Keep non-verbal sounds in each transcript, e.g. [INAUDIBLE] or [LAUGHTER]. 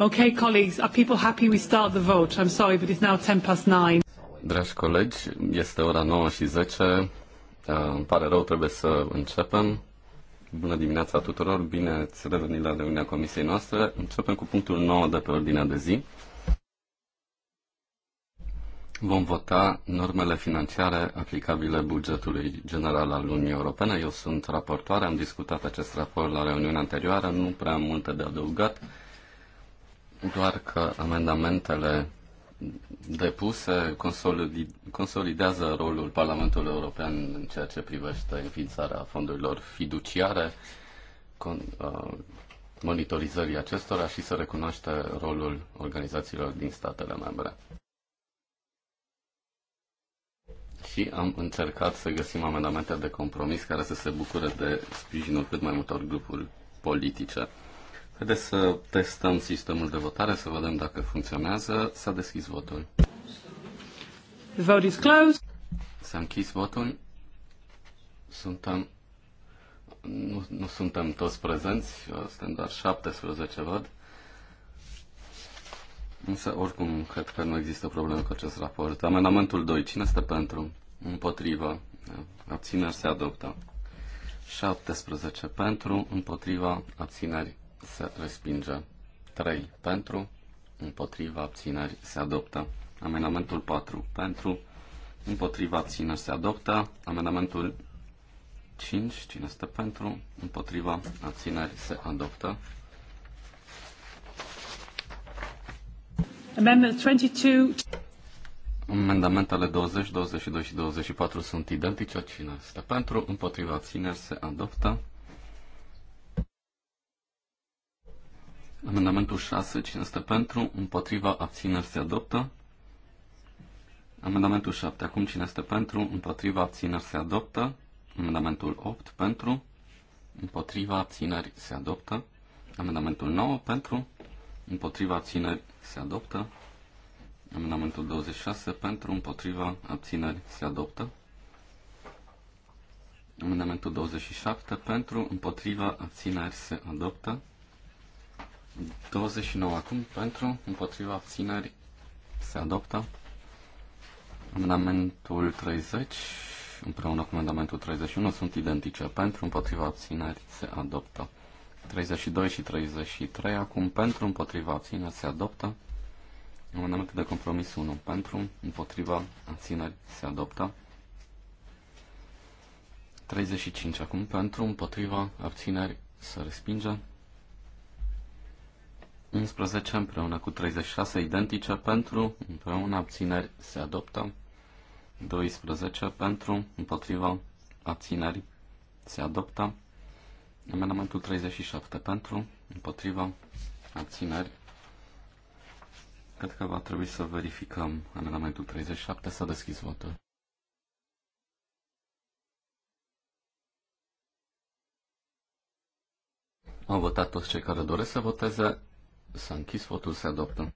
Okay, colleagues, are people happy we start the vote? I'm sorry, but it's now 10 past 9. Dragi colegi, este ora 9 și 10. Uh, îmi pare rău, trebuie să începem. Bună dimineața tuturor, bine ați revenit la reuniunea comisiei noastre. Începem cu punctul 9 de pe ordinea de zi. Vom vota normele financiare aplicabile bugetului general al Uniunii Europene. Eu sunt raportoare, am discutat acest raport la reuniunea anterioară, nu prea am multe de adăugat doar că amendamentele depuse consolidează rolul Parlamentului European în ceea ce privește înființarea fondurilor fiduciare, con, uh, monitorizării acestora și să recunoaște rolul organizațiilor din statele membre. Și am încercat să găsim amendamente de compromis care să se bucure de sprijinul cât mai multor grupuri politice. Haideți să testăm sistemul de votare, să vedem dacă funcționează. S-a deschis votul. The vote is closed. S-a închis votul. Suntem, nu, nu suntem toți prezenți, suntem doar 17, văd. Însă, oricum, cred că nu există probleme cu acest raport. Amendamentul 2. Cine este pentru? Împotrivă. Abțineri se adoptă. 17 pentru, împotriva, abțineri se respinge. 3 pentru, împotriva abțineri se adoptă. Amendamentul 4 pentru, împotriva abțineri se adoptă. Amendamentul 5, cine este pentru, împotriva abțineri se adoptă. Amendment 22. Amendamentele 20, 22 și 24 sunt identice. Cine este pentru, împotriva abțineri se adoptă. Amendamentul 6, cine este pentru? Împotriva, abțineri se adoptă. Amendamentul 7, acum cine este pentru? Împotriva, abțineri se adoptă. Amendamentul 8, pentru? Împotriva, abțineri se adoptă. Amendamentul 9, pentru? Împotriva, abțineri se adoptă. Amendamentul 26, pentru? Împotriva, abțineri se adoptă. Amendamentul 27 pentru, împotriva, abțineri se adoptă. 29 acum pentru, împotriva abținerii se adoptă. Amendamentul 30 împreună cu amendamentul 31 sunt identice pentru, împotriva abținerii se adoptă. 32 și 33 acum pentru, împotriva abținerii se adoptă. Amendamentul de compromis 1 pentru, împotriva abținerii se adoptă. 35 acum pentru, împotriva abținerii se respinge. 11 împreună cu 36 identice pentru, împreună abțineri se adoptă. 12 pentru, împotriva abțineri se adoptă. Amendamentul 37 pentru, împotriva abțineri. Cred că va trebui să verificăm amendamentul 37, s-a deschis votul. Au votat toți cei care doresc să voteze, S-a închis votul, se adoptă.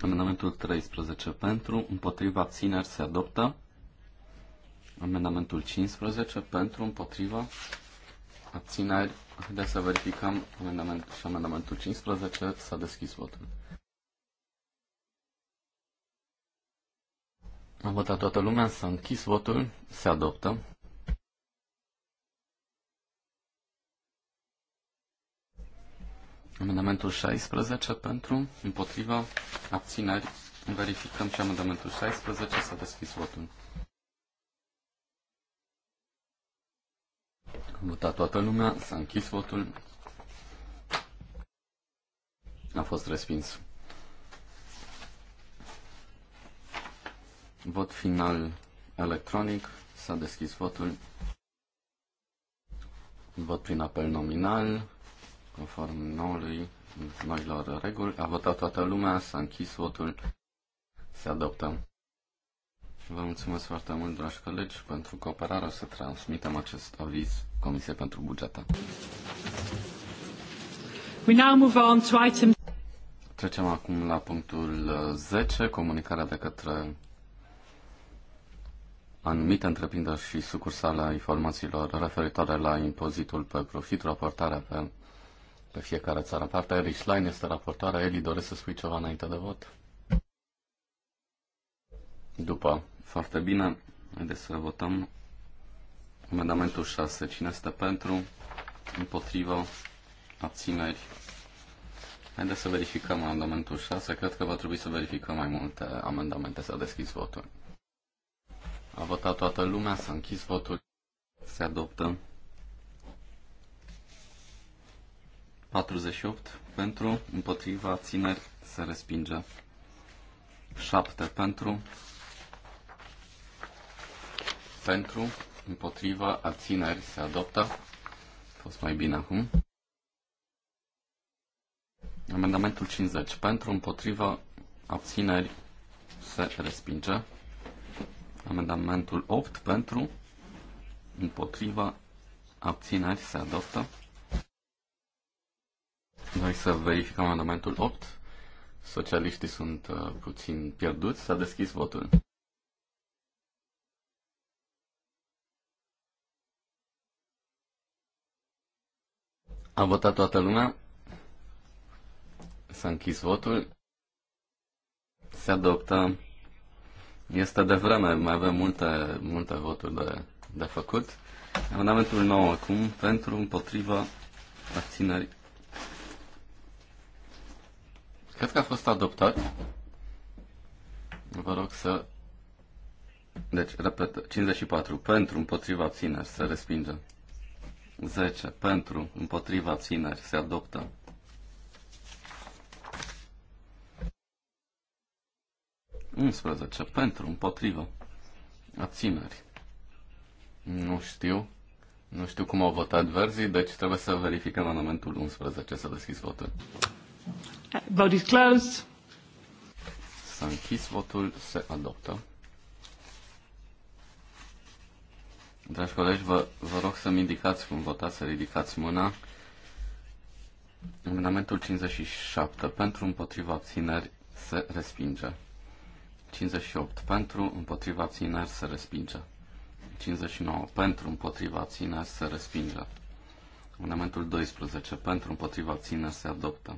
Amendamentul 13 pentru, împotriva abțineri se adoptă. Amendamentul 15 pentru, împotriva abțineri. Haideți să verificăm amendament și amendamentul 15 s-a deschis votul. am votat toată lumea, s-a închis votul, se adoptă. Amendamentul 16 pentru, împotriva, abțineri. Verificăm și amendamentul 16. S-a deschis votul. A votat toată lumea, s-a închis votul. A fost respins. Vot final electronic. S-a deschis votul. Vot prin apel nominal conform noului, noilor reguli. A votat toată lumea, s-a închis votul, se adoptă. Vă mulțumesc foarte mult, dragi colegi, pentru cooperare. O să transmitem acest aviz Comisiei pentru Bugete. We now move on to item... Trecem acum la punctul 10, uh, comunicarea de către anumite întreprinderi și sucursale a informațiilor referitoare la impozitul pe profit, raportarea pe pe fiecare țară în parte. Eric Schlein este raportoare. Eli, doresc să spui ceva înainte de vot? După. Foarte bine. Haideți să votăm. Amendamentul 6. Cine este pentru? Împotrivă? Abțineri? Haideți să verificăm amendamentul 6. Cred că va trebui să verificăm mai multe amendamente. S-a deschis votul. A votat toată lumea, s-a închis votul, se adoptă. 48 pentru, împotriva țineri, se respinge. 7 pentru, pentru, împotriva abțineri se adoptă. A fost mai bine acum. Amendamentul 50 pentru, împotriva abțineri se respinge. Amendamentul 8 pentru, împotriva abțineri se adoptă. Noi să verificăm amendamentul 8. Socialiștii sunt uh, puțin pierduți. S-a deschis votul. A votat toată lumea. S-a închis votul. Se adoptă. Este de vreme, mai avem multe, multe voturi de, de făcut. Amendamentul nou acum pentru împotriva abțineri Cred că a fost adoptat. Vă rog să... Deci, repet, 54 pentru, împotriva țineri, se respinge. 10 pentru, împotriva țineri, se adoptă. Unsprezece pentru, împotriva abțineri. Nu știu. Nu știu cum au votat verzii, deci trebuie să verificăm amendamentul 11, să deschizi votul. Vote is closed. S-a închis votul, se adoptă. Dragi colegi, vă, vă rog să-mi indicați cum votați, să ridicați mâna. Amendamentul 57 pentru împotriva abțineri se respinge. 58 pentru împotriva abțineri se respinge. 59 pentru împotriva abțineri se respinge. Amendamentul 12 pentru împotriva abțineri se adoptă.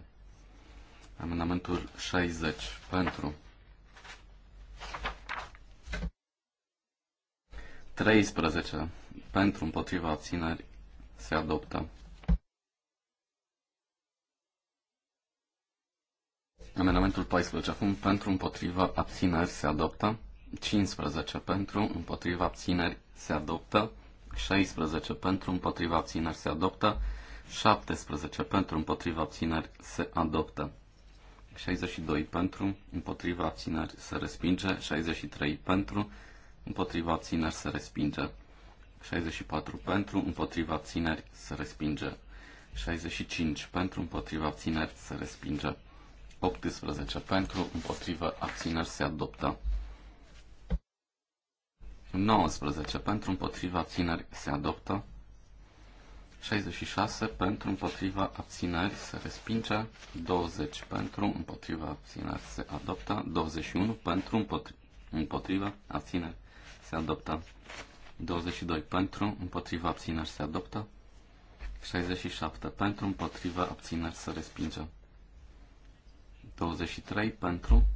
Amendamentul 60 pentru 13 pentru împotriva abțineri se adoptă. Amendamentul 14 acum pentru împotriva abțineri se adoptă. 15 pentru împotriva abțineri se adoptă. 16 pentru împotriva abțineri se adoptă. 17 pentru împotriva abțineri se adoptă. 62 pentru, împotriva abțineri se respinge, 63 pentru, împotriva abțineri se respinge, 64 pentru, împotriva abțineri se respinge, 65 pentru, împotriva abțineri se respinge, 18 pentru, împotriva abțineri se adoptă, 19 pentru, împotriva abțineri se adoptă, 66 pentru împotriva abțineri se respinge, 20 pentru împotriva abțineri se adoptă, 21 pentru împotriva abțineri se adoptă, 22 pentru împotriva abțineri se adoptă, 67 pentru împotriva abțineri se respinge, 23 pentru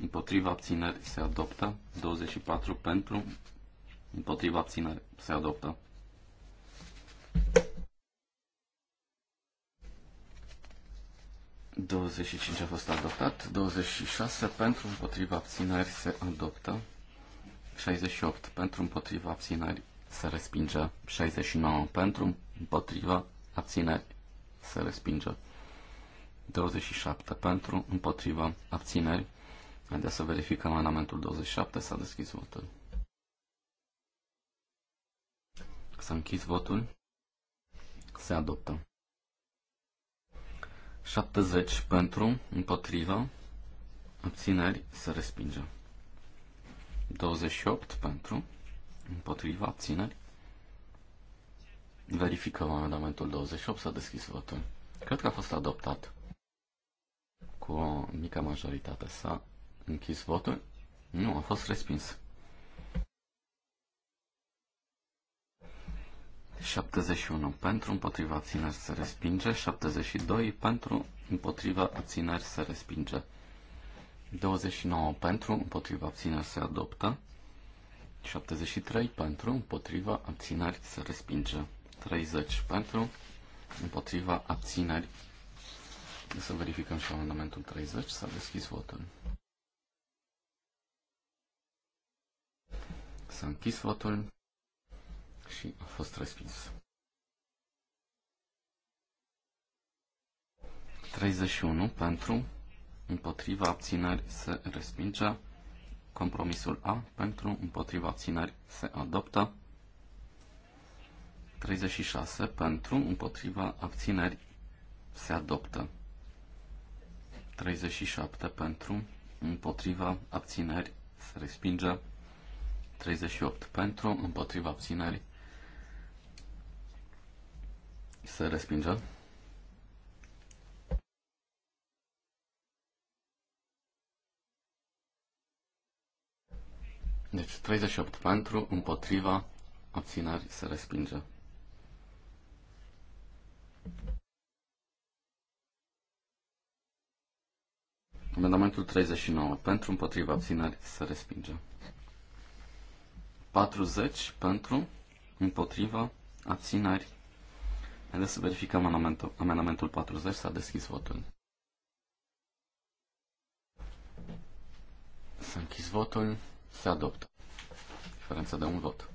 împotriva abțineri se adoptă, 24 pentru împotriva abțineri se adoptă. Thank you. 25 a fost adoptat, 26 pentru împotriva abținări se adoptă, 68 pentru împotriva abținări se respinge, 69 pentru împotriva abținări se respinge, 27 pentru împotriva abținări. Haideți să verificăm amendamentul 27, s-a deschis votul. S-a închis votul. Se adoptă. 70 pentru, împotrivă, abțineri, se respinge. 28 pentru, împotrivă, abțineri. Verificăm amendamentul 28, s-a deschis votul. Cred că a fost adoptat. Cu o mică majoritate s-a închis votul. Nu, a fost respins. 71 pentru, împotriva țineri se respinge. 72 pentru, împotriva țineri se respinge. 29 pentru, împotriva țineri se adoptă. 73 pentru, împotriva abțineri se respinge. 30 pentru, împotriva abțineri. Să verificăm și amendamentul 30. S-a deschis votul. S-a închis votul și a fost respins. 31 pentru, împotriva abțineri se respinge. Compromisul A pentru, împotriva abțineri se adoptă. 36 pentru, împotriva abțineri se adoptă. 37 pentru, împotriva abțineri se respinge. 38 pentru, împotriva abțineri se respinge. Deci 38 pentru, împotriva, abținări se respinge. Amendamentul 39. Pentru, împotriva, abținări se respinge. 40 pentru, împotriva, abținări Haideți să verificăm amendamentul, amendamentul 40. S-a deschis votul. S-a închis votul. Se adoptă. Diferența de un vot.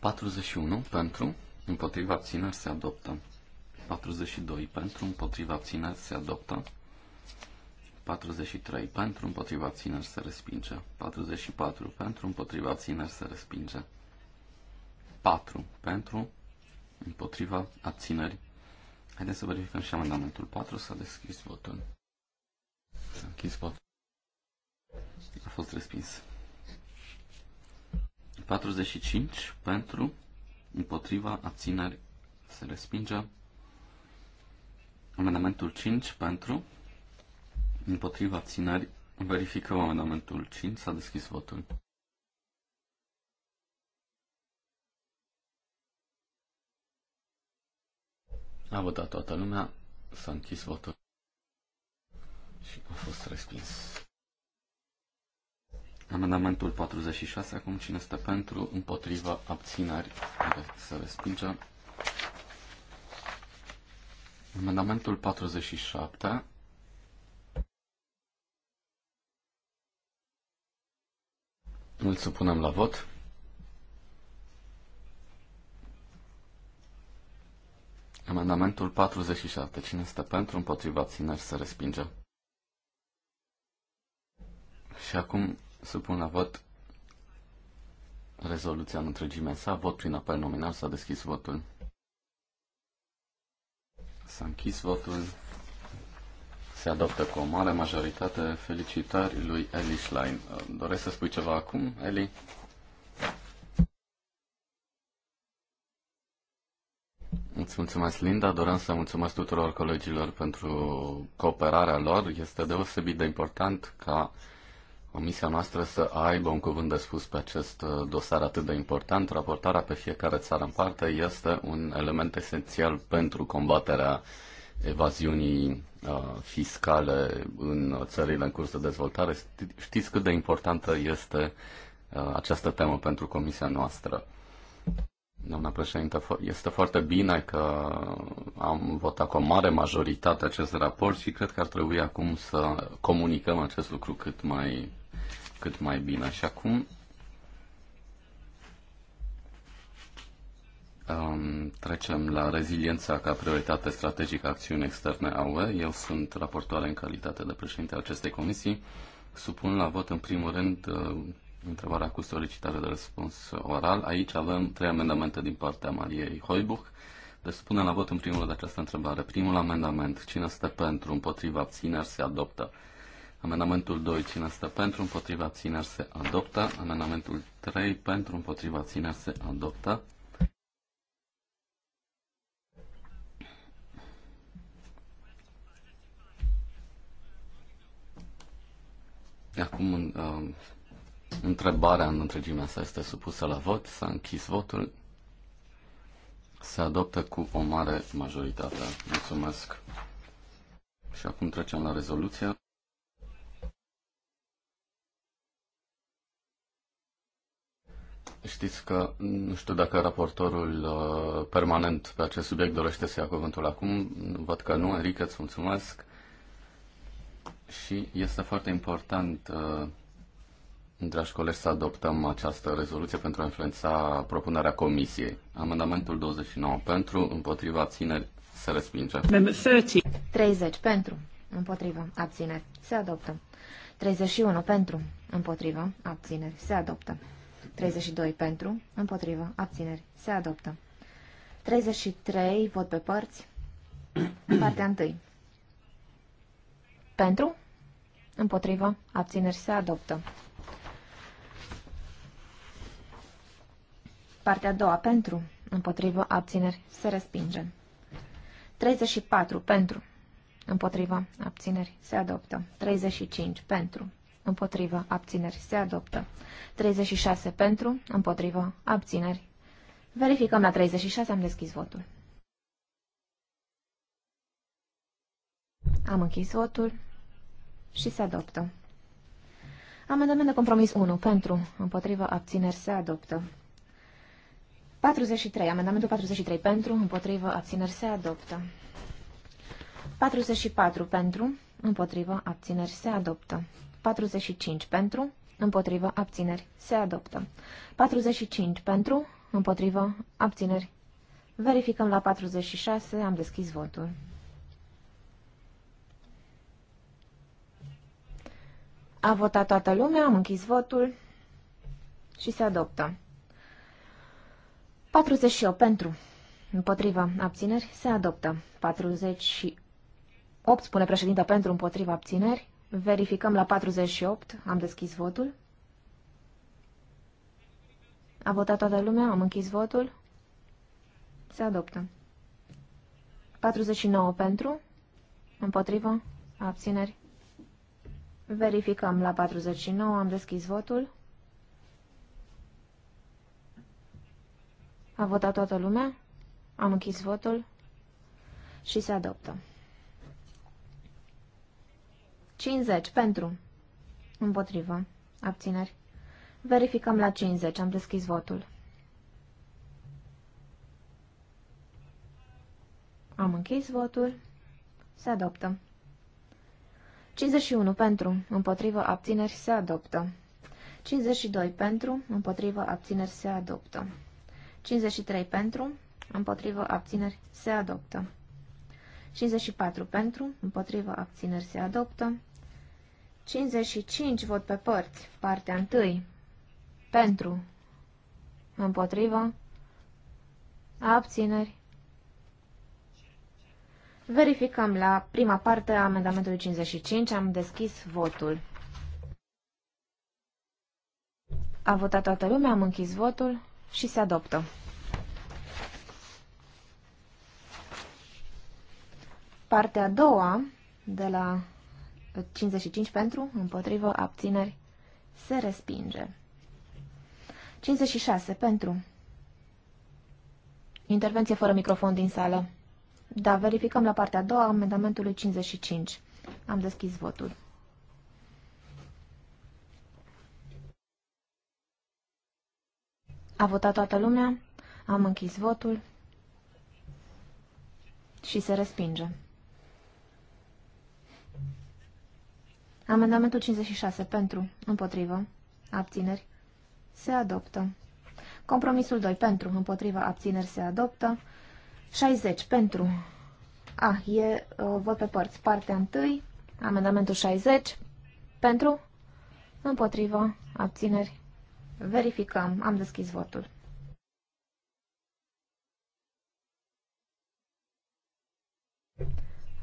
41 pentru, împotriva abțineri se adoptă. 42 pentru, împotriva abțineri se adoptă. 43 pentru, împotriva abțineri se respinge. 44 pentru, împotriva abțineri se respinge. 4 pentru, împotriva, abțineri. Haideți să verificăm și amendamentul 4. S-a deschis votul. S-a închis votul. A fost respins. 45 pentru, împotriva, abțineri, se respinge. Amendamentul 5 pentru, împotriva, abțineri, verificăm amendamentul 5, s-a deschis votul. A votat toată lumea, s-a închis votul și a fost respins. Amendamentul 46, acum cine este pentru, împotriva, abțineri, se respinge. Amendamentul 47, îl supunem la vot. Amendamentul 47. Cine este pentru, împotriva, țineri, să respinge. Și acum supun la vot rezoluția în întregime sa. Vot prin apel nominal. S-a deschis votul. S-a închis votul. Se adoptă cu o mare majoritate. Felicitări lui Eli Schlein. Doresc să spui ceva acum, Eli? Îți mulțumesc, Linda. Doream să mulțumesc tuturor colegilor pentru cooperarea lor. Este deosebit de important ca comisia noastră să aibă un cuvânt de spus pe acest uh, dosar atât de important. Raportarea pe fiecare țară în parte este un element esențial pentru combaterea evaziunii uh, fiscale în țările în curs de dezvoltare. Știți cât de importantă este uh, această temă pentru comisia noastră. Doamna președintă, este foarte bine că am votat cu o mare majoritate acest raport și cred că ar trebui acum să comunicăm acest lucru cât mai, cât mai bine. Și acum um, trecem la reziliența ca prioritate strategică acțiune externe a UE. Eu sunt raportoare în calitate de președinte al acestei comisii. Supun la vot în primul rând uh, întrebarea cu solicitare de răspuns oral. Aici avem trei amendamente din partea Mariei Hoibuch. Deci spune la vot în primul rând această întrebare. Primul amendament, cine este pentru, împotriva, abțineri, se adoptă. Amendamentul 2, cine este pentru, împotriva, abțineri, se adoptă. Amendamentul 3, pentru, împotriva, abțineri, se adoptă. Acum, uh, Întrebarea în întregimea sa este supusă la vot. S-a închis votul. Se adoptă cu o mare majoritate. Mulțumesc. Și acum trecem la rezoluția. Știți că nu știu dacă raportorul uh, permanent pe acest subiect dorește să ia cuvântul acum. Văd că nu. Enrique, îți mulțumesc. Și este foarte important uh, Dragi colegi, să adoptăm această rezoluție pentru a influența propunerea Comisiei. Amendamentul 29 pentru, împotriva abțineri, se respinge. 30. 30 pentru, împotriva abțineri, se adoptă. 31 pentru, împotriva abțineri, se adoptă. 32 pentru, împotriva abțineri, se adoptă. 33, vot pe părți, partea 1. Pentru, împotriva, abțineri, se adoptă. Partea a doua pentru, împotrivă, abțineri, se respinge. 34 pentru, împotrivă, abțineri, se adoptă. 35 pentru, împotrivă, abțineri, se adoptă. 36 pentru, împotrivă, abțineri. Verificăm la 36, am deschis votul. Am închis votul și se adoptă. Amendament de compromis 1. Pentru, împotrivă, abțineri, se adoptă. 43. Amendamentul 43 pentru, împotrivă, abțineri se adoptă. 44 pentru, împotrivă, abțineri se adoptă. 45 pentru, împotrivă, abțineri se adoptă. 45 pentru, împotrivă, abțineri. Verificăm la 46, am deschis votul. A votat toată lumea, am închis votul și se adoptă. 48 pentru. Împotriva abțineri se adoptă. 48 spune președinte pentru împotriva abțineri. Verificăm la 48. Am deschis votul. A votat toată lumea, am închis votul. Se adoptă. 49 pentru, împotriva abțineri. Verificăm la 49, am deschis votul. A votat toată lumea? Am închis votul și se adoptă. 50 pentru. Împotrivă. Abțineri. Verificăm la 50. Am deschis votul. Am închis votul. Se adoptă. 51 pentru. Împotrivă. Abțineri. Se adoptă. 52 pentru. Împotrivă. Abțineri. Se adoptă. 53 pentru, împotrivă abțineri se adoptă. 54 pentru, împotrivă abțineri se adoptă. 55 vot pe părți, partea 1, pentru, împotrivă, abțineri. Verificăm la prima parte a amendamentului 55, am deschis votul. A votat toată lumea, am închis votul și se adoptă. Partea a doua, de la 55 pentru, împotrivă, abțineri, se respinge. 56 pentru. Intervenție fără microfon din sală. Da, verificăm la partea a doua amendamentului 55. Am deschis votul. A votat toată lumea? Am închis votul și se respinge. Amendamentul 56. Pentru. Împotrivă. Abțineri. Se adoptă. Compromisul 2. Pentru. Împotrivă. Abțineri. Se adoptă. 60. Pentru. A, ah, e uh, vot pe părți. Partea 1. Amendamentul 60. Pentru. Împotrivă. Abțineri. Verificăm. Am deschis votul.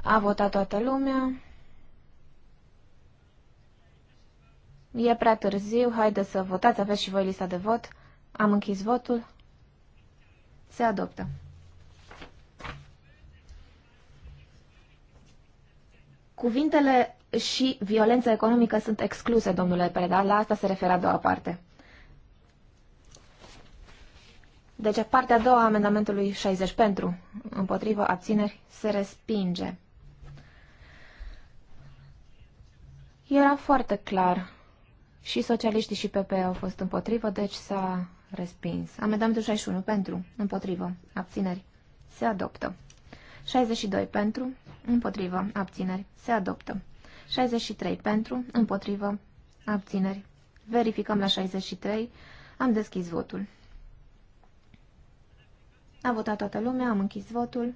A votat toată lumea. E prea târziu, Haideți să votați, aveți și voi lista de vot. Am închis votul. Se adoptă. Cuvintele și violența economică sunt excluse, domnule Preda, la asta se referă a doua parte. Deci partea a doua a amendamentului 60 pentru, împotrivă, abțineri, se respinge. Era foarte clar. Și socialiștii și PP au fost împotrivă, deci s-a respins. Amendamentul 61 pentru, împotrivă, abțineri, se adoptă. 62 pentru, împotrivă, abțineri, se adoptă. 63 pentru, împotrivă, abțineri. Verificăm la 63, am deschis votul. A votat toată lumea, am închis votul.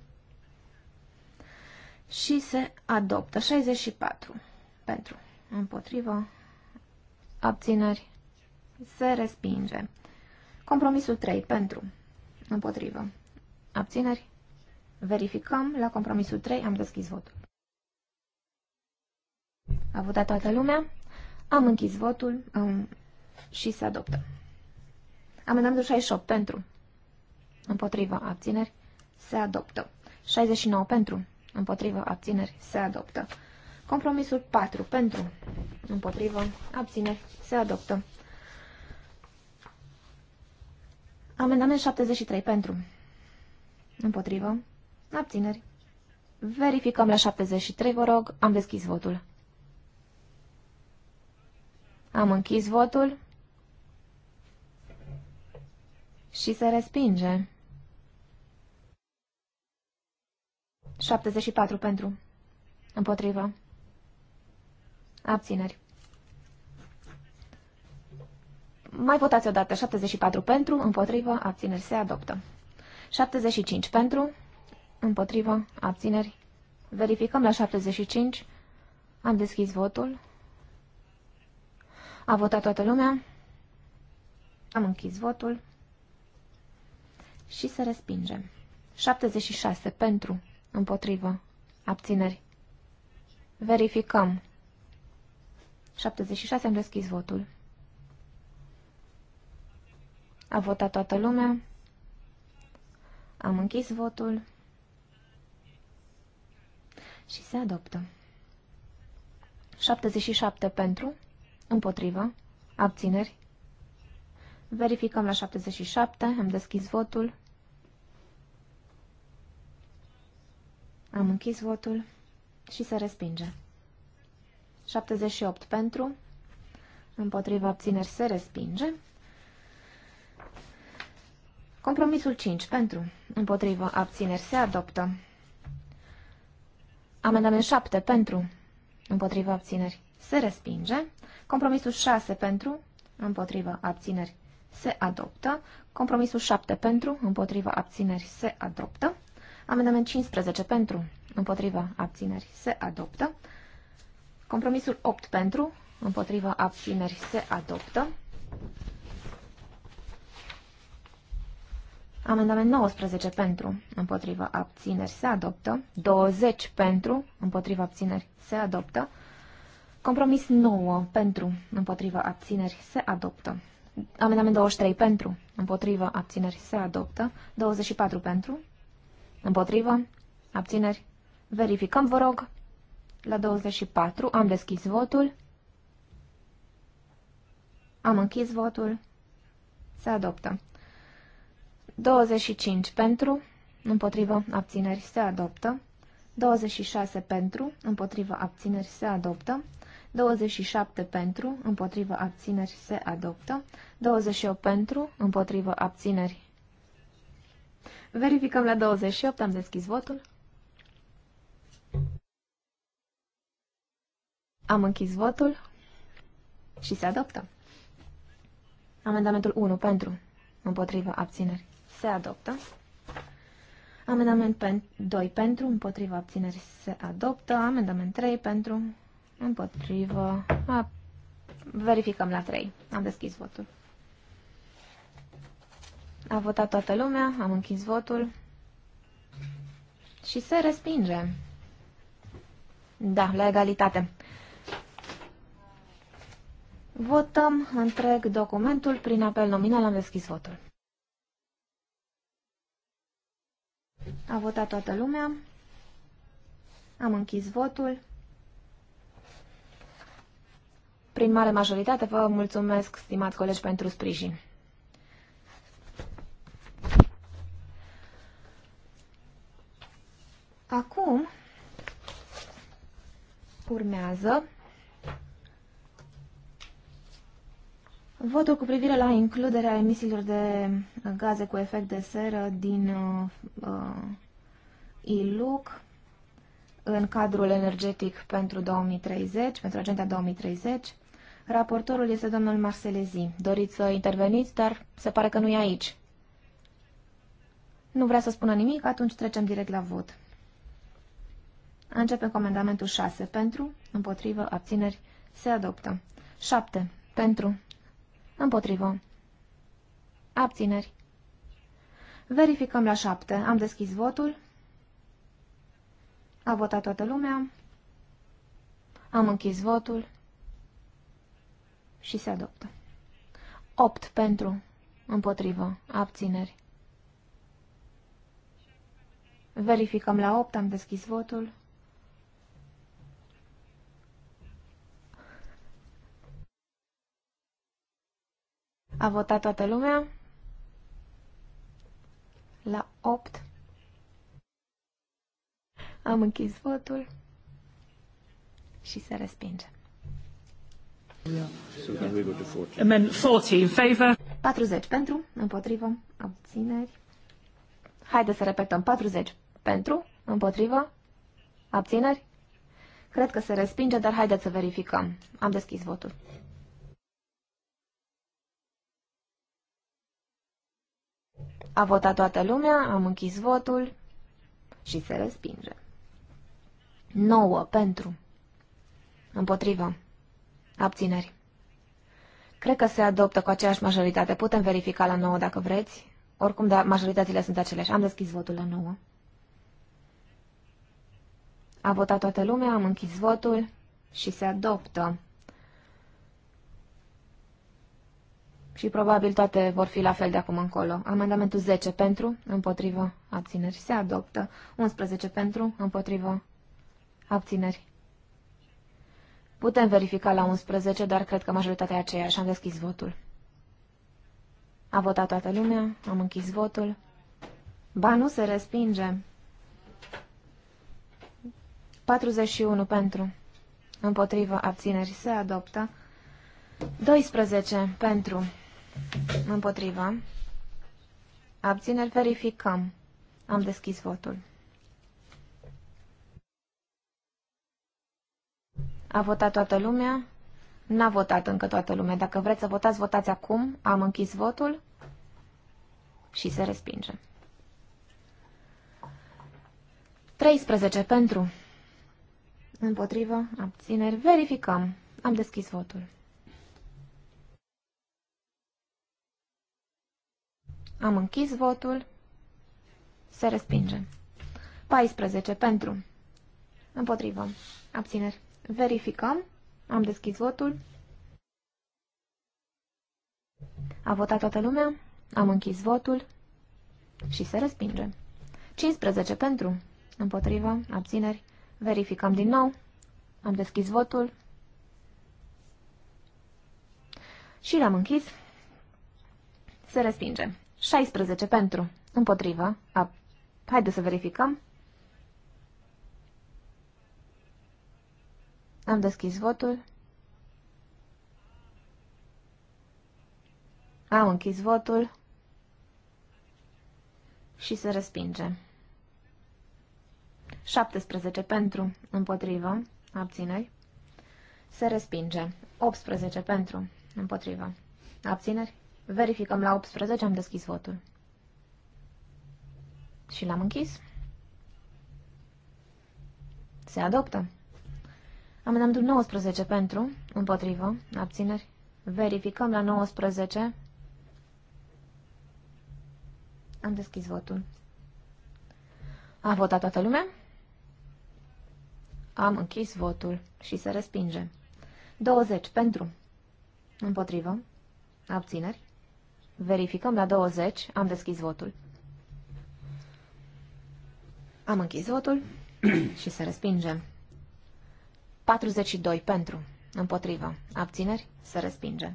Și se adoptă. 64 pentru, împotrivă, abțineri, se respinge. Compromisul 3 pentru, împotrivă, abțineri, verificăm la compromisul 3, am deschis votul. A votat toată lumea, am închis votul um, și se adoptă. Amendamentul 68 pentru, împotrivă abțineri, se adoptă. 69 pentru, împotrivă abțineri, se adoptă. Compromisul 4 pentru, împotrivă abțineri, se adoptă. Amendament 73 pentru, împotrivă, abțineri. Verificăm la 73, vă rog, am deschis votul. Am închis votul și se respinge. 74 pentru. Împotrivă. Abțineri. Mai votați odată. 74 pentru, împotrivă, abțineri. Se adoptă. 75 pentru, împotrivă, abțineri. Verificăm la 75. Am deschis votul. A votat toată lumea. Am închis votul. Și se respinge. 76 pentru, Împotrivă. Abțineri. Verificăm. 76 am deschis votul. A votat toată lumea. Am închis votul. Și se adoptă. 77 pentru, împotrivă, abțineri. Verificăm la 77, am deschis votul. Am închis votul și se respinge. 78 pentru, împotriva abțineri se respinge. Compromisul 5 pentru, împotriva abțineri se adoptă. Amendament 7 pentru, împotriva abțineri se respinge. Compromisul 6 pentru, împotriva abțineri se adoptă. Compromisul 7 pentru, împotriva abțineri se adoptă. Amendament 15 pentru, împotriva abțineri se adoptă. Compromisul 8 pentru, împotriva abțineri se adoptă. Amendament 19 pentru, împotriva abțineri se adoptă. 20 pentru, împotriva abțineri se adoptă. Compromis 9 pentru, împotriva abțineri se adoptă. Amendament 23 pentru, împotriva abțineri se adoptă. 24 pentru, Împotrivă? Abțineri? Verificăm, vă rog. La 24 am deschis votul. Am închis votul. Se adoptă. 25 pentru, împotrivă, abțineri, se adoptă. 26 pentru, împotrivă, abțineri, se adoptă. 27 pentru, împotrivă, abțineri, se adoptă. 28 pentru, împotrivă, abțineri, Verificăm la 28, am deschis votul. Am închis votul și se adoptă. Amendamentul 1 pentru, împotrivă, abțineri, se adoptă. Amendament 2 pentru, împotrivă, abțineri, se adoptă. Amendament 3 pentru, împotrivă, a... verificăm la 3. Am deschis votul. A votat toată lumea, am închis votul și se respinge. Da, la egalitate. Votăm întreg documentul prin apel nominal. Am deschis votul. A votat toată lumea. Am închis votul. Prin mare majoritate vă mulțumesc, stimați colegi, pentru sprijin. Acum urmează votul cu privire la includerea emisiilor de gaze cu efect de seră din uh, uh ILUC în cadrul energetic pentru 2030, pentru agenda 2030. Raportorul este domnul Marselezi. Doriți să interveniți, dar se pare că nu e aici. Nu vrea să spună nimic, atunci trecem direct la vot. Începe comandamentul 6. Pentru, împotrivă, abțineri, se adoptă. 7. Pentru, împotrivă, abțineri. Verificăm la 7. Am deschis votul. A votat toată lumea. Am închis votul. Și se adoptă. 8 pentru, împotrivă, abțineri. Verificăm la 8, am deschis votul. A votat toată lumea? La 8. Am închis votul și se respinge. Amendment 40 in favor. 40 pentru, împotrivă, abțineri. Haideți să repetăm. 40 pentru, împotrivă, abțineri. Cred că se respinge, dar haideți să verificăm. Am deschis votul. A votat toată lumea, am închis votul și se respinge. 9 pentru. Împotrivă. Abțineri. Cred că se adoptă cu aceeași majoritate. Putem verifica la 9 dacă vreți. Oricum, da, majoritățile sunt aceleași. Am deschis votul la 9. A votat toată lumea, am închis votul și se adoptă Și probabil toate vor fi la fel de acum încolo. Amendamentul 10 pentru, împotrivă, abțineri. Se adoptă. 11 pentru, împotrivă, abțineri. Putem verifica la 11, dar cred că majoritatea aceeași. Am deschis votul. A votat toată lumea, am închis votul. Ba, nu se respinge. 41 pentru. Împotrivă abțineri se adoptă. 12 pentru. Împotriva. Abțineri verificăm. Am deschis votul. A votat toată lumea? N-a votat încă toată lumea. Dacă vreți să votați, votați acum. Am închis votul și se respinge. 13 pentru. Împotrivă, abțineri, verificăm. Am deschis votul. Am închis votul. Se respinge. 14 pentru. Împotrivă. Abțineri. Verificăm. Am deschis votul. A votat toată lumea. Am închis votul. Și se respinge. 15 pentru. Împotrivă. Abțineri. Verificăm din nou. Am deschis votul. Și l-am închis. Se respinge. 16 pentru. Împotrivă. A... Haide să verificăm. Am deschis votul. Am închis votul. Și se respinge. 17 pentru. Împotrivă. Abțineri. Se respinge. 18 pentru. Împotrivă. Abțineri. Verificăm la 18, am deschis votul. Și l-am închis. Se adoptă. Amendamentul 19 pentru, împotrivă, abțineri. Verificăm la 19. Am deschis votul. A votat toată lumea? Am închis votul și se respinge. 20 pentru, împotrivă, abțineri. Verificăm la 20. Am deschis votul. Am închis votul [CLEARS THROAT] și se respinge. 42 pentru. Împotrivă. Abțineri? Se respinge.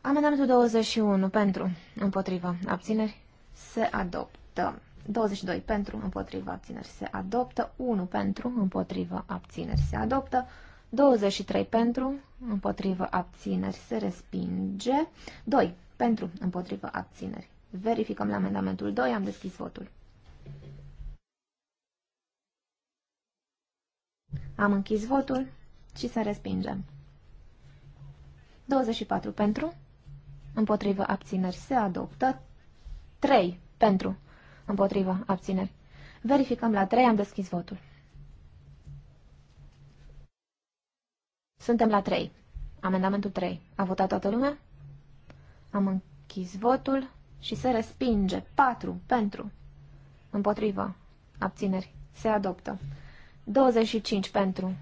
Amendamentul 21 pentru. Împotrivă. Abțineri? Se adoptă. 22 pentru. Împotrivă. Abțineri? Se adoptă. 1 pentru. Împotrivă. Abțineri? Se adoptă. 23 pentru, împotrivă abțineri, se respinge. 2 pentru, împotrivă abțineri. Verificăm la amendamentul 2, am deschis votul. Am închis votul și se respinge. 24 pentru, împotrivă abțineri, se adoptă. 3 pentru, împotrivă abțineri. Verificăm la 3, am deschis votul. Suntem la 3. Amendamentul 3. A votat toată lumea? Am închis votul și se respinge. 4. Pentru. Împotrivă. Abțineri. Se adoptă. 25 pentru.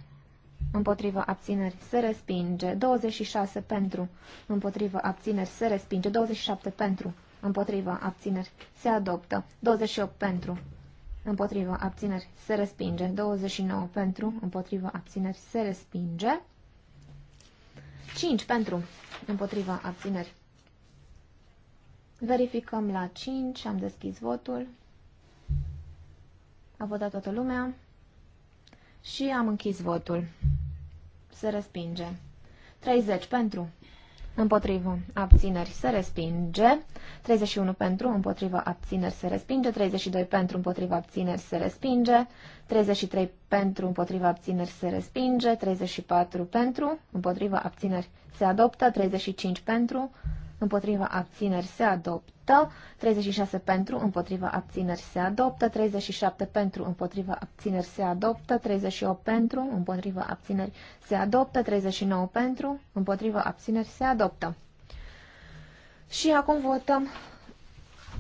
Împotrivă abțineri se respinge. 26 pentru. Împotrivă abțineri se respinge. 27 pentru. Împotrivă abțineri se adoptă. 28 pentru. Împotrivă abțineri se respinge. 29 pentru. Împotrivă abțineri se respinge. 5 pentru, împotriva abțineri. Verificăm la 5, am deschis votul. A votat toată lumea. Și am închis votul. Se respinge. 30 pentru, Împotrivă. Abțineri se respinge. 31 pentru, împotrivă, abțineri se respinge. 32 pentru, împotrivă, abțineri se respinge. 33 pentru, împotrivă, abțineri se respinge. 34 pentru, împotrivă, abțineri se adoptă. 35 pentru, împotriva abțineri se adoptă, 36 pentru, împotriva abțineri se adoptă, 37 pentru, împotriva abțineri se adoptă, 38 pentru, împotriva abțineri se adoptă, 39 pentru, împotriva abțineri se adoptă. Și acum votăm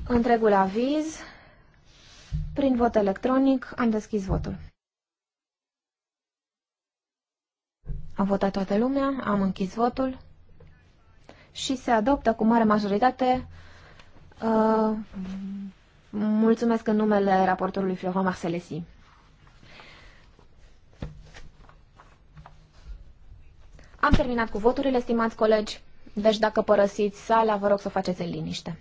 întregul aviz prin vot electronic. Am deschis votul. A votat toată lumea, am închis votul și se adoptă cu mare majoritate. Uh, mulțumesc în numele raportorului Florent Marcelesi. Am terminat cu voturile, stimați colegi, deci dacă părăsiți sala, vă rog să o faceți în liniște.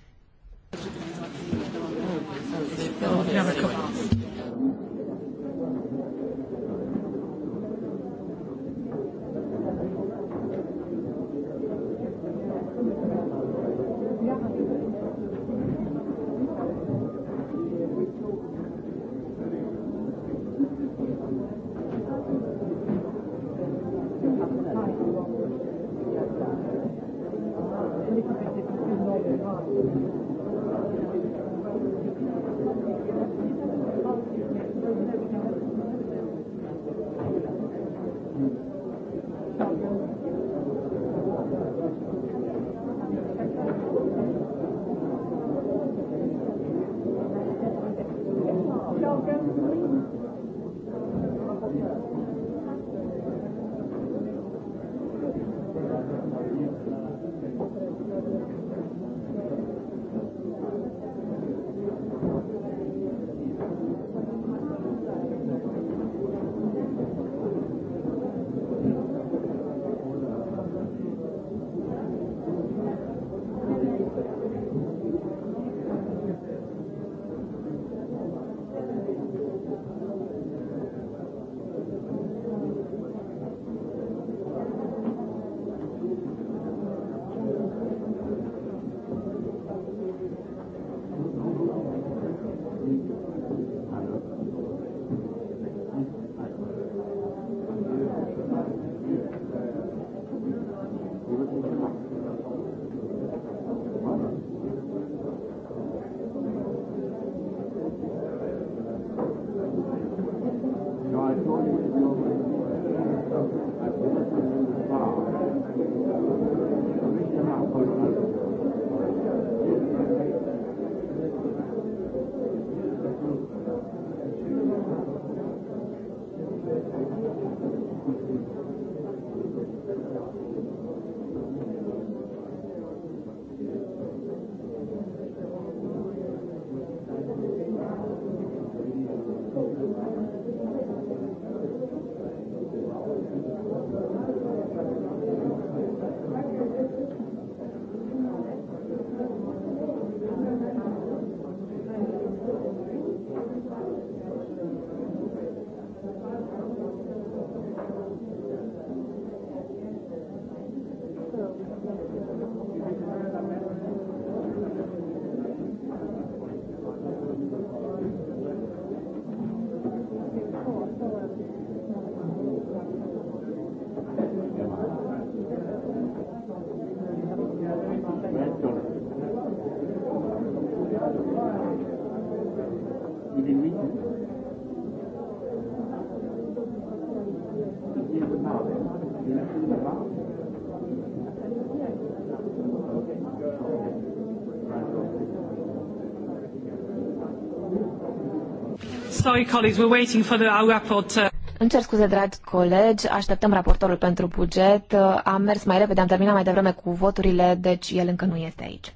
sorry, colleagues, we're waiting for the, our rapporteur. Uh. Îmi cer scuze, dragi colegi, așteptăm raportorul pentru buget. Uh, am mers mai repede, am terminat mai devreme cu voturile, deci el încă nu este aici.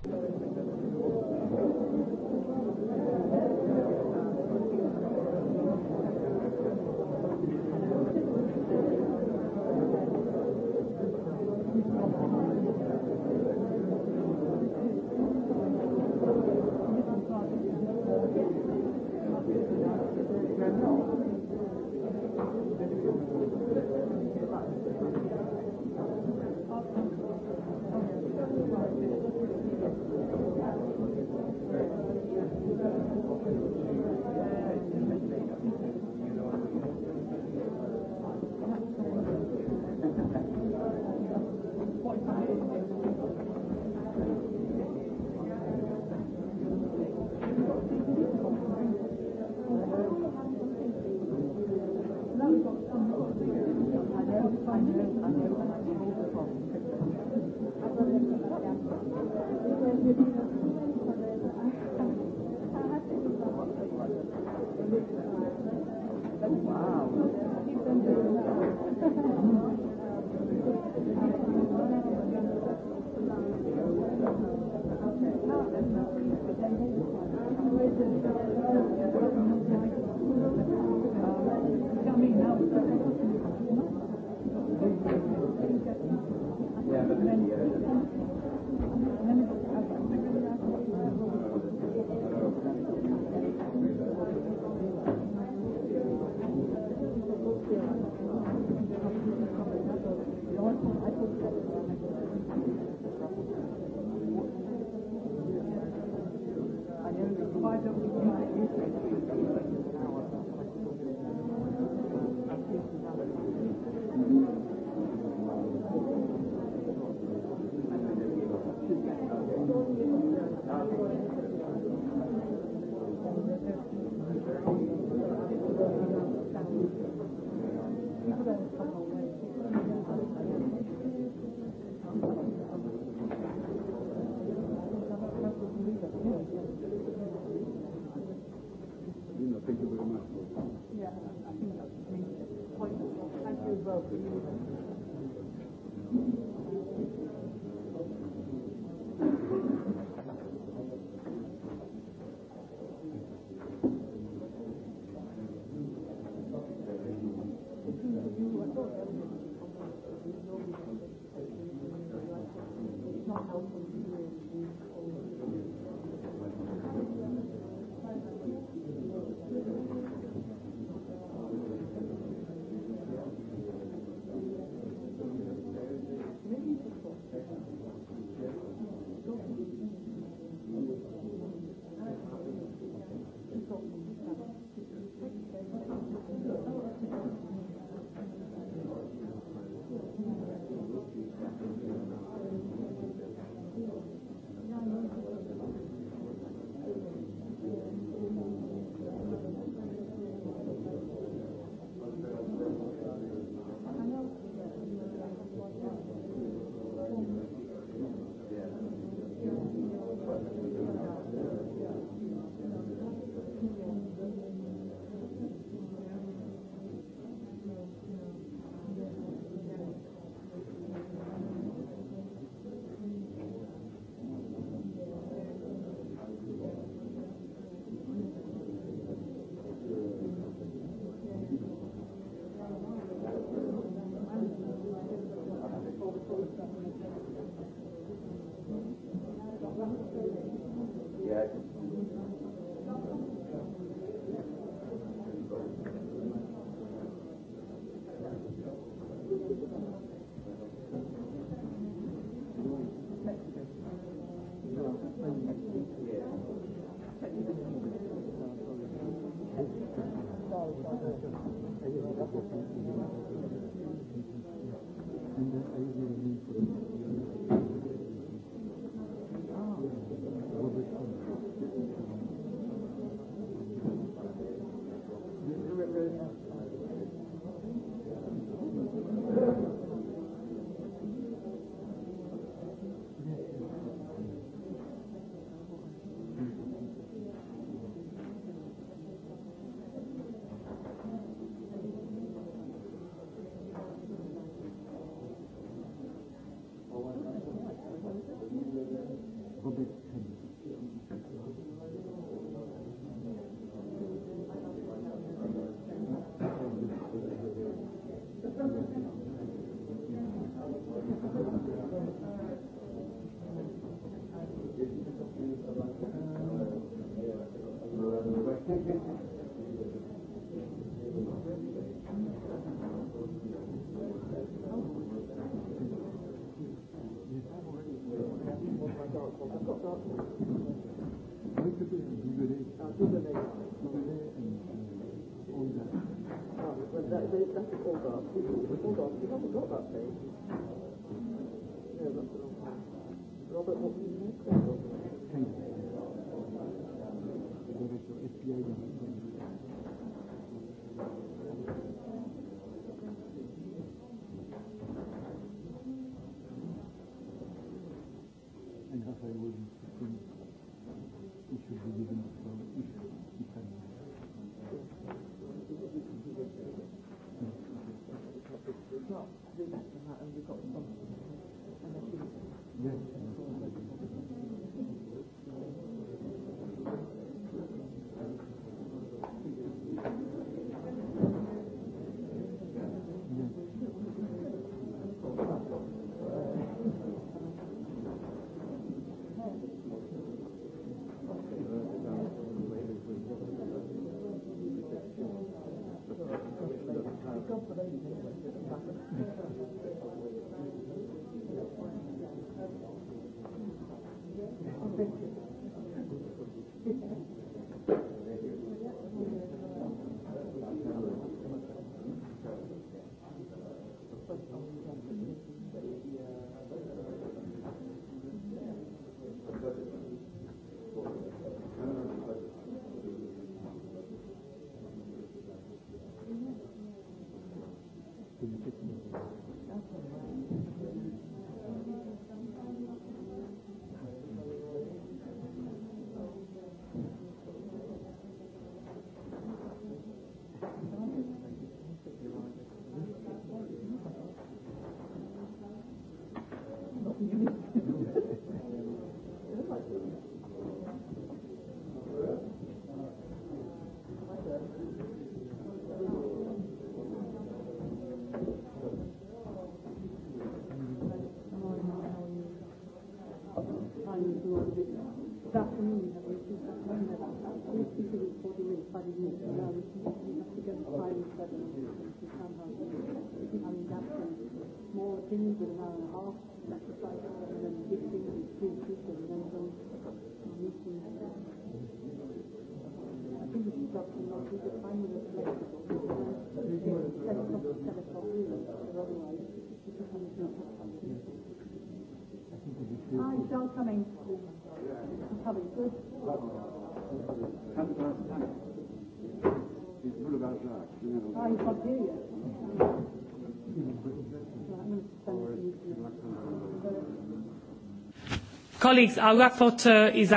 Colleagues, our rapporteur is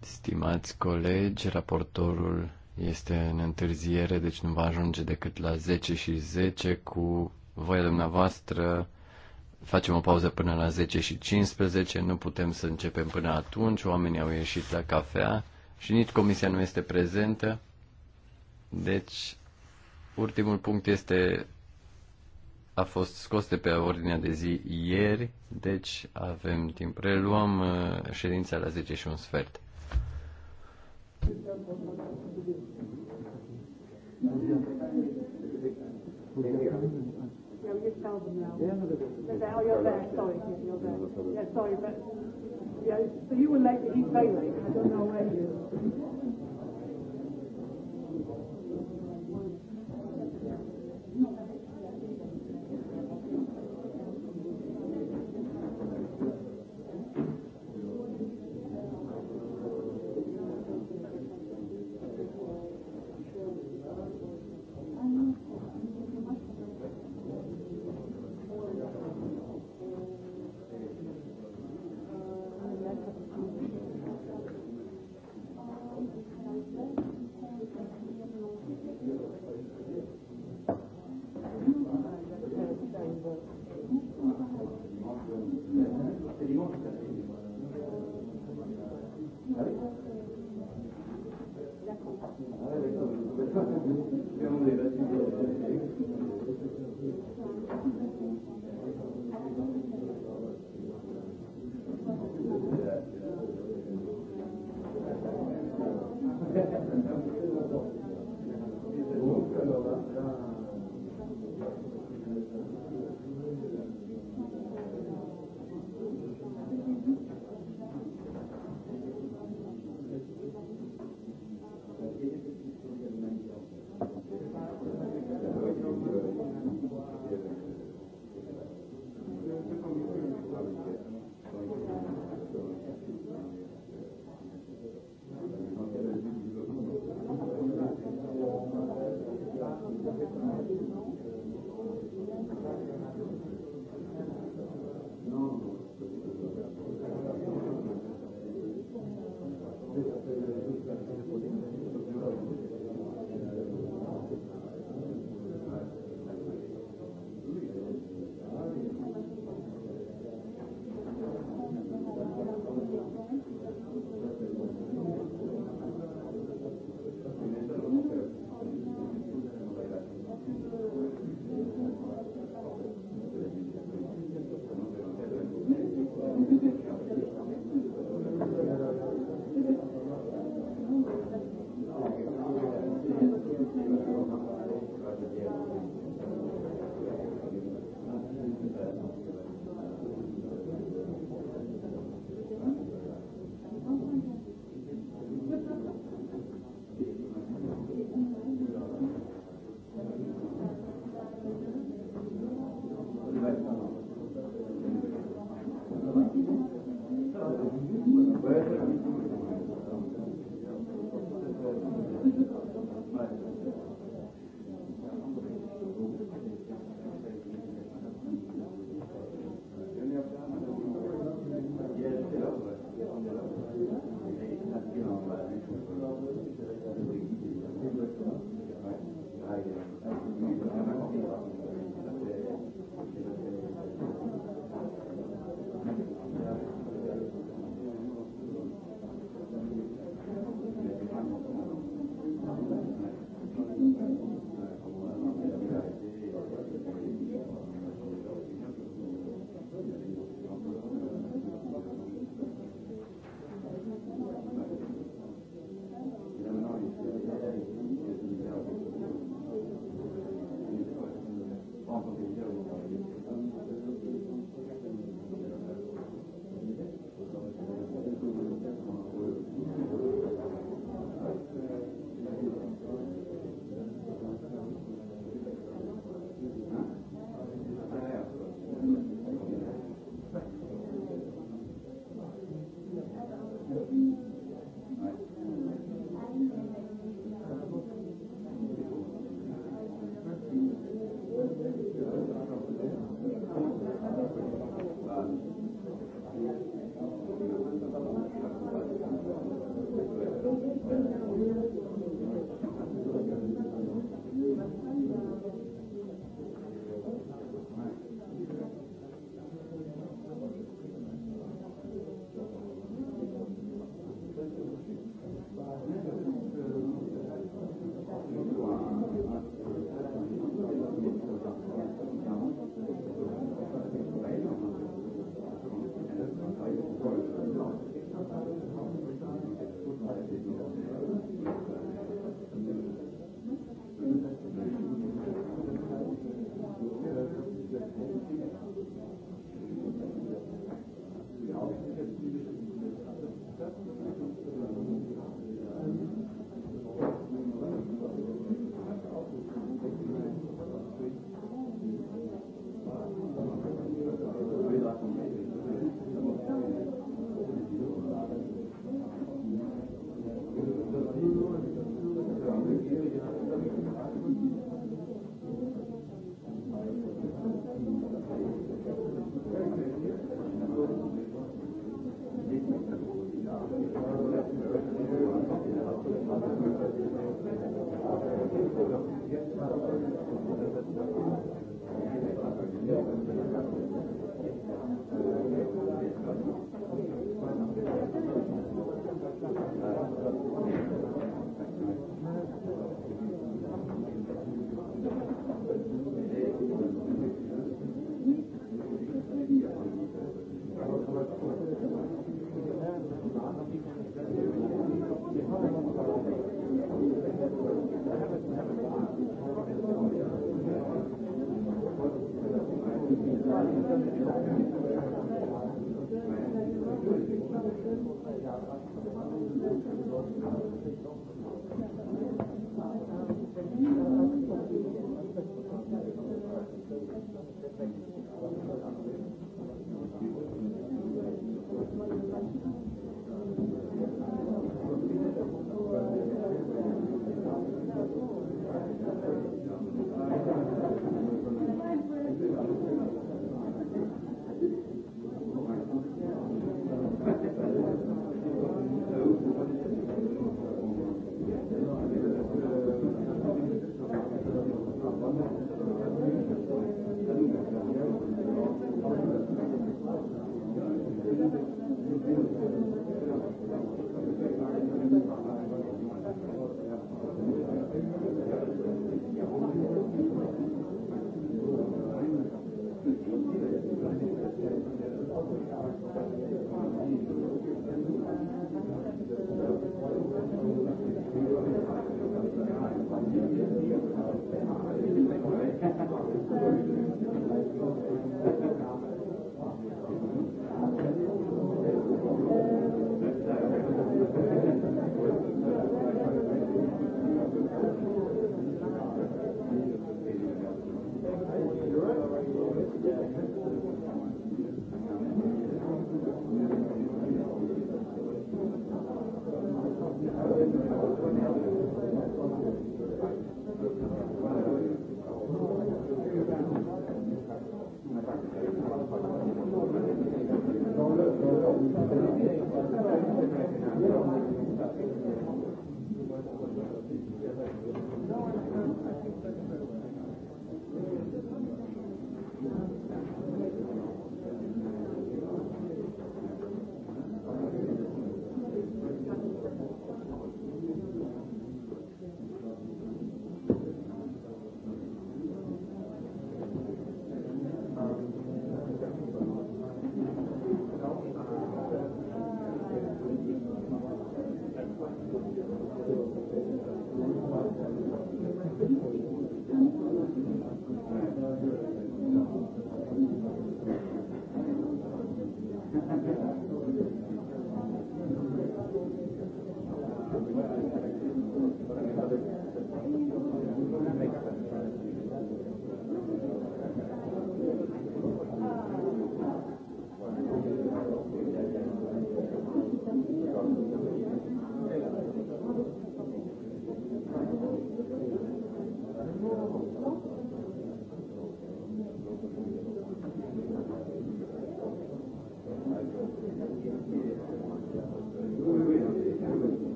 Stimați colegi, raportorul este în întârziere, deci nu va ajunge decât la 10 și 10 cu voia dumneavoastră. Facem o pauză până la 10 și 15, nu putem să începem până atunci, oamenii au ieșit la cafea și nici comisia nu este prezentă. Deci, ultimul punct este a fost scos de pe ordinea de zi ieri, deci avem timp. Reluăm uh, ședința la 10 și un sfert. Yeah, sorry, so you were late, he's very late. I don't know where you.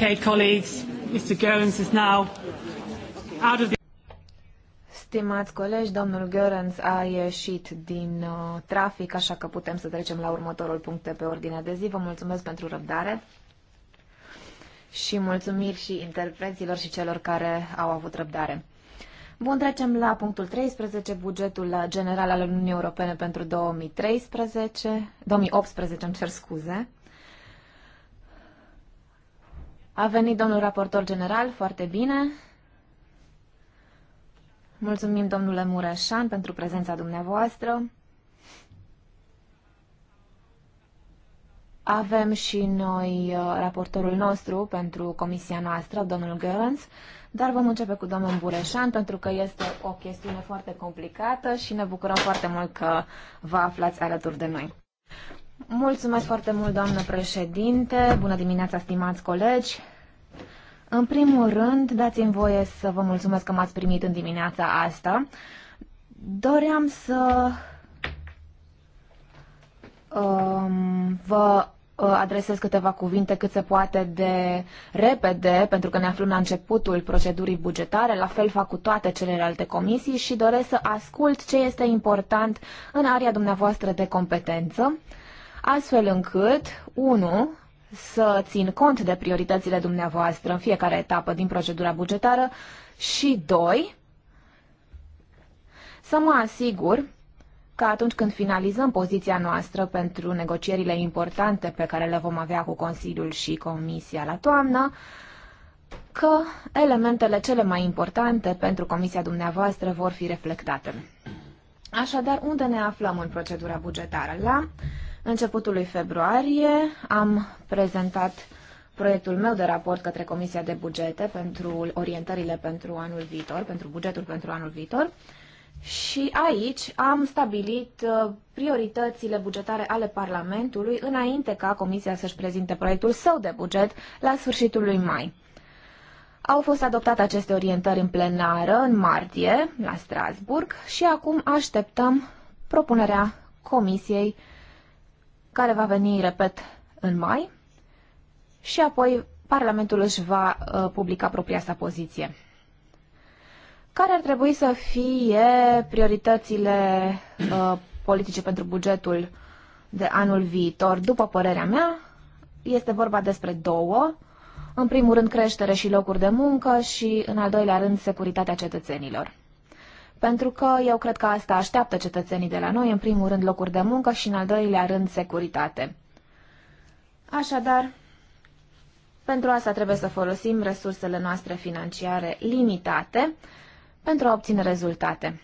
colleagues, Mr. Goins is now out of the... Stimați colegi, domnul Görens a ieșit din uh, trafic, așa că putem să trecem la următorul punct de pe ordinea de zi. Vă mulțumesc pentru răbdare și mulțumiri și interpreților și celor care au avut răbdare. Bun, trecem la punctul 13, bugetul general al Uniunii Europene pentru 2013, 2018, îmi cer scuze. A venit domnul raportor general, foarte bine. Mulțumim, domnule Mureșan, pentru prezența dumneavoastră. Avem și noi uh, raportorul nostru pentru comisia noastră, domnul Gerens, dar vom începe cu domnul Bureșan pentru că este o chestiune foarte complicată și ne bucurăm foarte mult că vă aflați alături de noi. Mulțumesc foarte mult, doamnă președinte. Bună dimineața, stimați colegi. În primul rând, dați-mi voie să vă mulțumesc că m-ați primit în dimineața asta. Doream să um, vă uh, adresez câteva cuvinte cât se poate de repede, pentru că ne aflăm la începutul procedurii bugetare, la fel fac cu toate celelalte comisii și doresc să ascult ce este important în area dumneavoastră de competență astfel încât, 1. să țin cont de prioritățile dumneavoastră în fiecare etapă din procedura bugetară și, 2. să mă asigur că atunci când finalizăm poziția noastră pentru negocierile importante pe care le vom avea cu Consiliul și Comisia la toamnă, că elementele cele mai importante pentru comisia dumneavoastră vor fi reflectate. Așadar, unde ne aflăm în procedura bugetară? La începutului februarie am prezentat proiectul meu de raport către Comisia de Bugete pentru orientările pentru anul viitor, pentru bugetul pentru anul viitor. Și aici am stabilit uh, prioritățile bugetare ale Parlamentului înainte ca Comisia să-și prezinte proiectul său de buget la sfârșitul lui mai. Au fost adoptate aceste orientări în plenară în martie la Strasburg și acum așteptăm propunerea Comisiei care va veni, repet, în mai și apoi Parlamentul își va uh, publica propria sa poziție. Care ar trebui să fie prioritățile uh, politice pentru bugetul de anul viitor? După părerea mea, este vorba despre două. În primul rând creștere și locuri de muncă și, în al doilea rând, securitatea cetățenilor pentru că eu cred că asta așteaptă cetățenii de la noi, în primul rând locuri de muncă și în al doilea rând securitate. Așadar, pentru asta trebuie să folosim resursele noastre financiare limitate pentru a obține rezultate.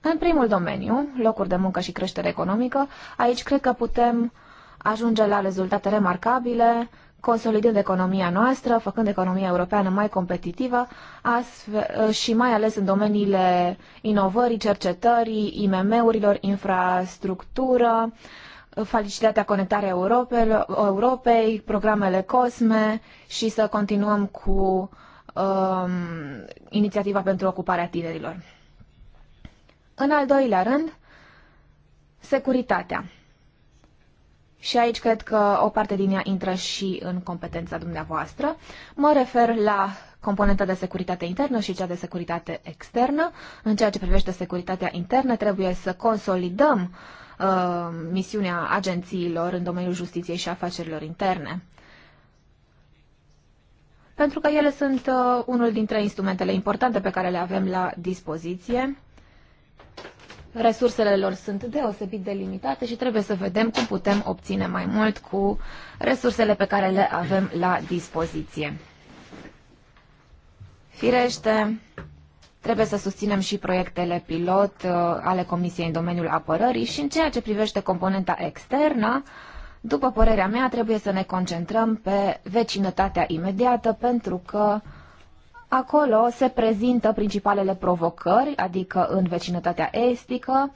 În primul domeniu, locuri de muncă și creștere economică, aici cred că putem ajunge la rezultate remarcabile, consolidând economia noastră, făcând economia europeană mai competitivă astfel, ă, și mai ales în domeniile inovării, cercetării, IMM-urilor, infrastructură, facilitatea conectarea Europei, Europei, programele COSME și să continuăm cu um, inițiativa pentru ocuparea tinerilor. În al doilea rând, securitatea și aici cred că o parte din ea intră și în competența dumneavoastră. Mă refer la componenta de securitate internă și cea de securitate externă. În ceea ce privește securitatea internă, trebuie să consolidăm uh, misiunea agențiilor în domeniul justiției și afacerilor interne. Pentru că ele sunt uh, unul dintre instrumentele importante pe care le avem la dispoziție resursele lor sunt deosebit de limitate și trebuie să vedem cum putem obține mai mult cu resursele pe care le avem la dispoziție. Firește, trebuie să susținem și proiectele pilot uh, ale Comisiei în domeniul apărării și în ceea ce privește componenta externă, după părerea mea, trebuie să ne concentrăm pe vecinătatea imediată, pentru că uh, Acolo se prezintă principalele provocări, adică în vecinătatea estică,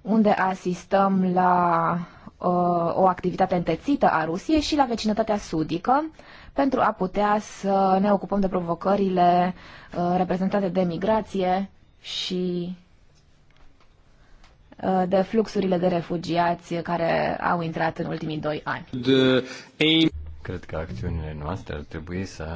unde asistăm la uh, o activitate întețită a Rusiei și la vecinătatea sudică, pentru a putea să ne ocupăm de provocările uh, reprezentate de migrație și uh, de fluxurile de refugiați care au intrat în ultimii doi ani. Cred că acțiunile noastre ar trebui să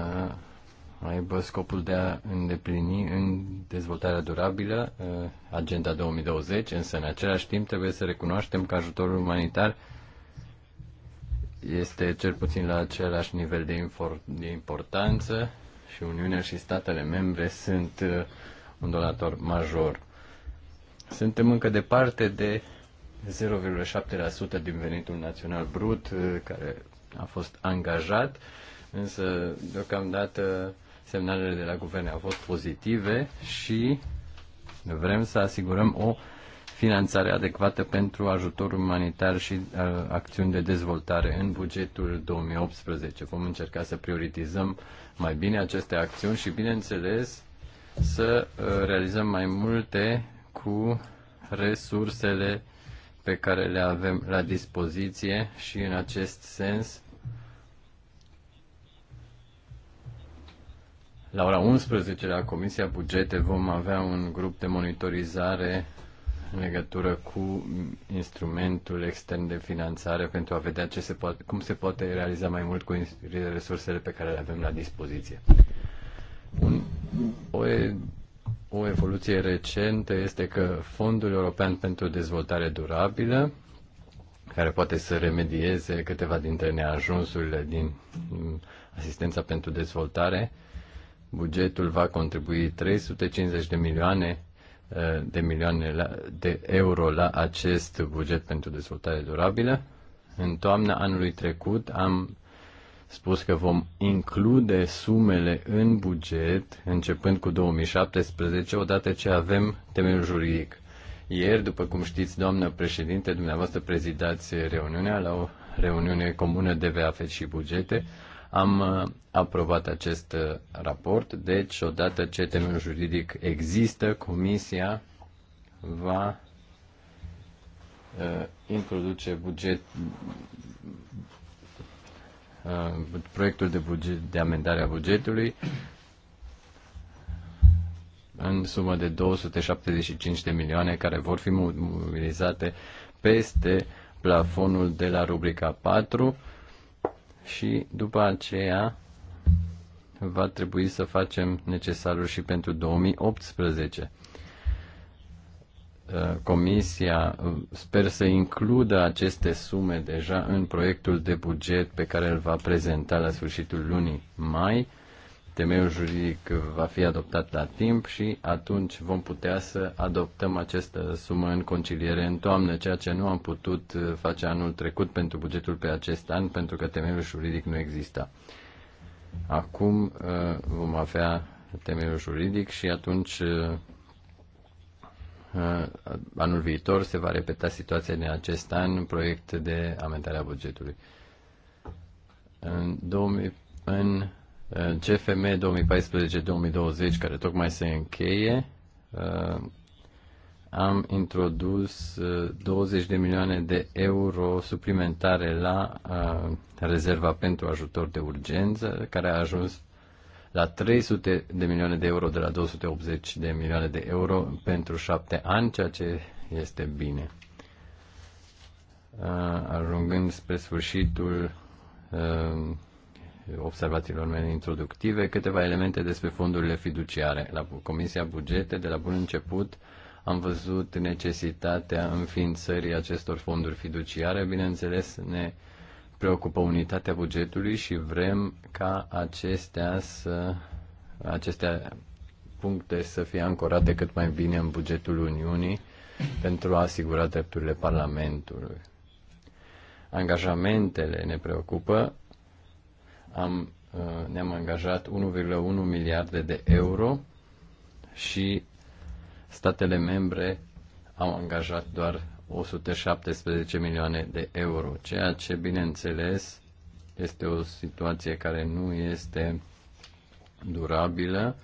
aibă scopul de a îndeplini în dezvoltarea durabilă uh, Agenda 2020, însă în același timp trebuie să recunoaștem că ajutorul umanitar este cel puțin la același nivel de, de importanță și Uniunea și statele membre sunt uh, un donator major. Suntem încă departe de 0,7% din venitul național brut uh, care a fost angajat, însă deocamdată semnalele de la guverne au fost pozitive și vrem să asigurăm o finanțare adecvată pentru ajutor umanitar și uh, acțiuni de dezvoltare în bugetul 2018. Vom încerca să prioritizăm mai bine aceste acțiuni și, bineînțeles, să uh, realizăm mai multe cu resursele pe care le avem la dispoziție și, în acest sens, La ora 11 la Comisia Bugete vom avea un grup de monitorizare în legătură cu instrumentul extern de finanțare pentru a vedea ce se poate, cum se poate realiza mai mult cu resursele pe care le avem la dispoziție. Un, o, o evoluție recentă este că Fondul European pentru Dezvoltare Durabilă, care poate să remedieze câteva dintre neajunsurile din mm, asistența pentru dezvoltare, Bugetul va contribui 350 de milioane eh, de milioane de euro la acest buget pentru dezvoltare durabilă. În toamna anului trecut am spus că vom include sumele în buget începând cu 2017 odată ce avem temeiul juridic. Ieri, după cum știți, doamnă președinte, dumneavoastră prezidați reuniunea la o reuniune comună de VAF și bugete am uh, aprobat acest uh, raport, deci odată ce temeiul juridic există, Comisia va uh, introduce buget proiectul de buget de amendare a bugetului în sumă de 275 de milioane care vor fi mobilizate peste plafonul de la rubrica 4 și după aceea va trebui să facem necesarul și pentru 2018. Uh, comisia uh, sper să includă aceste sume deja în proiectul de buget pe care îl va prezenta la sfârșitul lunii mai temeiul juridic va fi adoptat la timp și atunci vom putea să adoptăm această sumă în conciliere în toamnă, ceea ce nu am putut face anul trecut pentru bugetul pe acest an, pentru că temeiul juridic nu exista. Acum uh, vom avea temeiul juridic și atunci uh, uh, anul viitor se va repeta situația din acest an, proiect de amendare a bugetului. În 2000, în CFM 2014-2020, care tocmai se încheie, uh, am introdus 20 uh, de milioane de euro suplimentare la uh, rezerva pentru ajutor de urgență, care a ajuns la 300 de milioane de euro de la 280 de milioane de euro pentru șapte ani, ceea ce este bine. Ajungând spre sfârșitul observațiilor mele introductive câteva elemente despre fondurile fiduciare. La Comisia Bugete, de la bun început, am văzut necesitatea înființării acestor fonduri fiduciare. Bineînțeles, ne preocupă unitatea bugetului și vrem ca acestea să, acestea puncte să fie ancorate cât mai bine în bugetul Uniunii pentru a asigura drepturile Parlamentului. Angajamentele ne preocupă am, uh, ne-am angajat 1,1 miliarde de euro și statele membre au angajat doar 117 milioane de euro, ceea ce, bineînțeles, este o situație care nu este durabilă,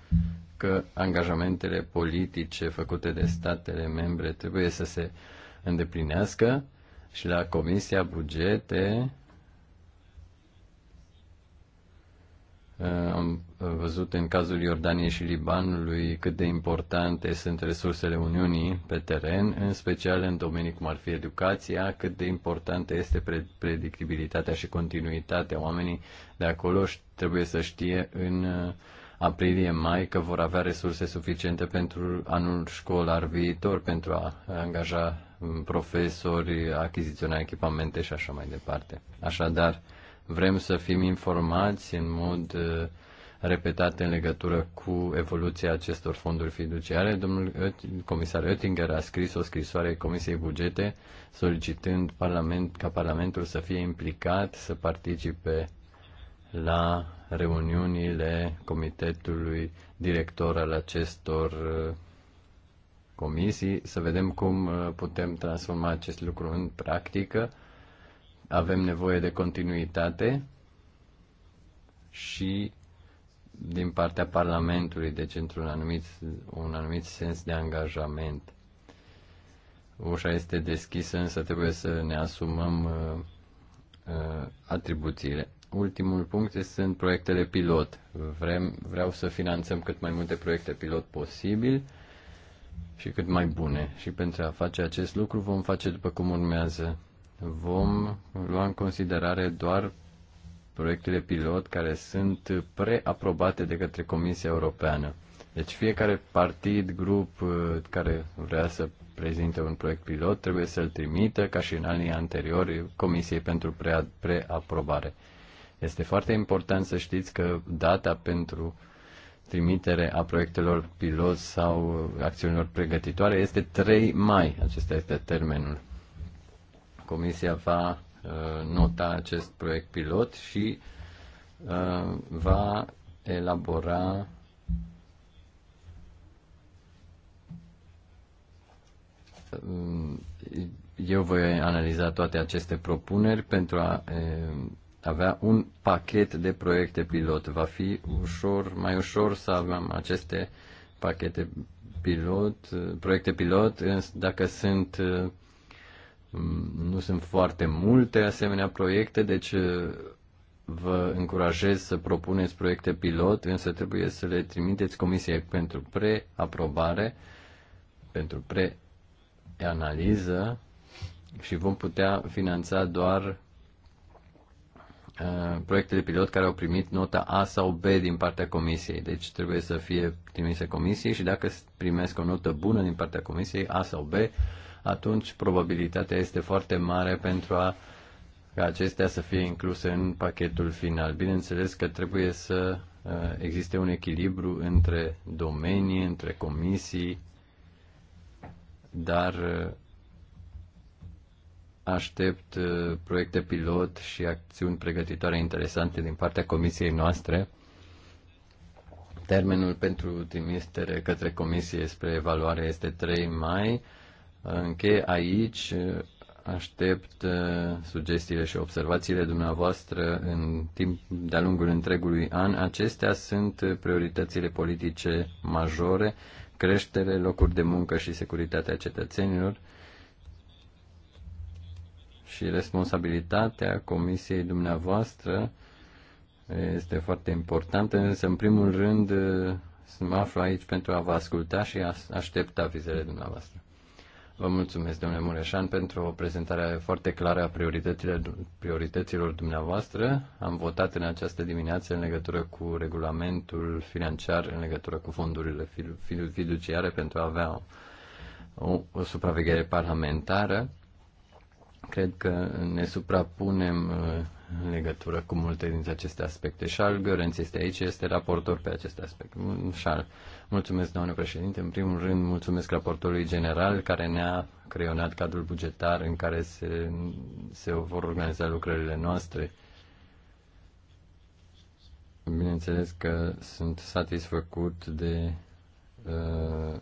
că angajamentele politice făcute de statele membre trebuie să se îndeplinească și la Comisia Bugete Eh, am eh, văzut în cazul Iordaniei și Libanului cât de importante sunt resursele Uniunii pe teren, în special în domenii cum ar fi educația, cât de importantă este predictibilitatea și continuitatea. Oamenii de acolo trebuie să știe în eh, aprilie-mai că vor avea resurse suficiente pentru anul școlar viitor, pentru a angaja mm, profesori, achiziționa echipamente și așa mai departe. Așadar, Vrem să fim informați în mod uh, repetat în legătură cu evoluția acestor fonduri fiduciare. Domnul comisar Oettinger a scris o scrisoare Comisiei Bugete solicitând parlament, ca Parlamentul să fie implicat, să participe la reuniunile comitetului director al acestor uh, comisii, să vedem cum uh, putem transforma acest lucru în practică avem nevoie de continuitate și din partea Parlamentului, deci într-un anumit, un anumit sens de angajament. Ușa este deschisă, însă trebuie să ne asumăm uh, uh, atribuțiile. Ultimul punct sunt proiectele pilot. Vrem, vreau să finanțăm cât mai multe proiecte pilot posibil și cât mai bune. Și pentru a face acest lucru vom face după cum urmează vom lua în considerare doar proiectele pilot care sunt preaprobate de către Comisia Europeană. Deci fiecare partid, grup uh, care vrea să prezinte un proiect pilot trebuie să-l trimită, ca și în anii anteriori, Comisiei pentru preaprobare. Este foarte important să știți că data pentru trimitere a proiectelor pilot sau acțiunilor pregătitoare este 3 mai. Acesta este termenul. Comisia va uh, nota acest proiect pilot și uh, va elabora mm, eu voi analiza toate aceste propuneri pentru a avea un pachet de proiecte pilot. Va fi ușor, mai ușor să avem aceste pachete pilot, proiecte pilot, dacă sunt nu sunt foarte multe asemenea proiecte, deci uh, vă încurajez să propuneți proiecte pilot, însă trebuie să le trimiteți Comisiei pentru preaprobare, pentru preanaliză și vom putea finanța doar uh, proiectele pilot care au primit nota A sau B din partea comisiei. Deci trebuie să fie trimise comisiei și dacă primesc o notă bună din partea comisiei, A sau B, atunci probabilitatea este foarte mare pentru a ca acestea să fie incluse în pachetul final. Bineînțeles că trebuie să uh, existe un echilibru între domenii, între comisii, dar uh, aștept uh, proiecte pilot și acțiuni pregătitoare interesante din partea comisiei noastre. Termenul pentru trimitere către comisie spre evaluare este 3 mai. Închei aici, aștept uh, sugestiile și observațiile dumneavoastră în timp de-a lungul întregului an. Acestea sunt prioritățile politice majore, creștere, locuri de muncă și securitatea cetățenilor și responsabilitatea comisiei dumneavoastră este foarte importantă, însă în primul rând uh, mă aflu aici pentru a vă asculta și a aștept avizele dumneavoastră. Vă mulțumesc, domnule Mureșan, pentru o prezentare foarte clară a priorităților, priorităților dumneavoastră. Am votat în această dimineață în legătură cu regulamentul financiar, în legătură cu fondurile fiduciare pentru a avea o, o supraveghere parlamentară. Cred că ne suprapunem uh, în legătură cu multe dintre aceste aspecte. Charles Gărenț este aici, este raportor pe acest aspect. Charles. Mulțumesc, doamne președinte. În primul rând, mulțumesc raportorului general care ne-a creionat cadrul bugetar în care se, se vor organiza lucrările noastre. Bineînțeles că sunt satisfăcut de uh,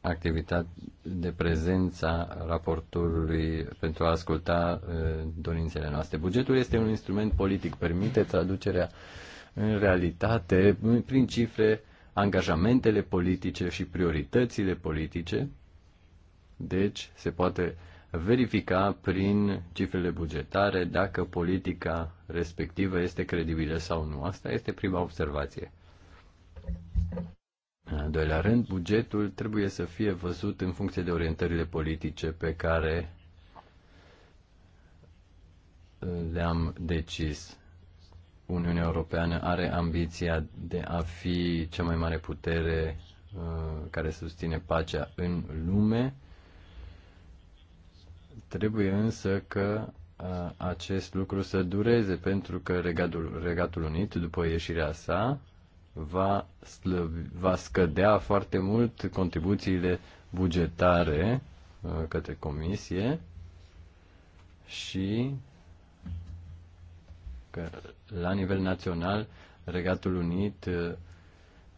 activitate de prezența raportorului pentru a asculta uh, dorințele noastre. Bugetul este un instrument politic, permite traducerea în realitate prin cifre uh, angajamentele politice și prioritățile politice, deci se poate verifica prin cifrele bugetare dacă politica respectivă este credibilă sau nu. Asta este prima observație. În al doilea rând, bugetul trebuie să fie văzut în funcție de orientările politice pe care le-am decis. Uniunea Europeană are ambiția de a fi cea mai mare putere uh, care susține pacea în lume. Trebuie însă că uh, acest lucru să dureze, pentru că Regatul, Regatul Unit, după ieșirea sa, va, slăvi, va scădea foarte mult contribuțiile bugetare uh, către Comisie și că la nivel național, Regatul Unit uh,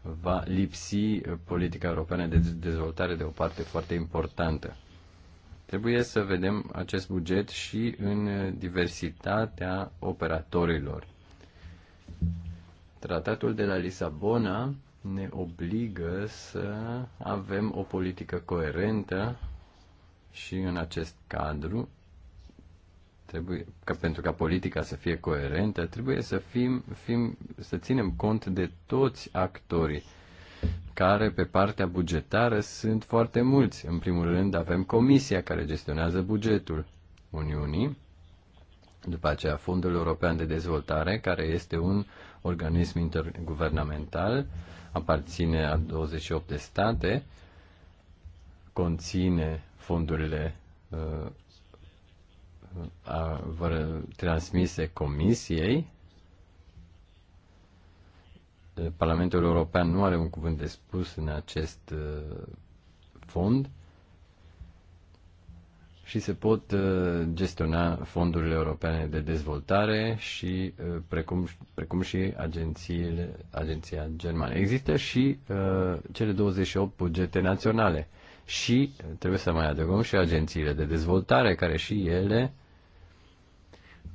va lipsi uh, politica europeană de dezvoltare de o parte foarte importantă. Trebuie să vedem acest buget și în uh, diversitatea operatorilor. Tratatul de la Lisabona ne obligă să avem o politică coerentă și în acest cadru trebuie, ca pentru ca politica să fie coerentă, trebuie să fim, fim, să ținem cont de toți actorii care pe partea bugetară sunt foarte mulți. În primul rând avem comisia care gestionează bugetul Uniunii, după aceea Fondul European de Dezvoltare, care este un organism interguvernamental, aparține a 28 de state, conține fondurile uh, vor transmise comisiei. Parlamentul European nu are un cuvânt de spus în acest fond și se pot gestiona fondurile europene de dezvoltare și precum, precum și agențiile, agenția germană. Există și uh, cele 28 bugete naționale și trebuie să mai adăugăm și agențiile de dezvoltare care și ele uh,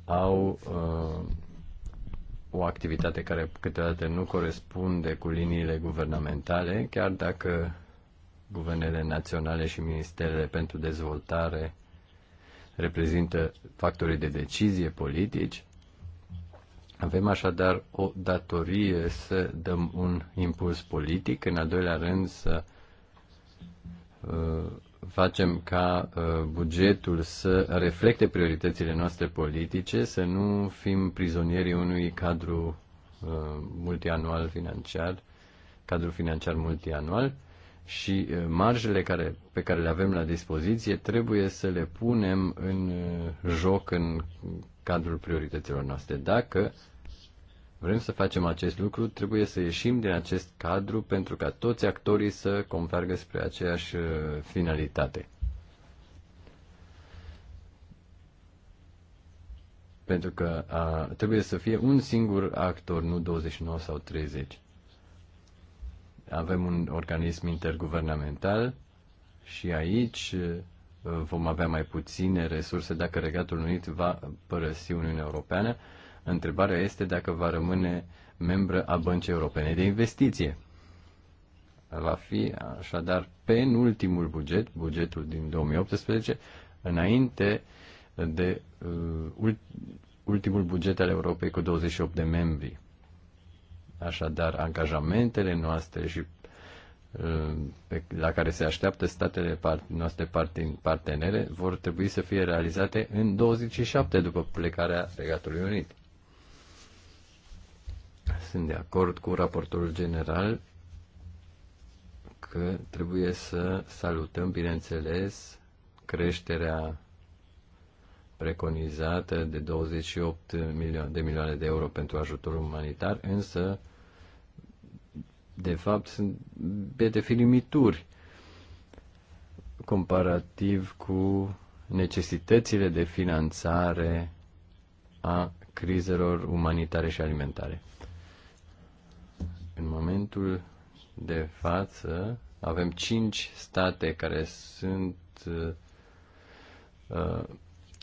au uh, o activitate care câteodată nu corespunde cu liniile guvernamentale, chiar dacă guvernele naționale și ministerele pentru dezvoltare reprezintă factorii de decizie politici. Avem așadar o datorie să dăm un impuls politic, în al doilea rând să uh, facem ca uh, bugetul să reflecte prioritățile noastre politice, să nu fim prizonierii unui cadru uh, multianual financiar, cadru financiar multianual și uh, marjele care, pe care le avem la dispoziție trebuie să le punem în joc în cadrul priorităților noastre. Dacă vrem să facem acest lucru, trebuie să ieșim din acest cadru pentru ca toți actorii să convergă spre aceeași uh, finalitate. Pentru că a, trebuie să fie un singur actor, nu 29 sau 30. Avem un organism interguvernamental și aici uh, vom avea mai puține resurse dacă Regatul Unit va părăsi Uniunea Europeană Întrebarea este dacă va rămâne membră a Băncii Europene de Investiție. Va fi așadar penultimul buget, bugetul din 2018, înainte de uh, ultimul buget al Europei cu 28 de membri. Așadar, angajamentele noastre și uh, pe, la care se așteaptă statele part, noastre part- partenere vor trebui să fie realizate în 27 după plecarea Regatului Unit. Sunt de acord cu raportorul general că trebuie să salutăm, bineînțeles, creșterea preconizată de 28 milioane de milioane de euro pentru ajutorul umanitar, însă de fapt sunt bedefi comparativ cu necesitățile de finanțare a crizelor umanitare și alimentare. În momentul de față avem cinci state care sunt uh,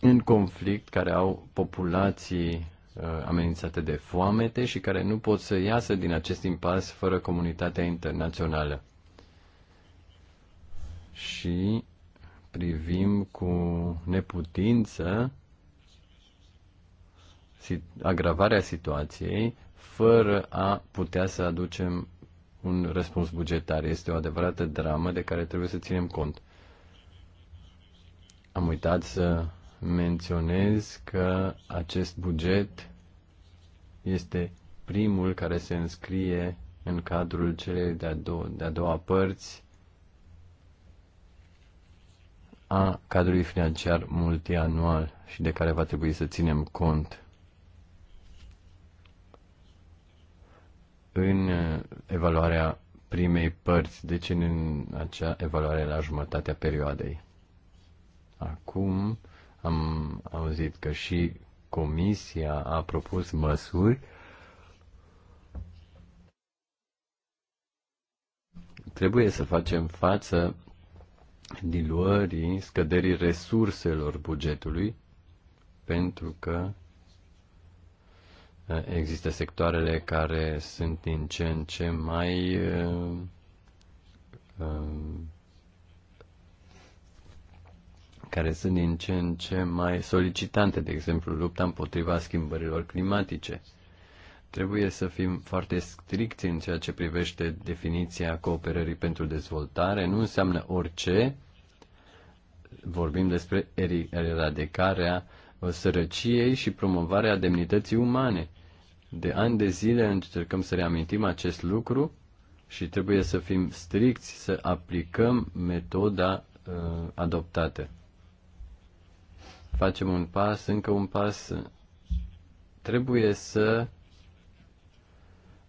în conflict, care au populații uh, amenințate de foamete și care nu pot să iasă din acest impas fără comunitatea internațională. Și privim cu neputință agravarea situației fără a putea să aducem un răspuns bugetar. Este o adevărată dramă de care trebuie să ținem cont. Am uitat să menționez că acest buget este primul care se înscrie în cadrul celei de-a doua, de doua părți a cadrului financiar multianual și de care va trebui să ținem cont în uh, evaluarea primei părți, deci în acea evaluare la jumătatea perioadei. Acum am auzit că și Comisia a propus măsuri Trebuie să facem față diluării, scăderii resurselor bugetului, pentru că Există sectoarele care sunt din ce în ce mai uh, um, care sunt din ce în ce mai solicitante, de exemplu, lupta împotriva schimbărilor climatice. Trebuie să fim foarte stricți în ceea ce privește definiția cooperării pentru dezvoltare. Nu înseamnă orice. Vorbim despre eradicarea sărăciei și promovarea demnității umane. De ani de zile încercăm să reamintim acest lucru și trebuie să fim stricți să aplicăm metoda uh, adoptată. Facem un pas, încă un pas. Trebuie să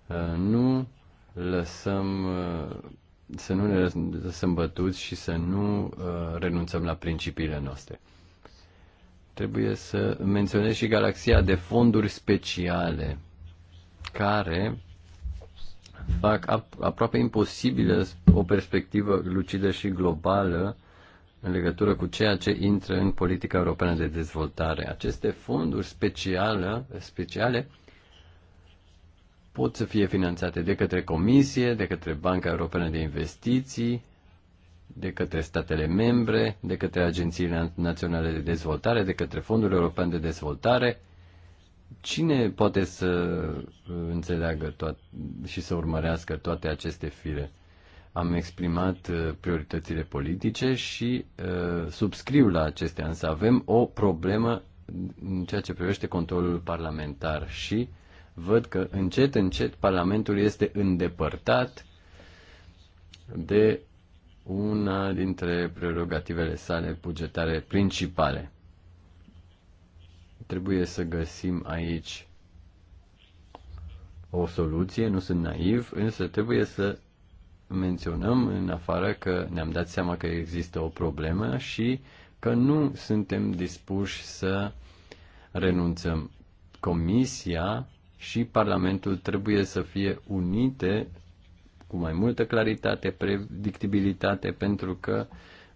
uh, nu lăsăm uh, să nu ne lăsăm bătuți și să nu uh, renunțăm la principiile noastre. Trebuie să menționez și galaxia de fonduri speciale care fac aproape imposibilă o perspectivă lucidă și globală în legătură cu ceea ce intră în politica europeană de dezvoltare. Aceste fonduri speciale, speciale pot să fie finanțate de către Comisie, de către Banca Europeană de Investiții, de către statele membre, de către agențiile naționale de dezvoltare, de către Fondul European de Dezvoltare, Cine poate să uh, înțeleagă toat- și să urmărească toate aceste fire? Am exprimat uh, prioritățile politice și uh, subscriu la acestea, însă avem o problemă în ceea ce privește controlul parlamentar și văd că încet, încet Parlamentul este îndepărtat de una dintre prerogativele sale bugetare principale. Trebuie să găsim aici o soluție, nu sunt naiv, însă trebuie să menționăm în afară că ne-am dat seama că există o problemă și că nu suntem dispuși să renunțăm. Comisia și Parlamentul trebuie să fie unite cu mai multă claritate, predictibilitate, pentru că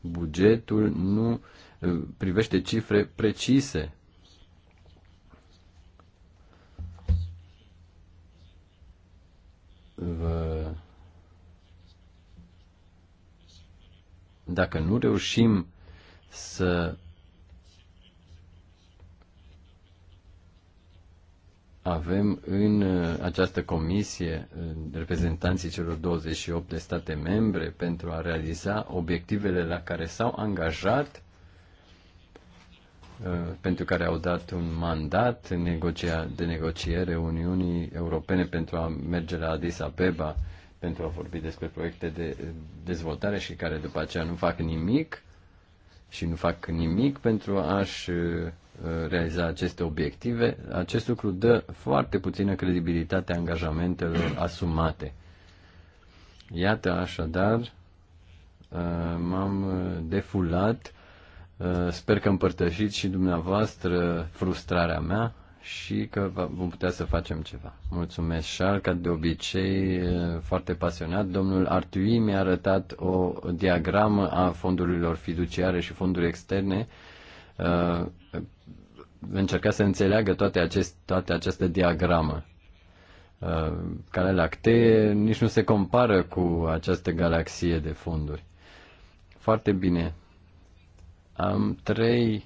bugetul nu uh, privește cifre precise. vă... dacă nu reușim să avem în uh, această comisie uh, reprezentanții celor 28 de state membre pentru a realiza obiectivele la care s-au angajat, Uh, pentru care au dat un mandat de negociere Uniunii Europene pentru a merge la Addis Abeba pentru a vorbi despre proiecte de dezvoltare și care după aceea nu fac nimic și nu fac nimic pentru a-și uh, realiza aceste obiective, acest lucru dă foarte puțină credibilitate a angajamentelor asumate. Iată așadar, uh, m-am defulat Uh, sper că împărtășiți și dumneavoastră frustrarea mea și că vom putea să facem ceva. Mulțumesc, Charles, ca de obicei, uh, foarte pasionat. Domnul Artui mi-a arătat o diagramă a fondurilor fiduciare și fonduri externe. Uh, încerca să înțeleagă toate, acest, toate această diagramă. Care Lactee nici nu se compară cu această galaxie de fonduri. Foarte bine. Am trei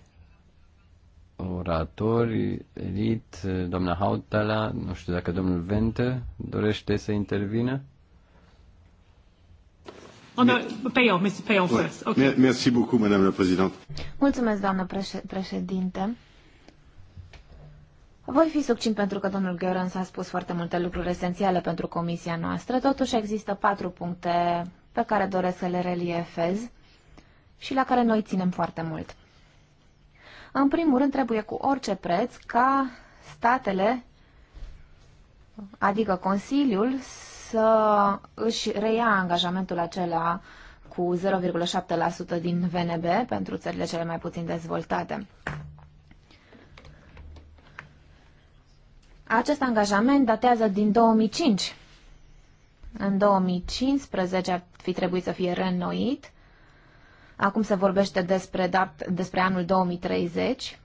oratori, Elit, doamna Hautala, nu știu dacă domnul Vente dorește să intervină. Oh, Mulțumesc, doamnă președinte. Voi fi succint pentru că domnul Gheorens a spus foarte multe lucruri esențiale pentru comisia noastră. Totuși există patru puncte pe care doresc să le reliefez și la care noi ținem foarte mult. În primul rând, trebuie cu orice preț ca statele, adică Consiliul, să își reia angajamentul acela cu 0,7% din VNB pentru țările cele mai puțin dezvoltate. Acest angajament datează din 2005. În 2015 ar fi trebuit să fie reînnoit Acum se vorbește despre, dat, despre anul 2030.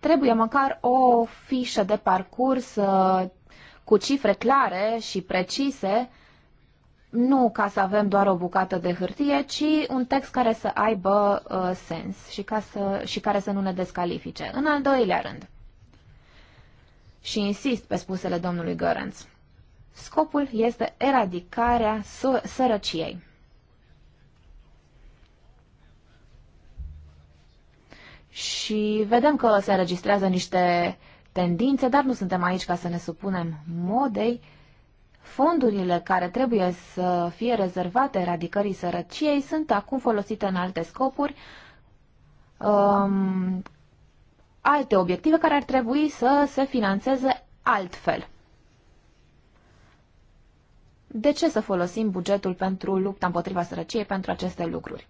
Trebuie măcar o fișă de parcurs uh, cu cifre clare și precise, nu ca să avem doar o bucată de hârtie, ci un text care să aibă uh, sens și, ca să, și care să nu ne descalifice. În al doilea rând, și insist pe spusele domnului Gărenț, scopul este eradicarea sărăciei. și vedem că se înregistrează niște tendințe, dar nu suntem aici ca să ne supunem modei. Fondurile care trebuie să fie rezervate eradicării sărăciei sunt acum folosite în alte scopuri, um, alte obiective care ar trebui să se financeze altfel. De ce să folosim bugetul pentru lupta împotriva sărăciei pentru aceste lucruri?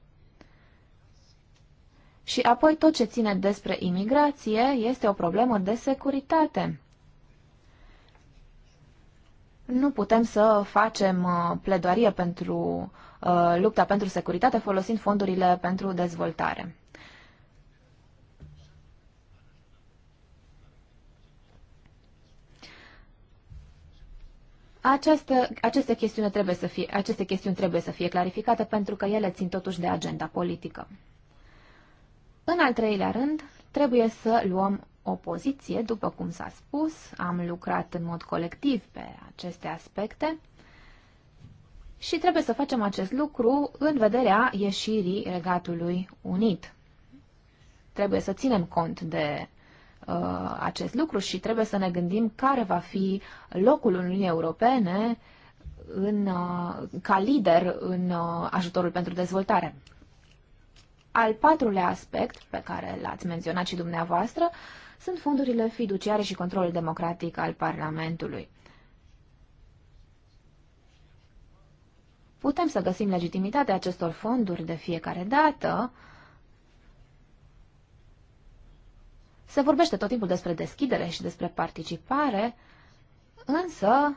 Și apoi tot ce ține despre imigrație este o problemă de securitate. Nu putem să facem uh, pledoarie pentru uh, lupta pentru securitate folosind fondurile pentru dezvoltare. Această, aceste, chestiuni trebuie să fie, aceste chestiuni trebuie să fie clarificate pentru că ele țin totuși de agenda politică. În al treilea rând, trebuie să luăm o poziție, după cum s-a spus, am lucrat în mod colectiv pe aceste aspecte și trebuie să facem acest lucru în vederea ieșirii Regatului Unit. Trebuie să ținem cont de uh, acest lucru și trebuie să ne gândim care va fi locul Uniunii Europene în, uh, ca lider în uh, ajutorul pentru dezvoltare. Al patrulea aspect, pe care l-ați menționat și dumneavoastră, sunt fondurile fiduciare și controlul democratic al Parlamentului. Putem să găsim legitimitatea acestor fonduri de fiecare dată. Se vorbește tot timpul despre deschidere și despre participare, însă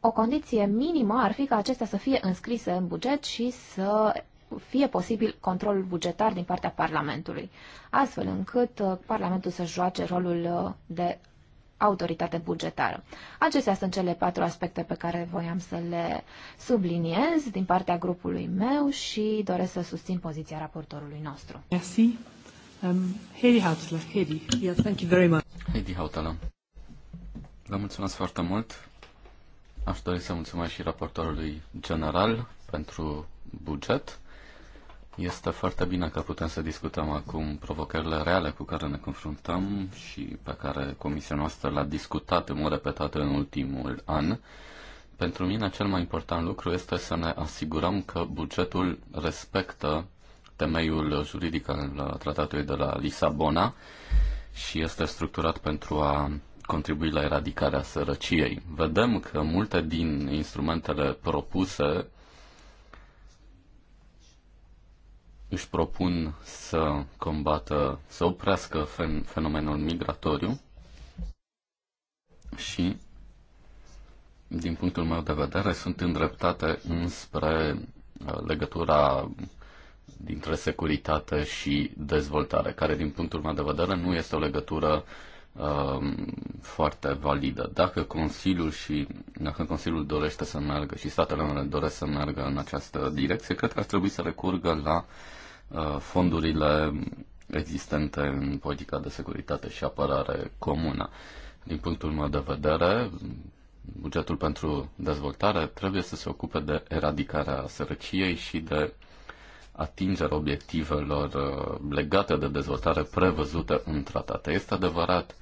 o condiție minimă ar fi ca acestea să fie înscrise în buget și să fie posibil controlul bugetar din partea Parlamentului, astfel încât uh, Parlamentul să joace rolul uh, de autoritate bugetară. Acestea sunt cele patru aspecte pe care voiam să le subliniez din partea grupului meu și doresc să susțin poziția raportorului nostru. Merci. Um, Heidi Hautala. Heidi, yeah, thank you very much. Heidi Hautala. Vă mulțumesc foarte mult. Aș dori să mulțumesc și raportorului general pentru buget. Este foarte bine că putem să discutăm acum provocările reale cu care ne confruntăm și pe care comisia noastră l-a discutat în mod repetat în ultimul an. Pentru mine cel mai important lucru este să ne asigurăm că bugetul respectă temeiul juridic al tratatului de la Lisabona și este structurat pentru a contribui la eradicarea sărăciei. Vedem că multe din instrumentele propuse își propun să combată, să oprească fenomenul migratoriu și, din punctul meu de vedere, sunt îndreptate înspre uh, legătura dintre securitate și dezvoltare, care, din punctul meu de vedere, nu este o legătură uh, foarte validă. Dacă Consiliul și dacă Consiliul dorește să meargă și statele membre doresc să meargă în această direcție, cred că ar trebui să recurgă la uh, Uh, fondurile existente în politica de securitate și apărare comună. Din punctul meu de vedere, bugetul pentru dezvoltare trebuie să se ocupe de eradicarea sărăciei și de atingerea obiectivelor uh, legate de dezvoltare prevăzute în tratate. Este adevărat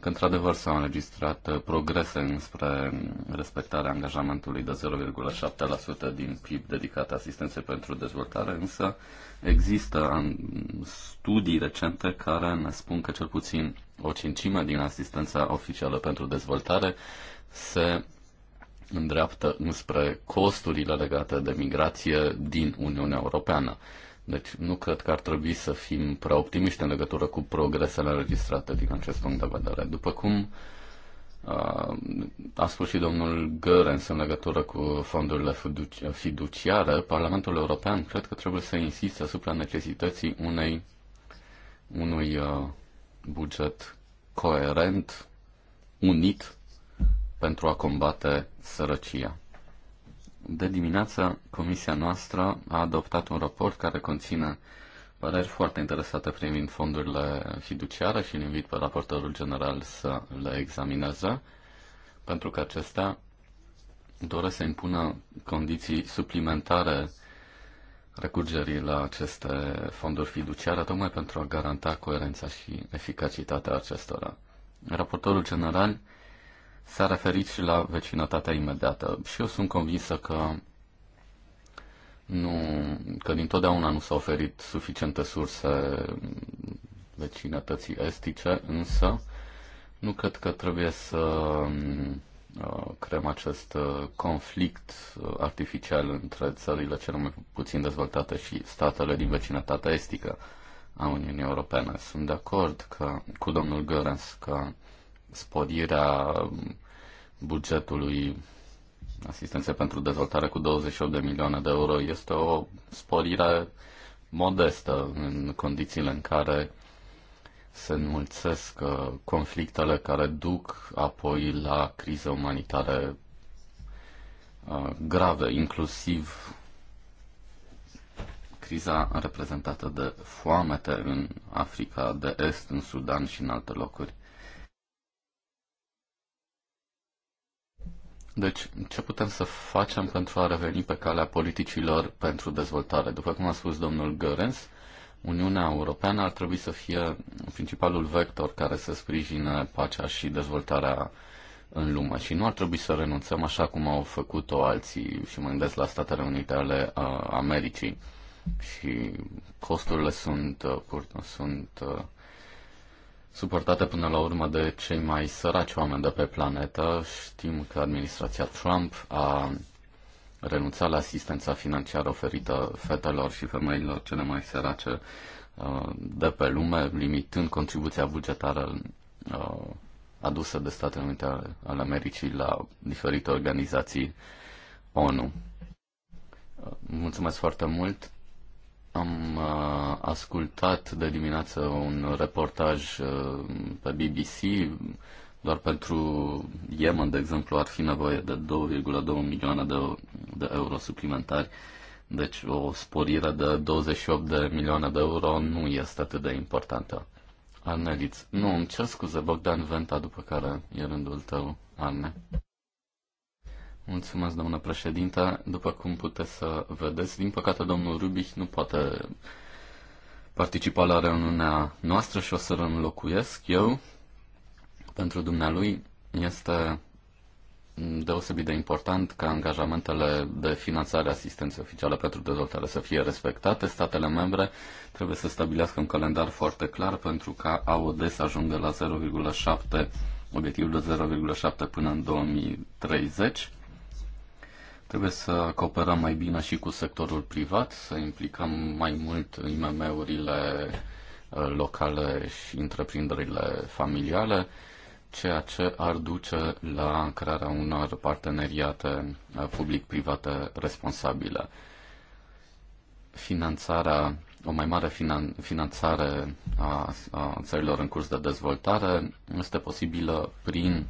că într-adevăr s-au înregistrat uh, progrese înspre respectarea angajamentului de 0,7% din PIB dedicat asistenței pentru dezvoltare, însă există um, studii recente care ne spun că cel puțin o cincime din asistența oficială pentru dezvoltare se îndreaptă înspre costurile legate de migrație din Uniunea Europeană. Deci nu cred că ar trebui să fim prea optimiști în legătură cu progresele înregistrate din acest punct de vedere. După cum a spus și domnul Görens în legătură cu fondurile fiduciare, Parlamentul European cred că trebuie să insiste asupra necesității unei, unui buget coerent, unit, pentru a combate sărăcia de dimineață, comisia noastră a adoptat un raport care conține păreri foarte interesate privind fondurile fiduciare și îl invit pe raportorul general să le examineze, pentru că acestea doresc să impună condiții suplimentare recurgerii la aceste fonduri fiduciare, tocmai pentru a garanta coerența și eficacitatea acestora. Raportorul general s-a referit și la vecinătatea imediată. Și eu sunt convinsă că nu, că dintotdeauna nu s-au oferit suficiente surse vecinătății estice, însă nu cred că trebuie să uh, creăm acest uh, conflict uh, artificial între țările cele mai puțin dezvoltate și statele din vecinătatea estică a Uniunii Europene. Sunt de acord că, cu domnul Görens că Spodirea bugetului asistenței pentru dezvoltare cu 28 de milioane de euro este o sporire modestă în condițiile în care se înmulțesc uh, conflictele care duc apoi la crize umanitare uh, grave, inclusiv criza reprezentată de foamete în Africa de Est, în Sudan și în alte locuri. Deci, ce putem să facem pentru a reveni pe calea politicilor pentru dezvoltare? După cum a spus domnul Gărens, Uniunea Europeană ar trebui să fie principalul vector care să sprijine pacea și dezvoltarea în lume și nu ar trebui să renunțăm așa cum au făcut-o alții și mă gândesc la Statele Unite ale Americii și costurile sunt, uh, pur, sunt uh, suportate până la urmă de cei mai săraci oameni de pe planetă. Știm că administrația Trump a renunțat la asistența financiară oferită fetelor și femeilor cele mai sărace uh, de pe lume, limitând contribuția bugetară uh, adusă de Statele Unite ale Americii la diferite organizații ONU. Uh, mulțumesc foarte mult! Am uh, ascultat de dimineață un reportaj uh, pe BBC. Doar pentru Yemen, de exemplu, ar fi nevoie de 2,2 milioane de, de euro suplimentari. Deci o sporire de 28 de milioane de euro nu este atât de importantă. Arneliț. Nu, îmi cer scuze, Bogdan Venta, după care e rândul tău, Arne. Mulțumesc, doamnă președinte. După cum puteți să vedeți, din păcate domnul Rubich nu poate participa la reuniunea noastră și o să înlocuiesc eu. Pentru dumnealui este deosebit de important ca angajamentele de finanțare asistenței oficiale pentru dezvoltare să fie respectate. Statele membre trebuie să stabilească un calendar foarte clar pentru ca AOD să ajungă la 0,7 obiectivul de 0,7 până în 2030 Trebuie să cooperăm mai bine și cu sectorul privat, să implicăm mai mult IMM-urile uh, locale și întreprinderile familiale, ceea ce ar duce la crearea unor parteneriate uh, public-private responsabile. Finanțarea, o mai mare finan, finanțare a, a țărilor în curs de dezvoltare este posibilă prin uh,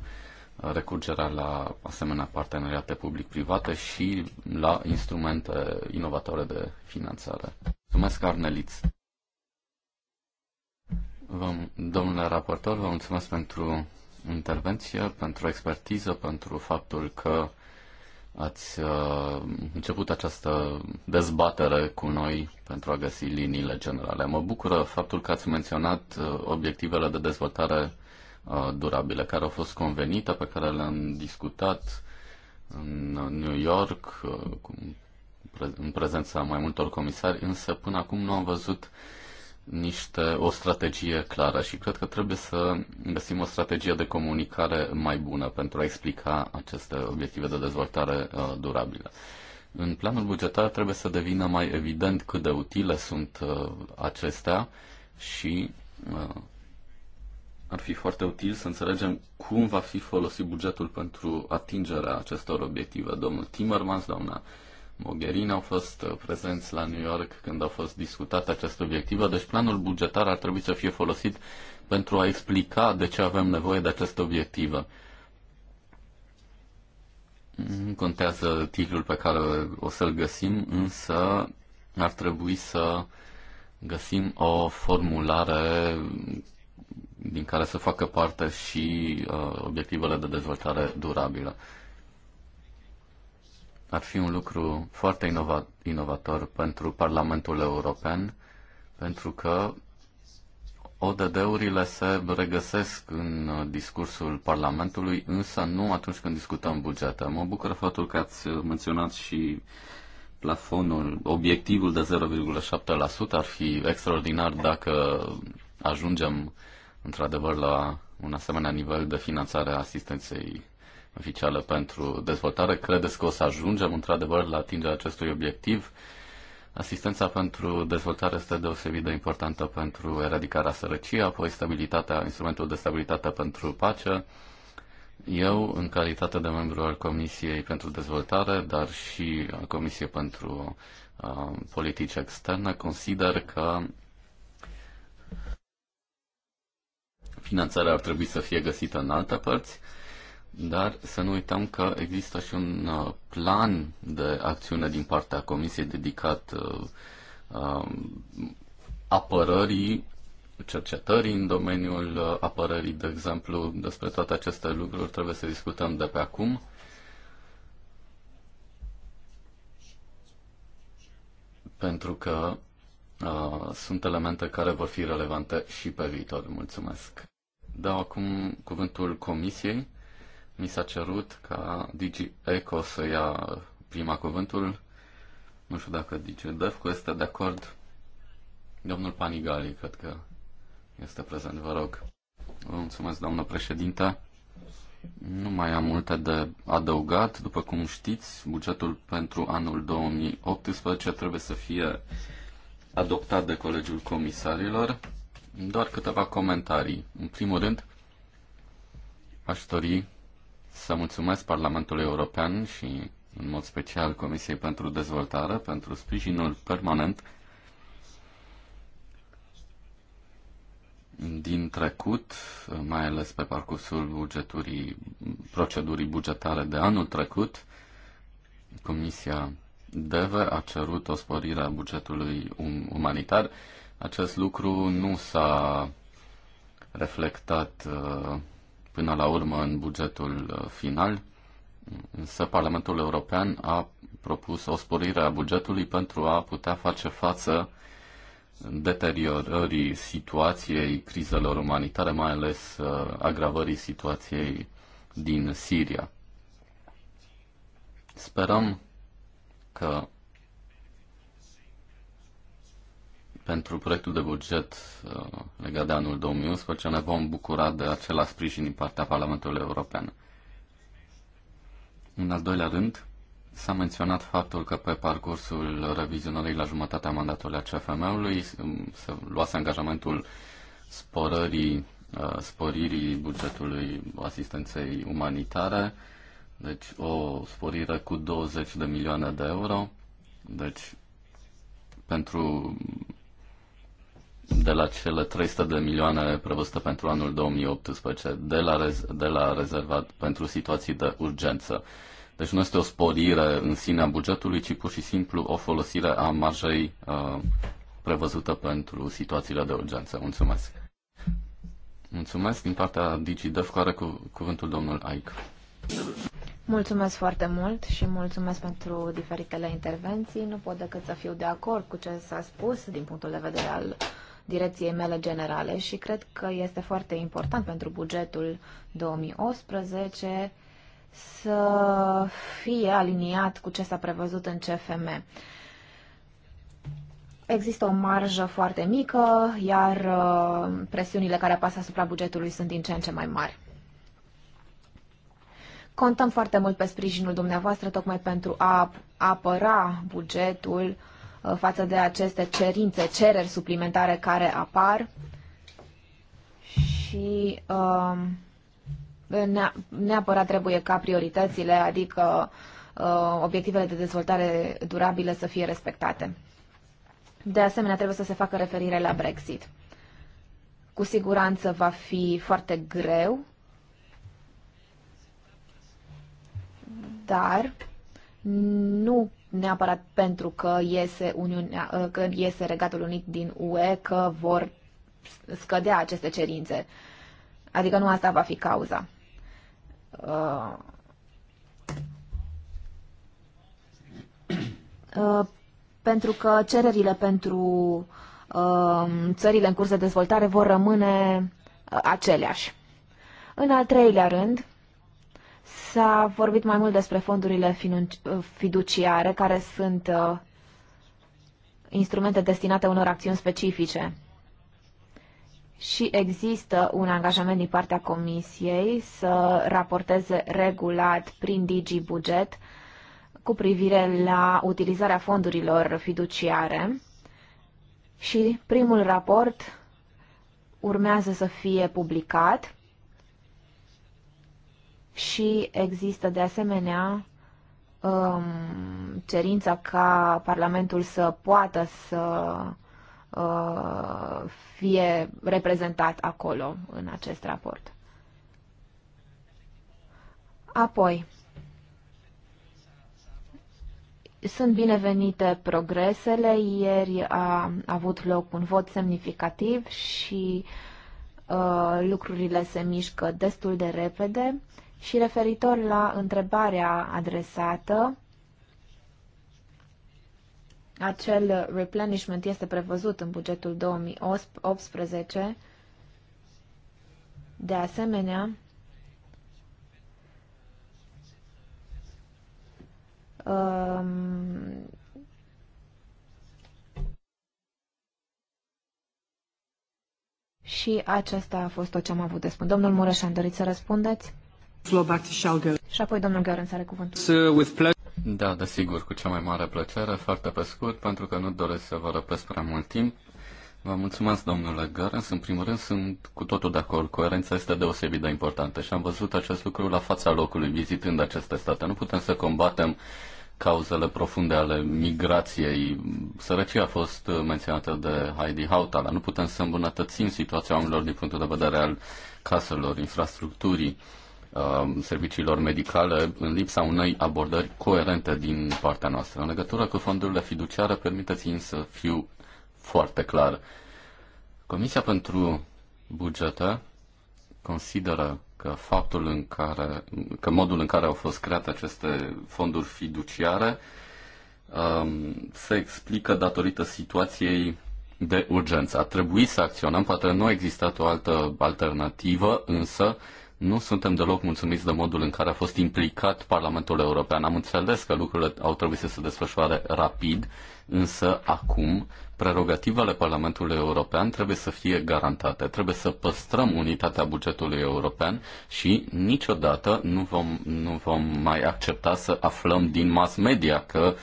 recurgerea la asemenea parteneriate public-private și la instrumente inovatoare de finanțare. Mulțumesc, Arneliț! domnule raportor, vă mulțumesc pentru intervenție, pentru expertiză, pentru faptul că ați uh, început această dezbatere cu noi pentru a găsi liniile generale. Mă bucură faptul că ați menționat uh, obiectivele de dezvoltare Uh, durabile care au fost convenite, pe care le-am discutat în New York uh, în prezența mai multor comisari, însă până acum nu am văzut niște, o strategie clară și cred că trebuie să găsim o strategie de comunicare mai bună pentru a explica aceste obiective de dezvoltare uh, durabilă. În planul bugetar trebuie să devină mai evident cât de utile sunt acestea și ar fi foarte util să înțelegem cum va fi folosit bugetul pentru atingerea acestor obiective. Domnul Timmermans, doamna Mogherini au fost uh, prezenți la New York când au fost discutate aceste obiective, deci planul bugetar ar trebui să fie folosit pentru a explica de ce avem nevoie de aceste obiective. Nu contează titlul pe care o să-l găsim, însă ar trebui să găsim o formulare din care să facă parte și uh, obiectivele de dezvoltare durabilă. Ar fi un lucru foarte inova- inovator pentru Parlamentul European, pentru că ODD-urile se regăsesc în uh, discursul Parlamentului, însă nu atunci când discutăm bugete. Mă bucură faptul că ați uh, menționat și plafonul, obiectivul de 0,7% ar fi extraordinar dacă ajungem uh, într-adevăr la un asemenea nivel de finanțare a asistenței oficiale pentru dezvoltare. Credeți că o să ajungem într-adevăr la atingerea acestui obiectiv? Asistența pentru dezvoltare este deosebit de importantă pentru eradicarea sărăciei, apoi stabilitatea, instrumentul de stabilitate pentru pace. Eu, în calitate de membru al Comisiei pentru Dezvoltare, dar și al Comisiei pentru uh, Politici Externe, consider că Finanțarea ar trebui să fie găsită în alte părți, dar să nu uităm că există și un uh, plan de acțiune din partea Comisiei dedicat uh, uh, apărării, cercetării în domeniul apărării, de exemplu, despre toate aceste lucruri trebuie să discutăm de pe acum. Pentru că Uh, sunt elemente care vor fi relevante și pe viitor. Mulțumesc. Dau acum cuvântul Comisiei. Mi s-a cerut ca Digi Eco să ia prima cuvântul. Nu știu dacă Digi Defco este de acord. Domnul Panigali, cred că este prezent, vă rog. Vă mulțumesc, doamnă președinte. Nu mai am multe de adăugat. După cum știți, bugetul pentru anul 2018 trebuie să fie adoptat de Colegiul Comisarilor. Doar câteva comentarii. În primul rând, aș dori să mulțumesc Parlamentului European și, în mod special, Comisiei pentru Dezvoltare pentru sprijinul permanent din trecut, mai ales pe parcursul bugeturii, procedurii bugetare de anul trecut. Comisia DEVE a cerut o sporire a bugetului um- umanitar. Acest lucru nu s-a reflectat uh, până la urmă în bugetul uh, final, însă Parlamentul European a propus o sporire a bugetului pentru a putea face față deteriorării situației crizelor umanitare, mai ales uh, agravării situației din Siria. Sperăm că pentru proiectul de buget uh, legat de anul 2011 ne vom bucura de acela sprijin din partea Parlamentului European. În al doilea rând, s-a menționat faptul că pe parcursul revizionării la jumătatea mandatului a CFM-ului um, se luase angajamentul sporării, uh, sporirii bugetului asistenței umanitare, deci o sporire cu 20 de milioane de euro. Deci pentru de la cele 300 de milioane prevăzute pentru anul 2018, de la, rez, de la rezervat pentru situații de urgență. Deci nu este o sporire în sine a bugetului, ci pur și simplu o folosire a marjei uh, prevăzută pentru situațiile de urgență. Mulțumesc! Mulțumesc din partea DigiDev, care cu, cuvântul domnul Aic. Mulțumesc foarte mult și mulțumesc pentru diferitele intervenții. Nu pot decât să fiu de acord cu ce s-a spus din punctul de vedere al direcției mele generale și cred că este foarte important pentru bugetul 2018 să fie aliniat cu ce s-a prevăzut în CFM. Există o marjă foarte mică, iar uh, presiunile care apasă asupra bugetului sunt din ce în ce mai mari. Contăm foarte mult pe sprijinul dumneavoastră tocmai pentru a apăra bugetul uh, față de aceste cerințe, cereri suplimentare care apar și um, neapărat trebuie ca prioritățile, adică uh, obiectivele de dezvoltare durabilă să fie respectate. De asemenea, trebuie să se facă referire la Brexit. Cu siguranță va fi foarte greu dar nu neapărat pentru că iese, Uniunea, uh, că iese Regatul Unit din UE că vor scădea aceste cerințe. Adică nu asta va fi cauza. Uh, uh, pentru că cererile pentru um, țările în curs de dezvoltare vor rămâne aceleași. În al treilea rând, S-a vorbit mai mult despre fondurile fiduciare, care sunt uh, instrumente destinate unor acțiuni specifice. Și există un angajament din partea Comisiei să raporteze regulat prin DG Buget cu privire la utilizarea fondurilor fiduciare și primul raport urmează să fie publicat și există de asemenea um, cerința ca Parlamentul să poată să uh, fie reprezentat acolo în acest raport. Apoi, sunt binevenite progresele. Ieri a avut loc un vot semnificativ și uh, lucrurile se mișcă destul de repede. Uh, și referitor la întrebarea adresată, acel replenishment este prevăzut în bugetul 2018. De asemenea, um, și acesta a fost tot ce am avut de spus. Domnul Mureșan, doriți să răspundeți? Și apoi domnul Gărânț are cuvântul. Da, desigur, cu cea mai mare plăcere, foarte pe scurt, pentru că nu doresc să vă răpesc prea mult timp. Vă mulțumesc, domnule Gărâns. În primul rând, sunt cu totul de acord. Coerența este deosebit de importantă și am văzut acest lucru la fața locului, vizitând aceste state. Nu putem să combatem cauzele profunde ale migrației. Sărăcia a fost menționată de Heidi Hautala. Nu putem să îmbunătățim situația oamenilor din punctul de vedere al caselor, infrastructurii serviciilor medicale în lipsa unei abordări coerente din partea noastră. În legătură cu fondurile fiduciare, permiteți-mi să fiu foarte clar. Comisia pentru bugete consideră că faptul în care, că modul în care au fost create aceste fonduri fiduciare um, se explică datorită situației de urgență. A trebuit să acționăm, poate nu a existat o altă alternativă, însă nu suntem deloc mulțumiți de modul în care a fost implicat Parlamentul European. Am înțeles că lucrurile au trebuit să se desfășoare rapid, însă acum prerogativele Parlamentului European trebuie să fie garantate, trebuie să păstrăm unitatea bugetului european și niciodată nu vom, nu vom mai accepta să aflăm din mass media că uh,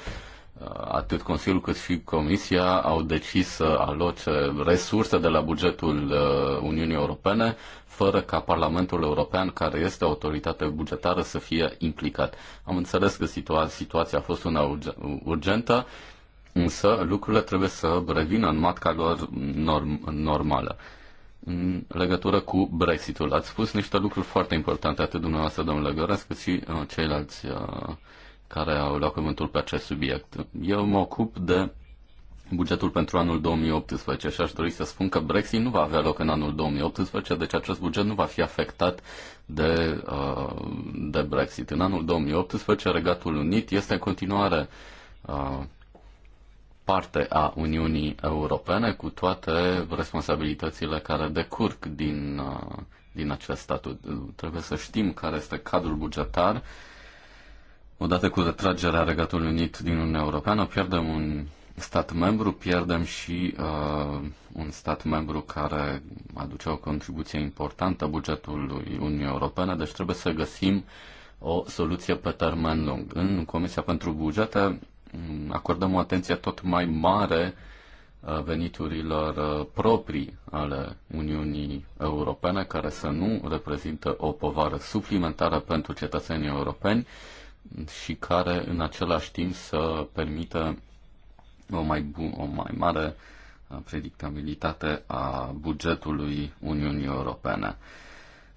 atât Consiliul cât și Comisia au decis să aloce resurse de la bugetul uh, Uniunii Europene fără ca Parlamentul European, care este autoritate bugetară, să fie implicat. Am înțeles că situa- situația a fost una urgentă, însă lucrurile trebuie să revină în matca lor norm- normală. În legătură cu Brexitul, ați spus niște lucruri foarte importante, atât dumneavoastră, domnule Găresc, cât și uh, ceilalți uh, care au luat cuvântul pe acest subiect. Eu mă ocup de bugetul pentru anul 2018 și aș dori să spun că Brexit nu va avea loc în anul 2018, deci acest buget nu va fi afectat de, uh, de Brexit. În anul 2018, Regatul Unit este în continuare uh, parte a Uniunii Europene cu toate responsabilitățile care decurg din, uh, din acest statut. Trebuie să știm care este cadrul bugetar Odată cu retragerea Regatului Unit din Uniunea Europeană, pierdem un stat membru, pierdem și uh, un stat membru care aduce o contribuție importantă bugetului Uniunii Europene, deci trebuie să găsim o soluție pe termen lung. În Comisia pentru Bugete mm, acordăm o atenție tot mai mare uh, veniturilor uh, proprii ale Uniunii Europene, care să nu reprezintă o povară suplimentară pentru cetățenii europeni, și care în același timp să permită o mai, bun, o mai mare uh, predictabilitate a bugetului Uniunii Europene.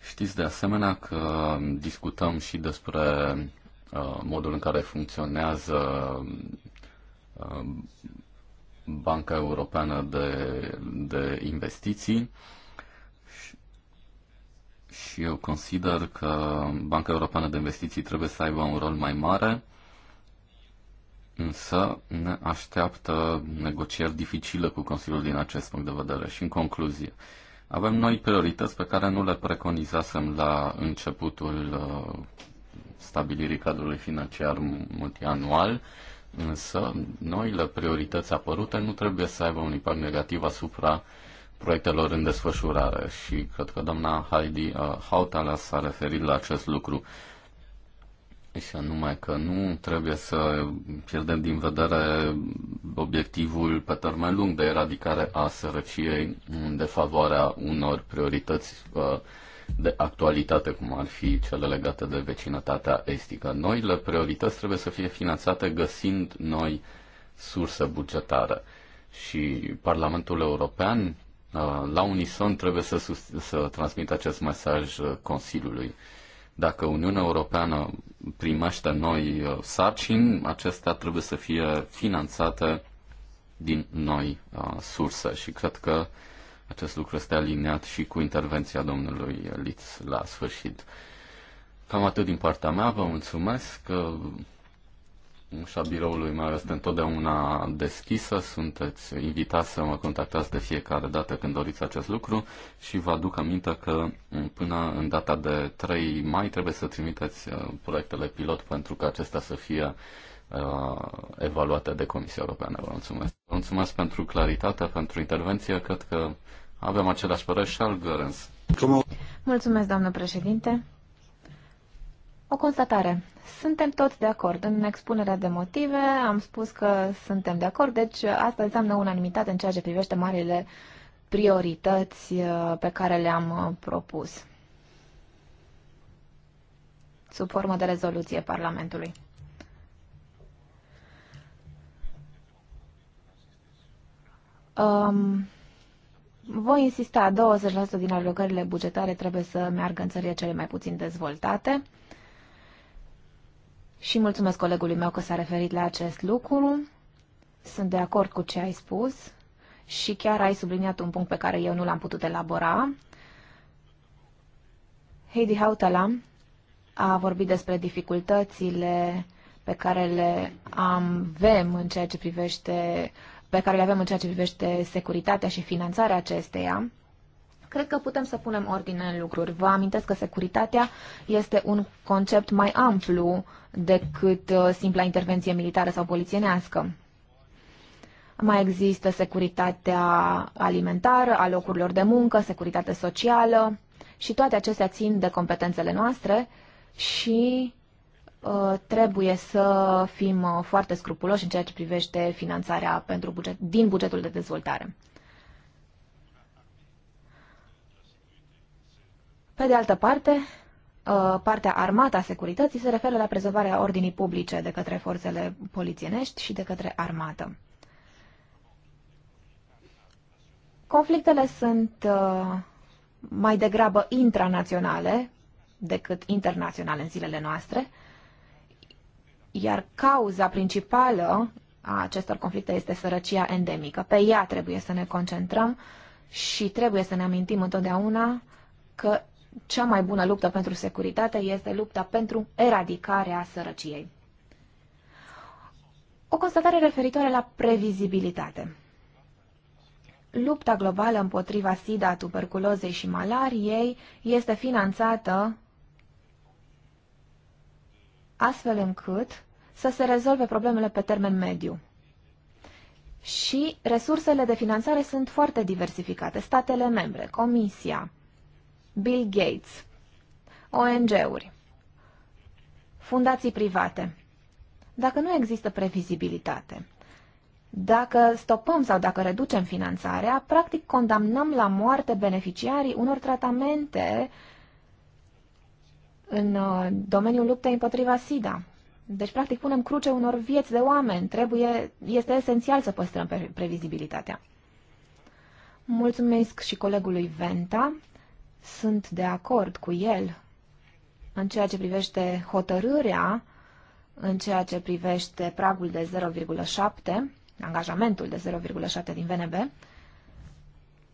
Știți de asemenea că discutăm și despre uh, modul în care funcționează uh, Banca Europeană de, de Investiții și eu consider că Banca Europeană de Investiții trebuie să aibă un rol mai mare, însă ne așteaptă negocieri dificile cu Consiliul din acest punct de vedere. Și în concluzie, avem noi priorități pe care nu le preconizasem la începutul uh, stabilirii cadrului financiar multianual, însă noile priorități apărute nu trebuie să aibă un impact negativ asupra uh, proiectelor în desfășurare și cred că doamna Heidi uh, Hautala s-a referit la acest lucru. Și anume că nu trebuie să pierdem din vedere obiectivul pe termen lung de eradicare a sărăciei în defavoarea unor priorități uh, de actualitate, cum ar fi cele legate de vecinătatea estică. Noile priorități trebuie să fie finanțate găsind noi surse bugetare. Și Parlamentul European Uh, la unison trebuie să, sus- să transmit acest mesaj uh, Consiliului. Dacă Uniunea Europeană primește noi uh, sarcini, acestea trebuie să fie finanțate din noi uh, surse și cred că acest lucru este aliniat și cu intervenția domnului Litz la sfârșit. Cam atât din partea mea, vă mulțumesc. Că Ușa biroului meu este întotdeauna deschisă, sunteți invitați să mă contactați de fiecare dată când doriți acest lucru și vă aduc aminte că mm, până în data de 3 mai trebuie să trimiteți uh, proiectele pilot pentru că acestea să fie uh, evaluate de Comisia Europeană. Vă mulțumesc. Vă mulțumesc pentru claritate, pentru intervenție. Cred că avem același părere și al Mulțumesc, doamnă președinte. O constatare. Suntem toți de acord. În expunerea de motive am spus că suntem de acord, deci asta înseamnă unanimitate în ceea ce privește marile priorități uh, pe care le-am uh, propus sub formă de rezoluție Parlamentului. Um, voi insista, 20% din alocările bugetare trebuie să meargă în țările cele mai puțin dezvoltate. Și mulțumesc colegului meu că s-a referit la acest lucru. Sunt de acord cu ce ai spus și chiar ai subliniat un punct pe care eu nu l-am putut elabora. Heidi Hautala a vorbit despre dificultățile pe care le avem în ceea ce privește pe care le avem în ceea ce privește securitatea și finanțarea acesteia. Cred că putem să punem ordine în lucruri. Vă amintesc că securitatea este un concept mai amplu decât uh, simpla intervenție militară sau polițienească. Mai există securitatea alimentară, a locurilor de muncă, securitate socială și toate acestea țin de competențele noastre și uh, trebuie să fim uh, foarte scrupuloși în ceea ce privește finanțarea pentru buget, din bugetul de dezvoltare. Pe de altă parte, uh, partea armată a securității se referă la prezervarea ordinii publice de către forțele polițienești și de către armată. Conflictele sunt uh, mai degrabă intranaționale decât internaționale în zilele noastre, iar cauza principală a acestor conflicte este sărăcia endemică. Pe ea trebuie să ne concentrăm și trebuie să ne amintim întotdeauna că cea mai bună luptă pentru securitate este lupta pentru eradicarea sărăciei. O constatare referitoare la previzibilitate. Lupta globală împotriva SIDA, tuberculozei și malariei este finanțată astfel încât să se rezolve problemele pe termen mediu. Și resursele de finanțare sunt foarte diversificate. Statele membre, Comisia, Bill Gates, ONG-uri, fundații private. Dacă nu există previzibilitate, dacă stopăm sau dacă reducem finanțarea, practic condamnăm la moarte beneficiarii unor tratamente în uh, domeniul luptei împotriva SIDA. Deci, practic, punem cruce unor vieți de oameni. Trebuie, este esențial să păstrăm previzibilitatea. Mulțumesc și colegului Venta sunt de acord cu el în ceea ce privește hotărârea, în ceea ce privește pragul de 0,7, angajamentul de 0,7 din VNB,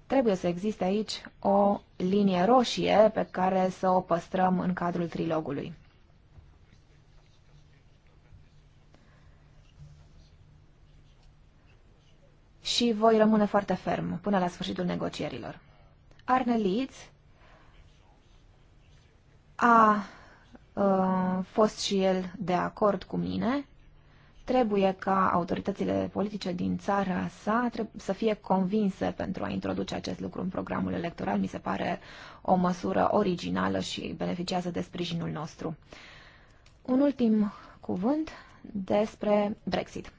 trebuie să existe aici o linie roșie pe care să o păstrăm în cadrul trilogului. Și voi rămâne foarte ferm până la sfârșitul negocierilor. Arne Leeds a uh, fost și el de acord cu mine. Trebuie ca autoritățile politice din țara sa să fie convinse pentru a introduce acest lucru în programul electoral. Mi se pare o măsură originală și beneficiază de sprijinul nostru. Un ultim cuvânt despre Brexit.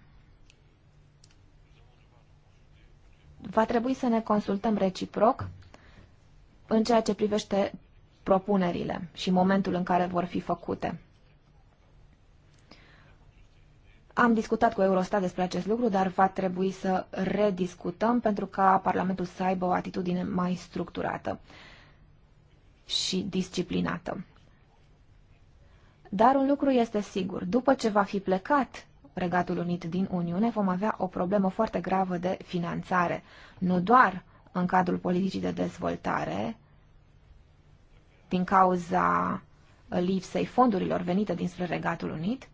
Va trebui să ne consultăm reciproc în ceea ce privește propunerile și momentul în care vor fi făcute. Am discutat cu Eurostat despre acest lucru, dar va trebui să rediscutăm pentru ca Parlamentul să aibă o atitudine mai structurată și disciplinată. Dar un lucru este sigur, după ce va fi plecat Regatul Unit din Uniune, vom avea o problemă foarte gravă de finanțare, nu doar în cadrul politicii de dezvoltare, din cauza lipsei fondurilor venite dinspre Regatul Unit,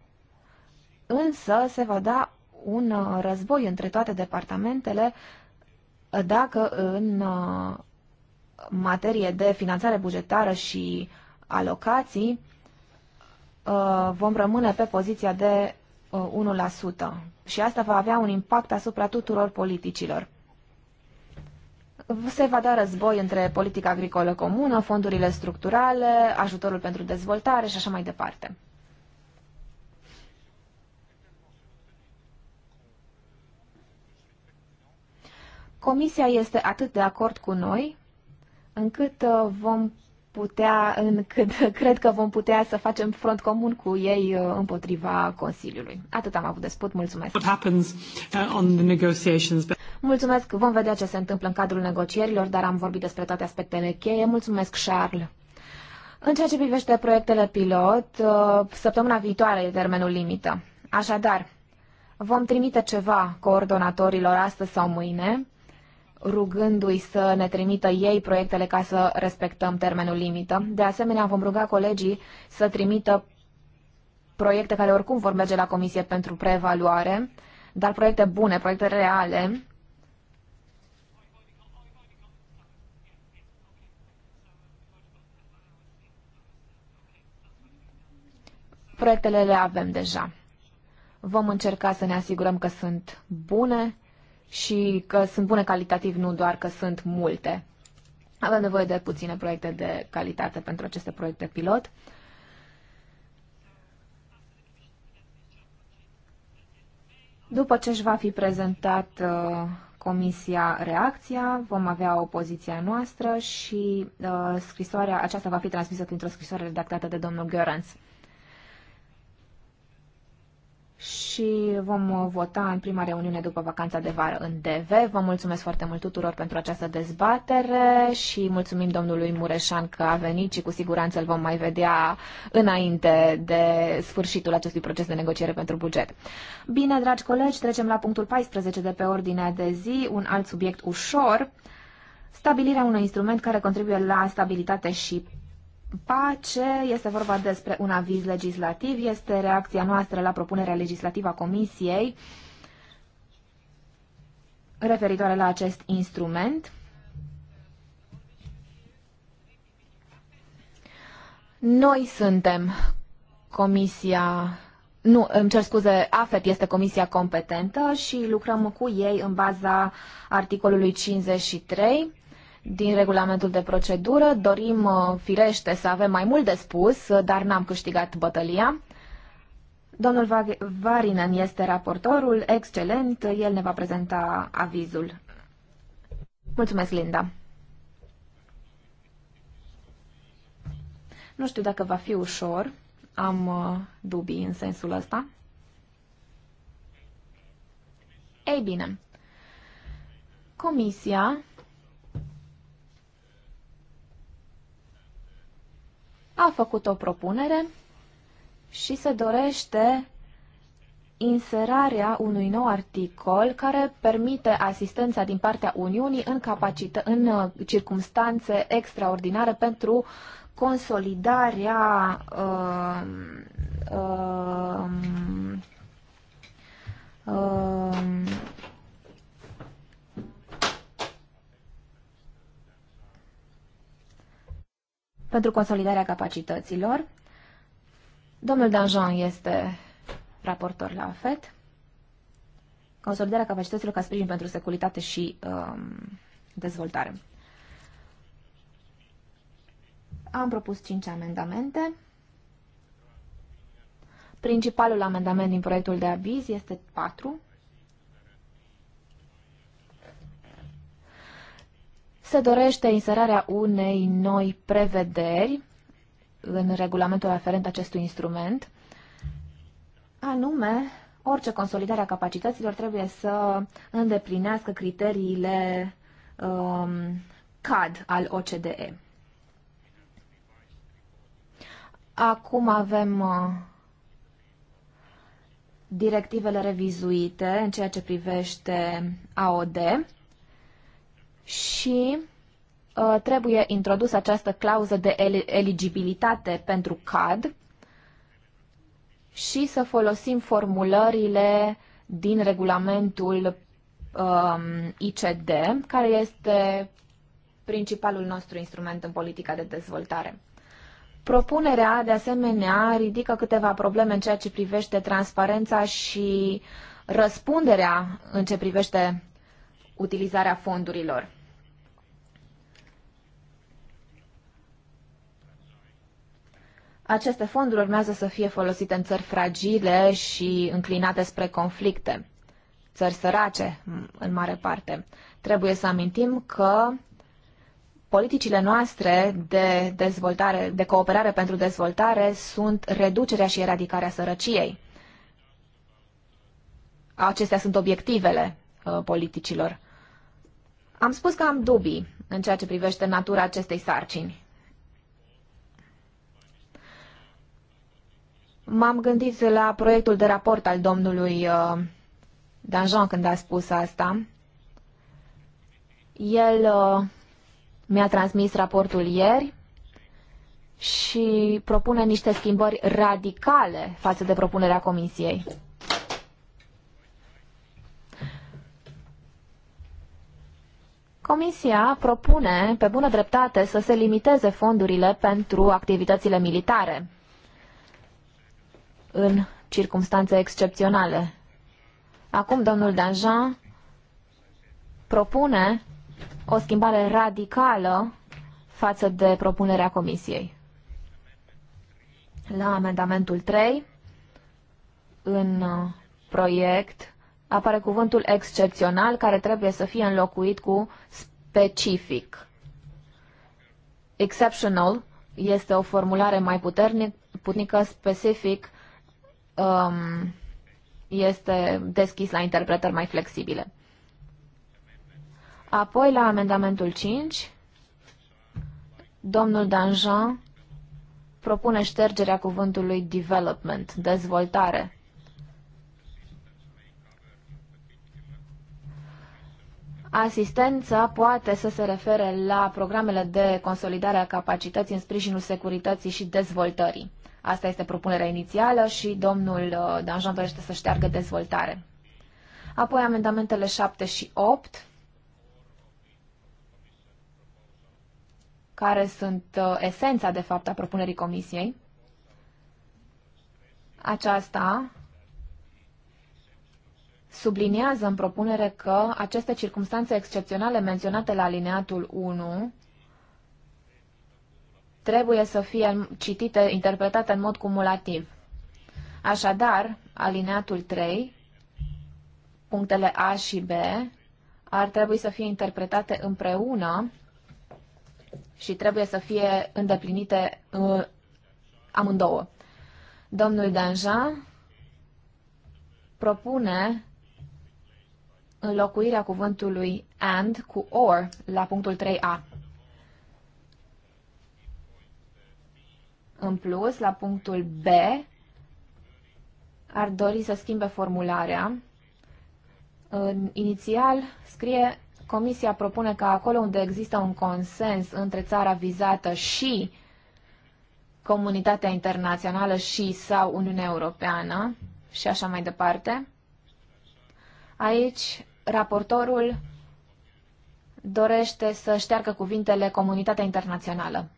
însă se va da un uh, război între toate departamentele uh, dacă în uh, materie de finanțare bugetară și alocații vom rămâne pe poziția de 1% și asta va avea un impact asupra tuturor politicilor se va da război între politica agricolă comună, fondurile structurale, ajutorul pentru dezvoltare și așa mai departe. Comisia este atât de acord cu noi, încât uh, vom putea, încât [LAUGHS] cred că vom putea să facem front comun cu ei uh, împotriva Consiliului. Atât am avut de spus, mulțumesc. What happens uh, on the negotiations? Mulțumesc, vom vedea ce se întâmplă în cadrul negocierilor, dar am vorbit despre toate aspectele cheie. Mulțumesc, Charles. În ceea ce privește proiectele pilot, uh, săptămâna viitoare e termenul limită. Așadar, vom trimite ceva coordonatorilor astăzi sau mâine, rugându-i să ne trimită ei proiectele ca să respectăm termenul limită. De asemenea, vom ruga colegii să trimită proiecte care oricum vor merge la Comisie pentru preevaluare, dar proiecte bune, proiecte reale, Proiectele le avem deja. Vom încerca să ne asigurăm că sunt bune și că sunt bune calitativ, nu doar că sunt multe. Avem nevoie de puține proiecte de calitate pentru aceste proiecte pilot. După ce își va fi prezentat uh, comisia reacția, vom avea o poziție noastră și uh, scrisoarea aceasta va fi transmisă printr-o scrisoare redactată de domnul Görans și vom vota în prima reuniune după vacanța de vară în DV. Vă mulțumesc foarte mult tuturor pentru această dezbatere și mulțumim domnului Mureșan că a venit și cu siguranță îl vom mai vedea înainte de sfârșitul acestui proces de negociere pentru buget. Bine, dragi colegi, trecem la punctul 14 de pe ordinea de zi, un alt subiect ușor, stabilirea unui instrument care contribuie la stabilitate și pace, este vorba despre un aviz legislativ, este reacția noastră la propunerea legislativă a Comisiei referitoare la acest instrument. Noi suntem comisia, nu, îmi cer scuze, AFET este comisia competentă și lucrăm cu ei în baza articolului 53 din regulamentul de procedură. Dorim, uh, firește, să avem mai mult de spus, uh, dar n-am câștigat bătălia. Domnul Varinen este raportorul, excelent, el ne va prezenta avizul. Mulțumesc, Linda. Nu știu dacă va fi ușor, am uh, dubii în sensul ăsta. Ei bine, comisia a făcut o propunere și se dorește inserarea unui nou articol care permite asistența din partea Uniunii în, capacită, în uh, circumstanțe extraordinare pentru consolidarea uh, uh, uh, pentru consolidarea capacităților. Domnul Danjean este raportor la AFET. Consolidarea capacităților ca sprijin pentru securitate și um, dezvoltare. Am propus cinci amendamente. Principalul amendament din proiectul de aviz este 4, se dorește inserarea unei noi prevederi în regulamentul aferent acestui instrument, anume, orice consolidare a capacităților trebuie să îndeplinească criteriile um, CAD al OCDE. Acum avem uh, directivele revizuite în ceea ce privește AOD și uh, trebuie introdusă această clauză de eligibilitate pentru CAD și să folosim formulările din regulamentul um, ICD, care este principalul nostru instrument în politica de dezvoltare. Propunerea, de asemenea, ridică câteva probleme în ceea ce privește transparența și răspunderea în ce privește utilizarea fondurilor. Aceste fonduri urmează să fie folosite în țări fragile și înclinate spre conflicte, țări sărace în mare parte. Trebuie să amintim că politicile noastre de dezvoltare, de cooperare pentru dezvoltare sunt reducerea și eradicarea sărăciei. Acestea sunt obiectivele uh, politicilor. Am spus că am dubii în ceea ce privește natura acestei sarcini. M-am gândit la proiectul de raport al domnului uh, Danjean când a spus asta. El uh, mi-a transmis raportul ieri și propune niște schimbări radicale față de propunerea comisiei. Comisia propune, pe bună dreptate, să se limiteze fondurile pentru activitățile militare în circumstanțe excepționale. Acum domnul Danjean propune o schimbare radicală față de propunerea comisiei. La amendamentul 3, în uh, proiect, apare cuvântul excepțional care trebuie să fie înlocuit cu specific. Exceptional este o formulare mai puternică, specific um, este deschis la interpretări mai flexibile. Apoi, la amendamentul 5, domnul Danjean propune ștergerea cuvântului development, dezvoltare. Asistența poate să se refere la programele de consolidare a capacității în sprijinul securității și dezvoltării. Asta este propunerea inițială și domnul uh, Danjean dorește să șteargă dezvoltare. Apoi amendamentele 7 și 8, care sunt uh, esența, de fapt, a propunerii comisiei. Aceasta subliniază în propunere că aceste circunstanțe excepționale menționate la alineatul 1 trebuie să fie citite, interpretate în mod cumulativ. Așadar, alineatul 3, punctele A și B, ar trebui să fie interpretate împreună și trebuie să fie îndeplinite uh, amândouă. Domnul Danjean propune înlocuirea cuvântului and cu or la punctul 3a. În plus, la punctul B, ar dori să schimbe formularea. În inițial scrie Comisia propune că acolo unde există un consens între țara vizată și comunitatea internațională și sau Uniunea Europeană și așa mai departe. Aici raportorul dorește să șteargă cuvintele comunitatea internațională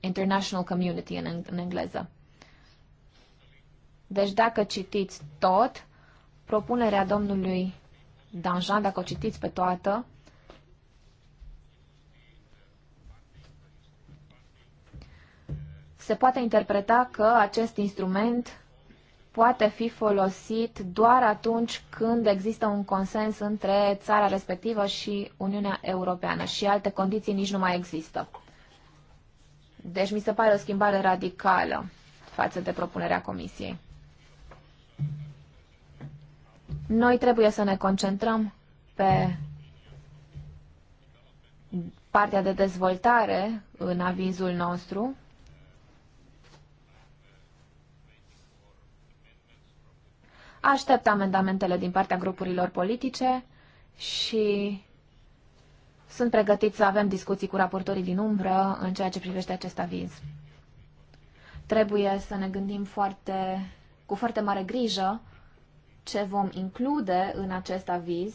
international community în, în engleză. Deci dacă citiți tot, propunerea domnului Danjean, dacă o citiți pe toată, se poate interpreta că acest instrument poate fi folosit doar atunci când există un consens între țara respectivă și Uniunea Europeană și alte condiții nici nu mai există. Deci mi se pare o schimbare radicală față de propunerea comisiei. Noi trebuie să ne concentrăm pe partea de dezvoltare în avizul nostru. Aștept amendamentele din partea grupurilor politice și sunt pregătiți să avem discuții cu raportorii din umbră în ceea ce privește acest aviz. Trebuie să ne gândim foarte, cu foarte mare grijă ce vom include în acest aviz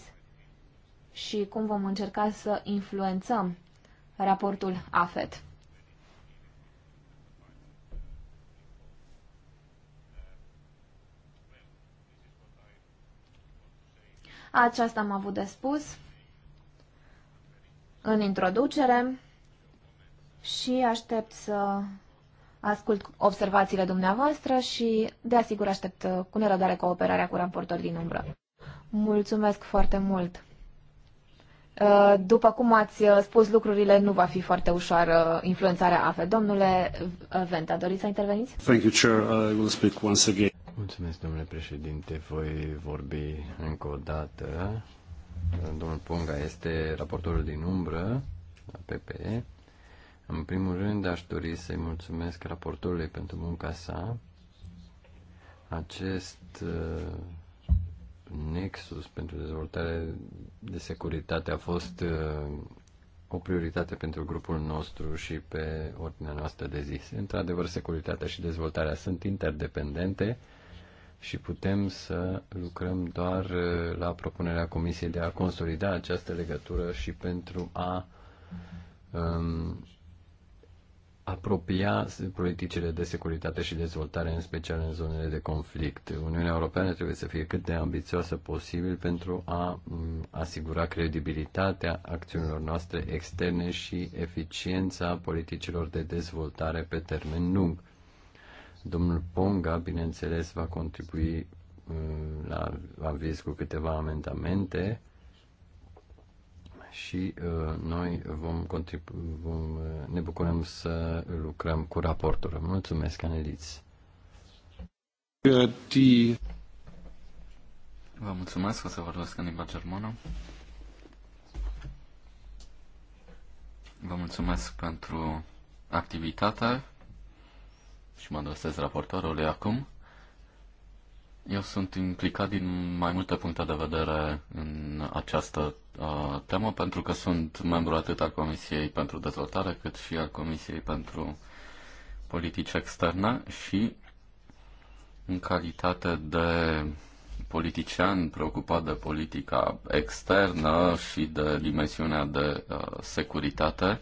și cum vom încerca să influențăm raportul AFET. Aceasta am avut de spus în introducere și aștept să ascult observațiile dumneavoastră și de asigur aștept cu nerăbdare cooperarea cu raportori din umbră. Mulțumesc foarte mult! Uh, după cum ați uh, spus lucrurile, nu va fi foarte ușoară uh, influențarea AFE. Domnule Venta, doriți să interveniți? Thank you, Chair. I will speak once again. Mulțumesc, domnule președinte. Voi vorbi încă o dată Domnul Ponga este raportorul din umbră la PPE. În primul rând, aș dori să-i mulțumesc raportorului pentru munca sa. Acest uh, nexus pentru dezvoltare de securitate a fost uh, o prioritate pentru grupul nostru și pe ordinea noastră de zi. Într-adevăr, securitatea și dezvoltarea sunt interdependente și putem să lucrăm doar uh, la propunerea Comisiei de a consolida această legătură și pentru a um, apropia politicile de securitate și dezvoltare, în special în zonele de conflict. Uniunea Europeană trebuie să fie cât de ambițioasă posibil pentru a um, asigura credibilitatea acțiunilor noastre externe și eficiența politicilor de dezvoltare pe termen lung. Domnul Ponga, bineînțeles, va contribui uh, la aviz cu câteva amendamente și uh, noi vom, contribu- vom uh, ne bucurăm să lucrăm cu raportul. Mulțumesc, Aneliț. Vă mulțumesc, o să vorbesc în limba germană. Vă mulțumesc pentru activitatea și mă adresez raportorului acum. Eu sunt implicat din mai multe puncte de vedere în această uh, temă, pentru că sunt membru atât al Comisiei pentru Dezvoltare, cât și al Comisiei pentru Politici Externe și în calitate de politician preocupat de politica externă și de dimensiunea de uh, securitate, uh,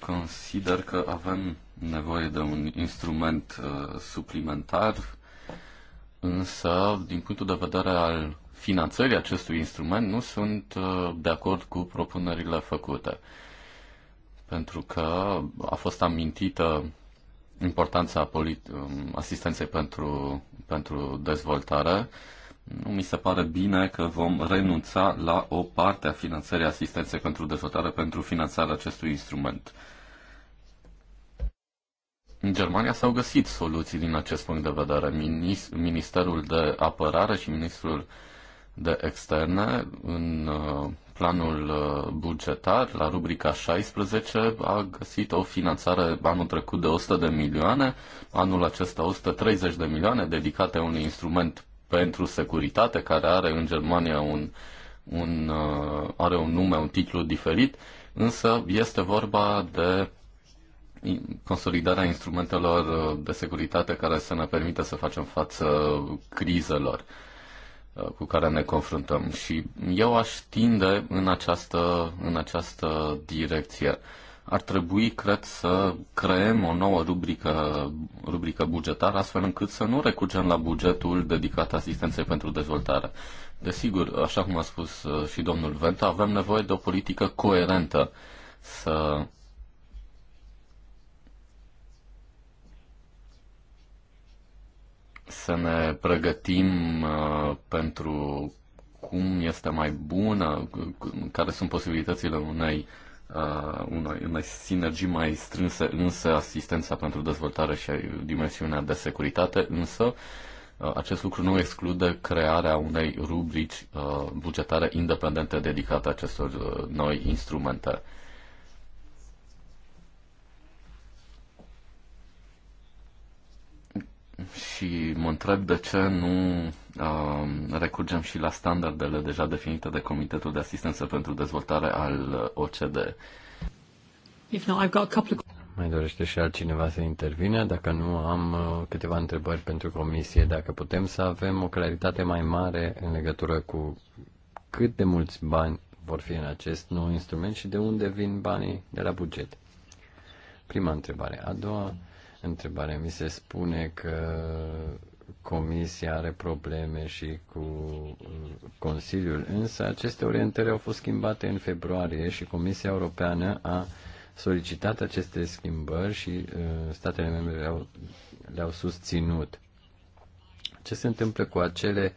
consider că avem nevoie de un instrument uh, suplimentar, însă, din punctul de vedere al finanțării acestui instrument, nu sunt uh, de acord cu propunerile făcute. Pentru că a fost amintită importanța polit- um, asistenței pentru, pentru dezvoltare, uh, nu mi se pare bine că vom renunța la o parte a finanțării asistenței pentru dezvoltare pentru finanțarea acestui instrument. În Germania s-au găsit soluții din acest punct de vedere. Ministerul de Apărare și Ministrul de Externe, în uh, planul uh, bugetar, la rubrica 16, a găsit o finanțare anul trecut de 100 de milioane, anul acesta 130 de milioane dedicate unui instrument pentru securitate, care are în Germania un, un, uh, are un nume, un titlu diferit, însă este vorba de consolidarea instrumentelor uh, de securitate care să ne permită să facem față crizelor uh, cu care ne confruntăm. Și eu aș tinde în această, în această direcție ar trebui, cred, să creăm o nouă rubrică, rubrică bugetară, astfel încât să nu recurgem la bugetul dedicat asistenței pentru dezvoltare. Desigur, așa cum a spus uh, și domnul Venta, avem nevoie de o politică coerentă să să ne pregătim uh, pentru cum este mai bună, care sunt posibilitățile unei uh, uh, unei, unei sinergii mai strânse, însă asistența pentru dezvoltare și dimensiunea de securitate, însă uh, acest lucru nu exclude crearea unei rubrici uh, bugetare independente dedicate acestor uh, noi instrumente. Și mă întreb de ce nu Um, recurgem și la standardele deja definite de Comitetul de Asistență pentru Dezvoltare al uh, OCD. If not, I've got a couple of... Mai dorește și altcineva să intervine? Dacă nu, am uh, câteva întrebări pentru comisie. Dacă putem să avem o claritate mai mare în legătură cu cât de mulți bani vor fi în acest nou instrument și de unde vin banii de la buget. Prima întrebare. A doua întrebare. Mi se spune că Comisia are probleme și cu uh, Consiliul, însă aceste orientări au fost schimbate în februarie și Comisia Europeană a solicitat aceste schimbări și uh, statele membre le-au, le-au susținut. Ce se întâmplă cu acele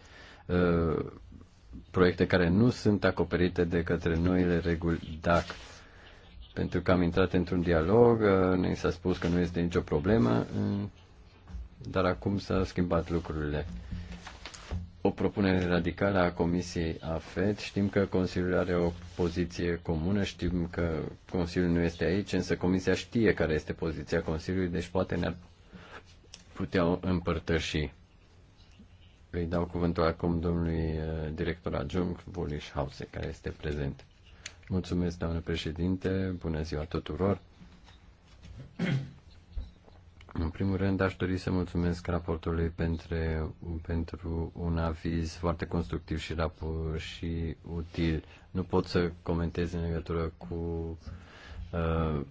uh, proiecte care nu sunt acoperite de către noile reguli DAC? Pentru că am intrat într-un dialog, uh, ne s-a spus că nu este nicio problemă dar acum s-au schimbat lucrurile. O propunere radicală a Comisiei AFET. Știm că Consiliul are o poziție comună, știm că Consiliul nu este aici, însă Comisia știe care este poziția Consiliului, deci poate ne-ar putea împărtăși. Îi dau cuvântul acum domnului uh, director adjunct Boliș Hause, care este prezent. Mulțumesc, doamnă președinte, bună ziua tuturor. În primul rând, aș dori să mulțumesc raportului pentru, pentru un aviz foarte constructiv și, și util. Nu pot să comentez în legătură cu uh,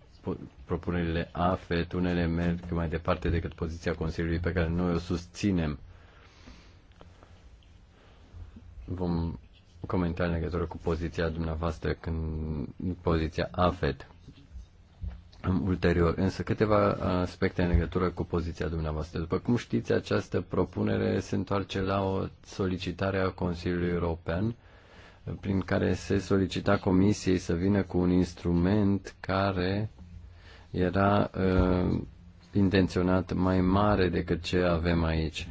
propunerile AFET. Unele merg mai departe decât poziția Consiliului pe care noi o susținem. Vom comenta în legătură cu poziția dumneavoastră, când, poziția AFET ulterior. Însă câteva aspecte în legătură cu poziția dumneavoastră. După cum știți, această propunere se întoarce la o solicitare a Consiliului European prin care se solicita Comisiei să vină cu un instrument care era uh, intenționat mai mare decât ce avem aici.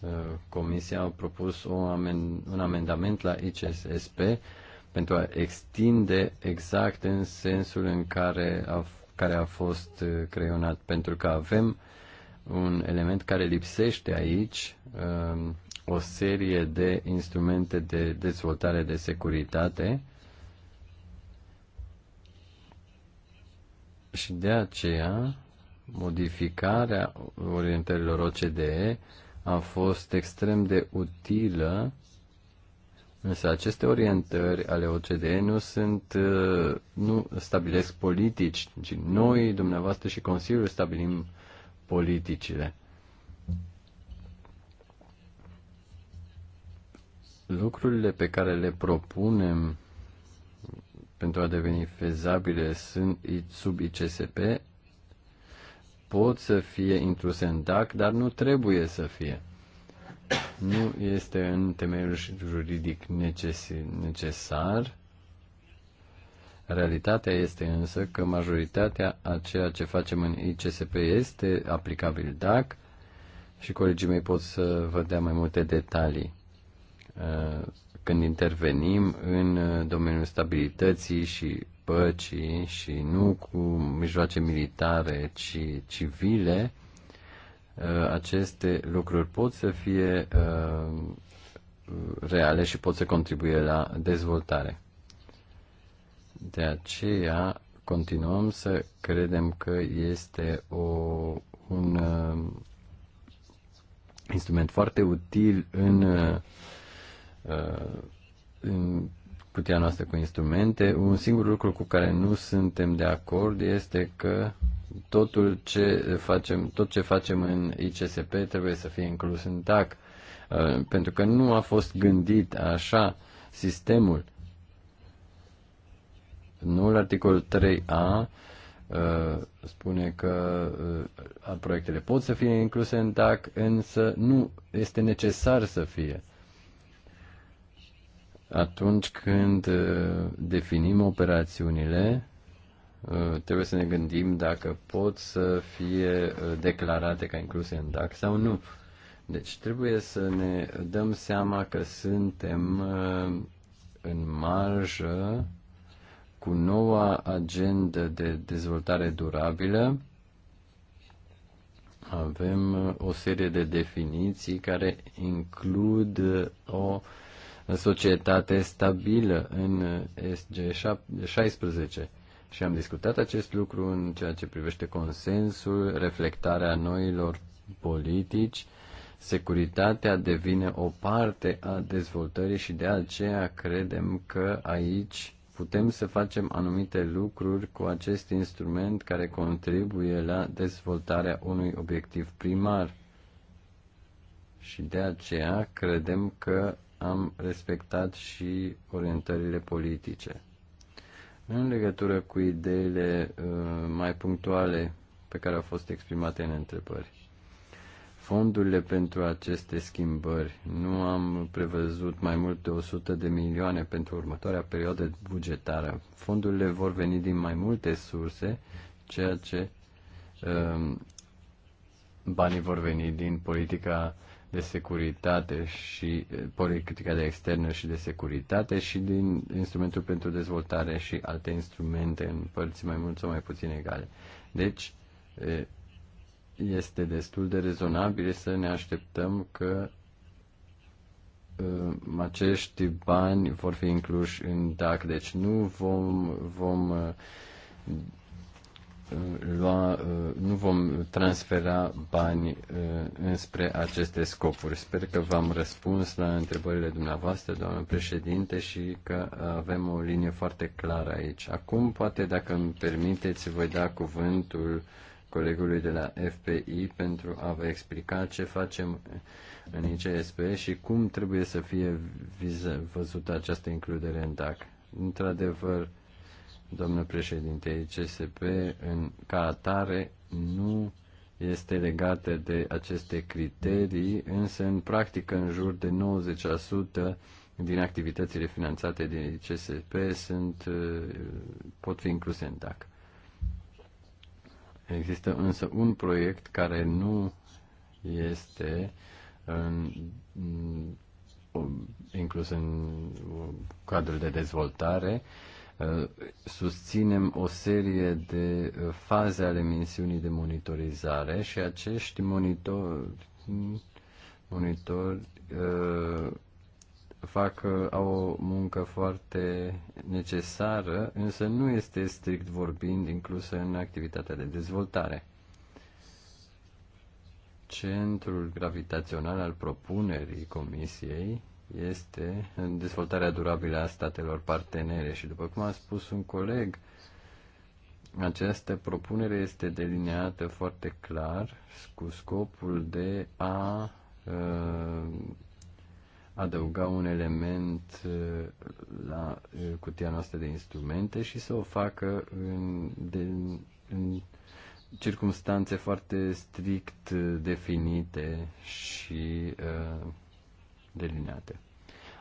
Uh, comisia a propus o amen- un amendament la ICSSP pentru a extinde exact în sensul în care a care a fost uh, creionat, pentru că avem un element care lipsește aici, um, o serie de instrumente de dezvoltare de securitate și de aceea modificarea orientărilor OCDE a fost extrem de utilă Însă aceste orientări ale OCDE nu sunt, uh, nu stabilesc politici, ci noi, dumneavoastră și Consiliul stabilim politicile. Lucrurile pe care le propunem pentru a deveni fezabile sunt sub ICSP pot să fie intruse în DAC, dar nu trebuie să fie nu este în temeiul juridic necesar. Realitatea este însă că majoritatea a ceea ce facem în ICSP este aplicabil DAC și colegii mei pot să vă dea mai multe detalii uh, când intervenim în domeniul stabilității și păcii și nu cu mijloace militare, ci civile, Uh, aceste lucruri pot să fie uh, reale și pot să contribuie la dezvoltare. De aceea continuăm să credem că este o, un uh, instrument foarte util în, uh, în cutia noastră cu instrumente. Un singur lucru cu care nu suntem de acord este că totul ce facem, tot ce facem în ICSP trebuie să fie inclus în TAC, uh, pentru că nu a fost gândit așa sistemul. Noul articol 3a uh, spune că uh, proiectele pot să fie incluse în tac, însă nu este necesar să fie. Atunci când uh, definim operațiunile, uh, trebuie să ne gândim dacă pot să fie uh, declarate ca incluse în DAC sau nu. Deci trebuie să ne dăm seama că suntem în marjă cu noua agendă de dezvoltare durabilă. Avem o serie de definiții care includ o uh, societate stabilă în SG16. Și am discutat acest lucru în ceea ce privește consensul, reflectarea noilor politici. Securitatea devine o parte a dezvoltării și de aceea credem că aici putem să facem anumite lucruri cu acest instrument care contribuie la dezvoltarea unui obiectiv primar. Și de aceea credem că am respectat și orientările politice. În legătură cu ideile uh, mai punctuale pe care au fost exprimate în întrebări. Fondurile pentru aceste schimbări. Nu am prevăzut mai mult de 100 de milioane pentru următoarea perioadă bugetară. Fondurile vor veni din mai multe surse, ceea ce um, banii vor veni din politica uh, de securitate și eh, politica de externă și de securitate și din instrumentul pentru dezvoltare și alte instrumente în părți mai mult sau mai puțin egale. Deci, eh, este destul de rezonabil să ne așteptăm că eh, acești bani vor fi incluși în DAC, deci nu vom, vom lua, uh, nu vom transfera bani uh, înspre aceste scopuri. Sper că v-am răspuns la întrebările dumneavoastră, doamnă președinte, și că avem o linie foarte clară aici. Acum, poate, dacă îmi permiteți, voi da cuvântul colegului de la FPI pentru a vă explica ce facem în ICSP și cum trebuie să fie văzută această includere în DAC. Într-adevăr, domnul președinte, ICSP în, ca atare nu este legată de aceste criterii, însă în practică în jur de 90% din activitățile finanțate din ICSP sunt, uh, pot fi incluse în DAC. Există însă un proiect care nu este în, inclus în cadrul de dezvoltare, uh, Uh, susținem o serie de uh, faze ale misiunii de monitorizare și acești monitori, monitori uh, fac, au o muncă foarte necesară, însă nu este strict vorbind inclusă în activitatea de dezvoltare. Centrul gravitațional al propunerii Comisiei este în dezvoltarea durabilă a statelor partenere și după cum a spus un coleg, această propunere este delineată foarte clar cu scopul de a uh, adăuga un element uh, la uh, cutia noastră de instrumente și să o facă în, de, în circumstanțe foarte strict definite și uh, delineate.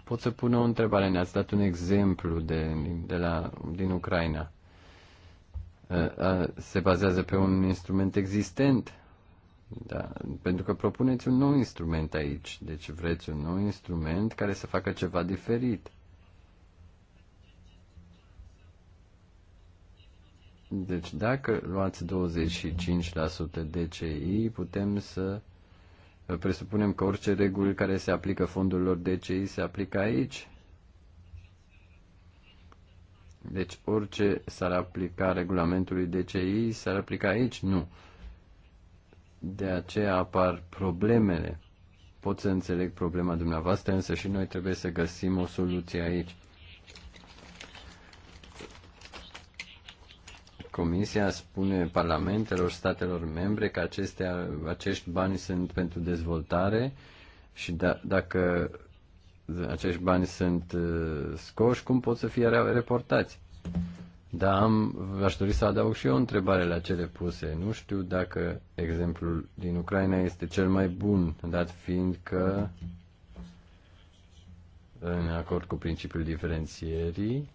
Pot să pun o întrebare. Ne-ați dat un exemplu de, de la, din Ucraina. Se bazează pe un instrument existent. Da, pentru că propuneți un nou instrument aici. Deci vreți un nou instrument care să facă ceva diferit. Deci dacă luați 25% DCI, putem să Presupunem că orice reguli care se aplică fondurilor DCI se aplică aici. Deci orice s-ar aplica regulamentului DCI s-ar aplica aici? Nu. De aceea apar problemele. Pot să înțeleg problema dumneavoastră, însă și noi trebuie să găsim o soluție aici. Comisia spune parlamentelor, statelor membre că acestea, acești bani sunt pentru dezvoltare și da, dacă acești bani sunt uh, scoși, cum pot să fie reportați? Dar am, aș dori să adaug și eu o întrebare la cele puse. Nu știu dacă exemplul din Ucraina este cel mai bun, dat fiind că în acord cu principiul diferențierii,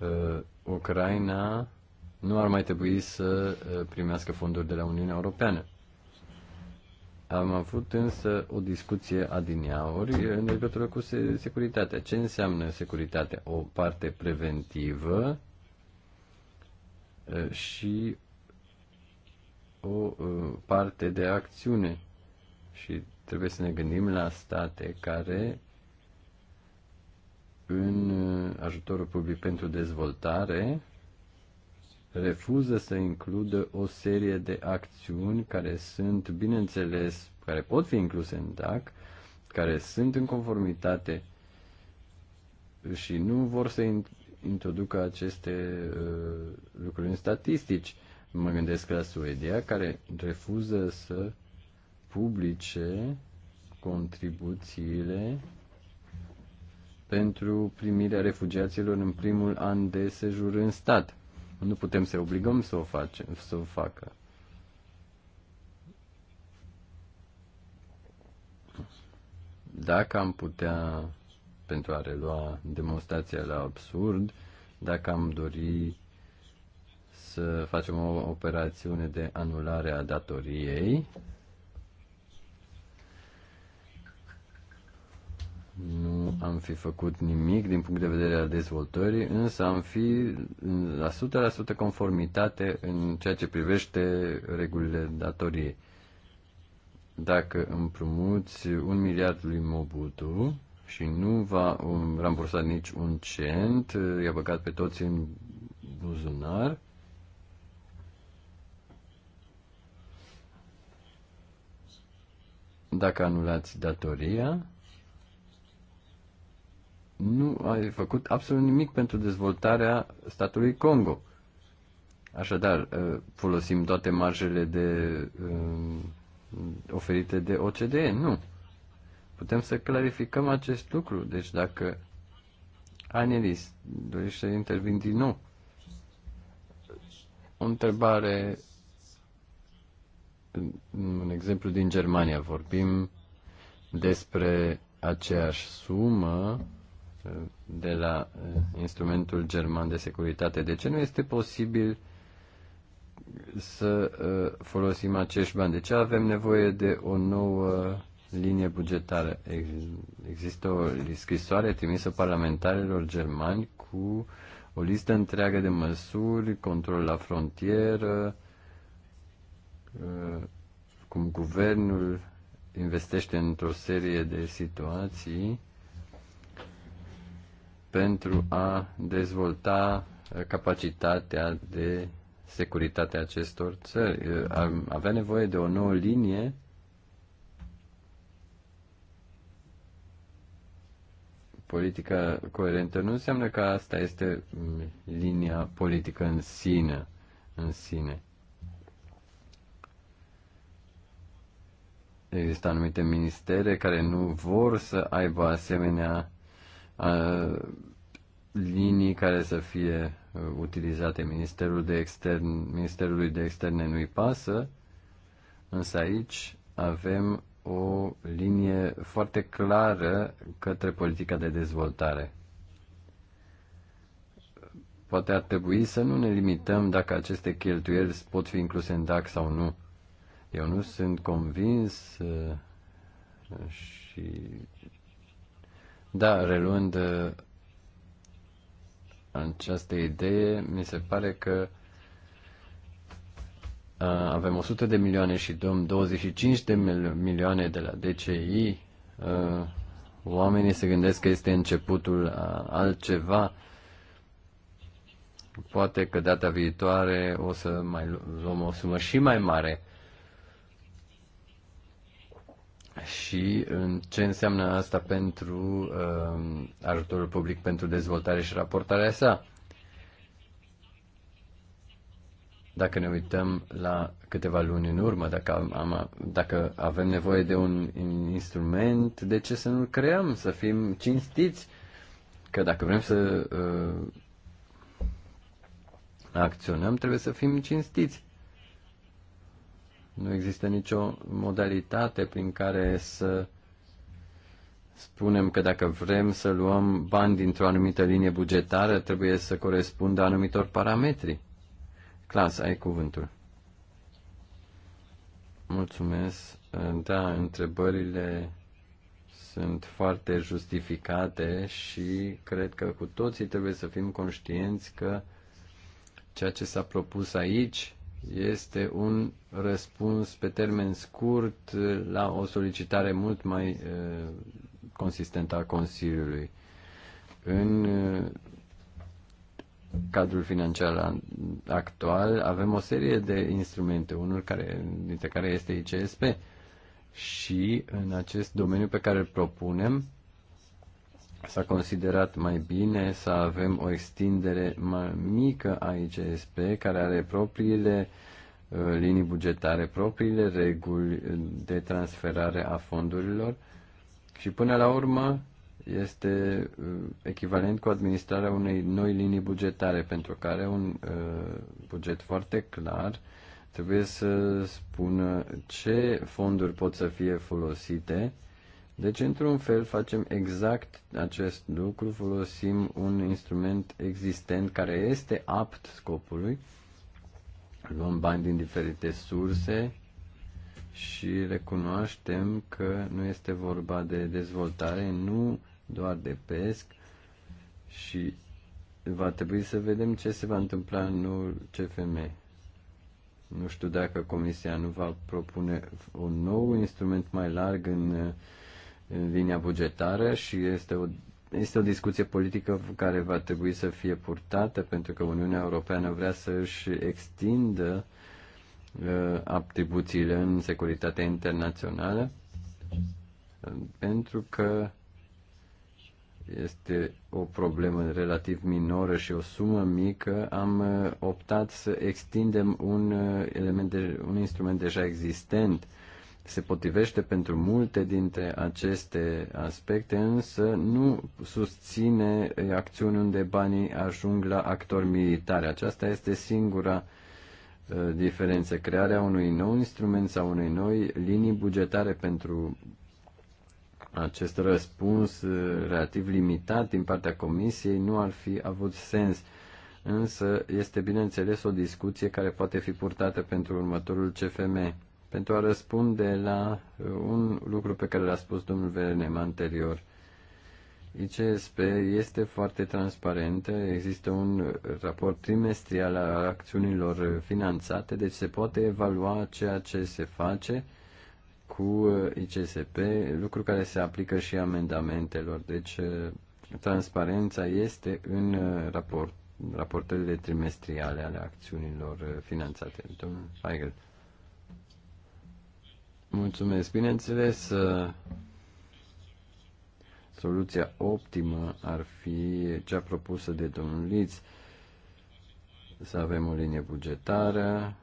uh, Ucraina nu ar mai trebui să uh, primească fonduri de la Uniunea Europeană. Am avut însă o discuție adineauri în legătură cu securitatea. Ce înseamnă securitatea? O parte preventivă uh, și o uh, parte de acțiune. Și trebuie să ne gândim la state care în uh, ajutorul public pentru dezvoltare refuză să includă o serie de acțiuni care sunt, bineînțeles, care pot fi incluse în DAC, care sunt în conformitate și nu vor să introducă aceste uh, lucruri în statistici. Mă gândesc la Suedia, care refuză să publice contribuțiile pentru primirea refugiaților în primul an de sejur în stat. Nu putem să obligăm să o, facem, să o facă. Dacă am putea, pentru a relua demonstrația la absurd, dacă am dori să facem o operațiune de anulare a datoriei, nu am fi făcut nimic din punct de vedere al dezvoltării, însă am fi la 100% conformitate în ceea ce privește regulile datoriei. Dacă împrumuți un miliard lui Mobutu și nu va rambursa nici un cent, i-a băgat pe toți în buzunar, dacă anulați datoria, nu ai făcut absolut nimic pentru dezvoltarea statului Congo. Așadar, ă, folosim toate marjele de, ă, oferite de OCDE? Nu. Putem să clarificăm acest lucru. Deci dacă Anelis dorește să intervin din nou, o întrebare, un exemplu din Germania. Vorbim despre aceeași sumă de la eh, instrumentul german de securitate. De ce nu este posibil să eh, folosim acești bani? De ce avem nevoie de o nouă linie bugetară? Există o scrisoare trimisă parlamentarilor germani cu o listă întreagă de măsuri, control la frontieră, eh, cum guvernul investește într-o serie de situații pentru a dezvolta uh, capacitatea de securitate a acestor țări. Uh, avea nevoie de o nouă linie politica coerentă nu înseamnă că asta este mm, linia politică în sine, în sine. Există anumite ministere care nu vor să aibă asemenea linii care să fie uh, utilizate. Ministerul de extern, Ministerului de Externe nu-i pasă, însă aici avem o linie foarte clară către politica de dezvoltare. Poate ar trebui să nu ne limităm dacă aceste cheltuieli pot fi incluse în DAC sau nu. Eu nu sunt convins uh, și da, reluând uh, această idee, mi se pare că uh, avem 100 de milioane și dăm 25 de milioane de la DCI. Uh, oamenii se gândesc că este începutul altceva. Poate că data viitoare o să mai luăm o sumă și mai mare și ce înseamnă asta pentru uh, ajutorul public pentru dezvoltare și raportarea sa. Dacă ne uităm la câteva luni în urmă, dacă, am, dacă avem nevoie de un instrument, de ce să nu-l creăm, să fim cinstiți? Că dacă vrem să uh, acționăm, trebuie să fim cinstiți. Nu există nicio modalitate prin care să spunem că dacă vrem să luăm bani dintr-o anumită linie bugetară, trebuie să corespundă anumitor parametri. Clas, ai cuvântul. Mulțumesc. Da, întrebările sunt foarte justificate și cred că cu toții trebuie să fim conștienți că ceea ce s-a propus aici este un răspuns pe termen scurt la o solicitare mult mai eh, consistentă a Consiliului. În eh, cadrul financiar actual avem o serie de instrumente, unul care, dintre care este ICSP și în acest domeniu pe care îl propunem S-a considerat mai bine să avem o extindere mai mică a ICSP, care are propriile uh, linii bugetare, propriile reguli uh, de transferare a fondurilor și până la urmă este uh, echivalent cu administrarea unei noi linii bugetare, pentru care un buget foarte clar trebuie să spună ce fonduri pot să fie folosite deci, într-un fel, facem exact acest lucru, folosim un instrument existent care este apt scopului, luăm bani din diferite surse și recunoaștem că nu este vorba de dezvoltare, nu doar de pesc și va trebui să vedem ce se va întâmpla în noul CFM. Nu știu dacă Comisia nu va propune un nou instrument mai larg în uh, linia bugetară și este o, este o discuție politică care va trebui să fie purtată pentru că Uniunea Europeană vrea să își extindă uh, atribuțiile în securitatea internațională pentru că este o problemă relativ minoră și o sumă mică, am uh, optat să extindem un uh, element de, un instrument deja existent se potrivește pentru multe dintre aceste aspecte, însă nu susține acțiuni unde banii ajung la actori militari. Aceasta este singura diferență. Crearea unui nou instrument sau unei noi linii bugetare pentru acest răspuns relativ limitat din partea Comisiei nu ar fi avut sens însă este bineînțeles o discuție care poate fi purtată pentru următorul CFM pentru a răspunde la uh, un lucru pe care l-a spus domnul Verenem anterior. ICSP este foarte transparentă, există un raport trimestrial al acțiunilor finanțate, deci se poate evalua ceea ce se face cu uh, ICSP, lucru care se aplică și amendamentelor. Deci uh, transparența este în raport, raportările trimestriale ale acțiunilor finanțate. Domnul Feigl. Mulțumesc. Bineînțeles, uh, soluția optimă ar fi cea propusă de domnul Liț, să avem o linie bugetară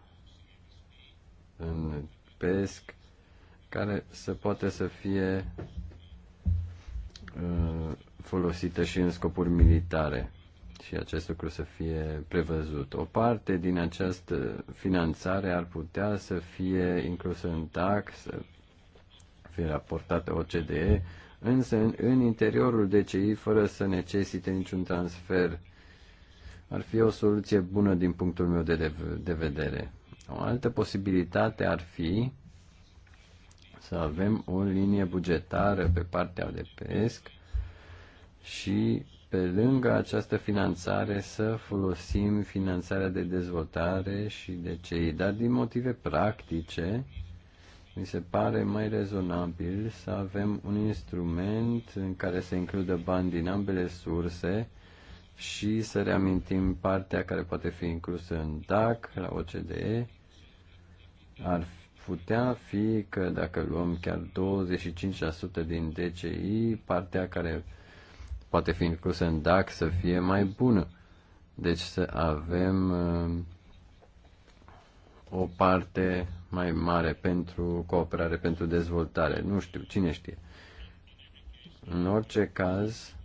în pesc care să poate să fie uh, folosită și în scopuri militare și acest lucru să fie prevăzut. O parte din această finanțare ar putea să fie inclusă în tax, să fie raportată OCDE, însă în, în interiorul DCI, fără să necesite niciun transfer, ar fi o soluție bună din punctul meu de, de vedere. O altă posibilitate ar fi să avem o linie bugetară pe partea de pesc și pe lângă această finanțare să folosim finanțarea de dezvoltare și de cei, dar din motive practice, mi se pare mai rezonabil să avem un instrument în care să includă bani din ambele surse și să reamintim partea care poate fi inclusă în DAC, la OCDE. Ar putea fi că dacă luăm chiar 25% din DCI, partea care poate fi inclusă în DAC să fie mai bună. Deci să avem uh, o parte mai mare pentru cooperare, pentru dezvoltare. Nu știu, cine știe. În orice caz,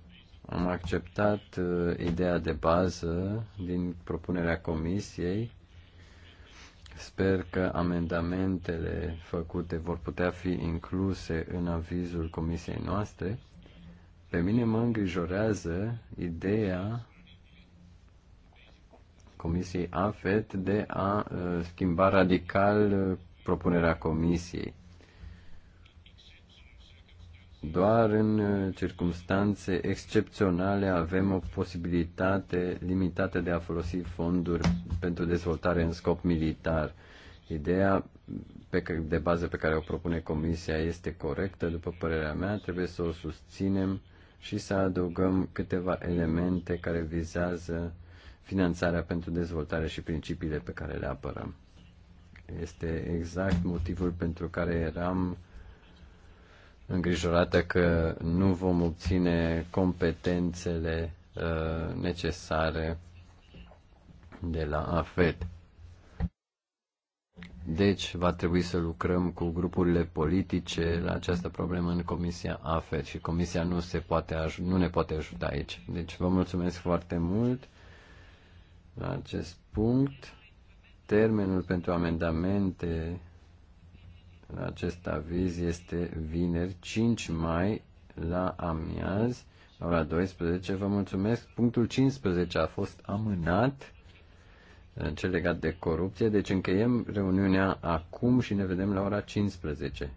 am acceptat uh, ideea de bază din propunerea comisiei. Sper că amendamentele făcute vor putea fi incluse în avizul comisiei noastre. Pe mine mă îngrijorează ideea Comisiei AFET de a uh, schimba radical uh, propunerea Comisiei. Doar în uh, circunstanțe excepționale avem o posibilitate limitată de a folosi fonduri pentru dezvoltare în scop militar. Ideea pe, de bază pe care o propune Comisia este corectă, după părerea mea, trebuie să o susținem și să adăugăm câteva elemente care vizează finanțarea pentru dezvoltare și principiile pe care le apărăm. Este exact motivul pentru care eram îngrijorată că nu vom obține competențele uh, necesare de la AFET. Deci va trebui să lucrăm cu grupurile politice la această problemă în Comisia AFET și Comisia nu, se poate nu ne poate ajuta aici. Deci vă mulțumesc foarte mult la acest punct. Termenul pentru amendamente la acest aviz este vineri 5 mai la amiaz, ora 12. Vă mulțumesc. Punctul 15 a fost amânat cel legat de corupție. Deci încheiem reuniunea acum și ne vedem la ora 15.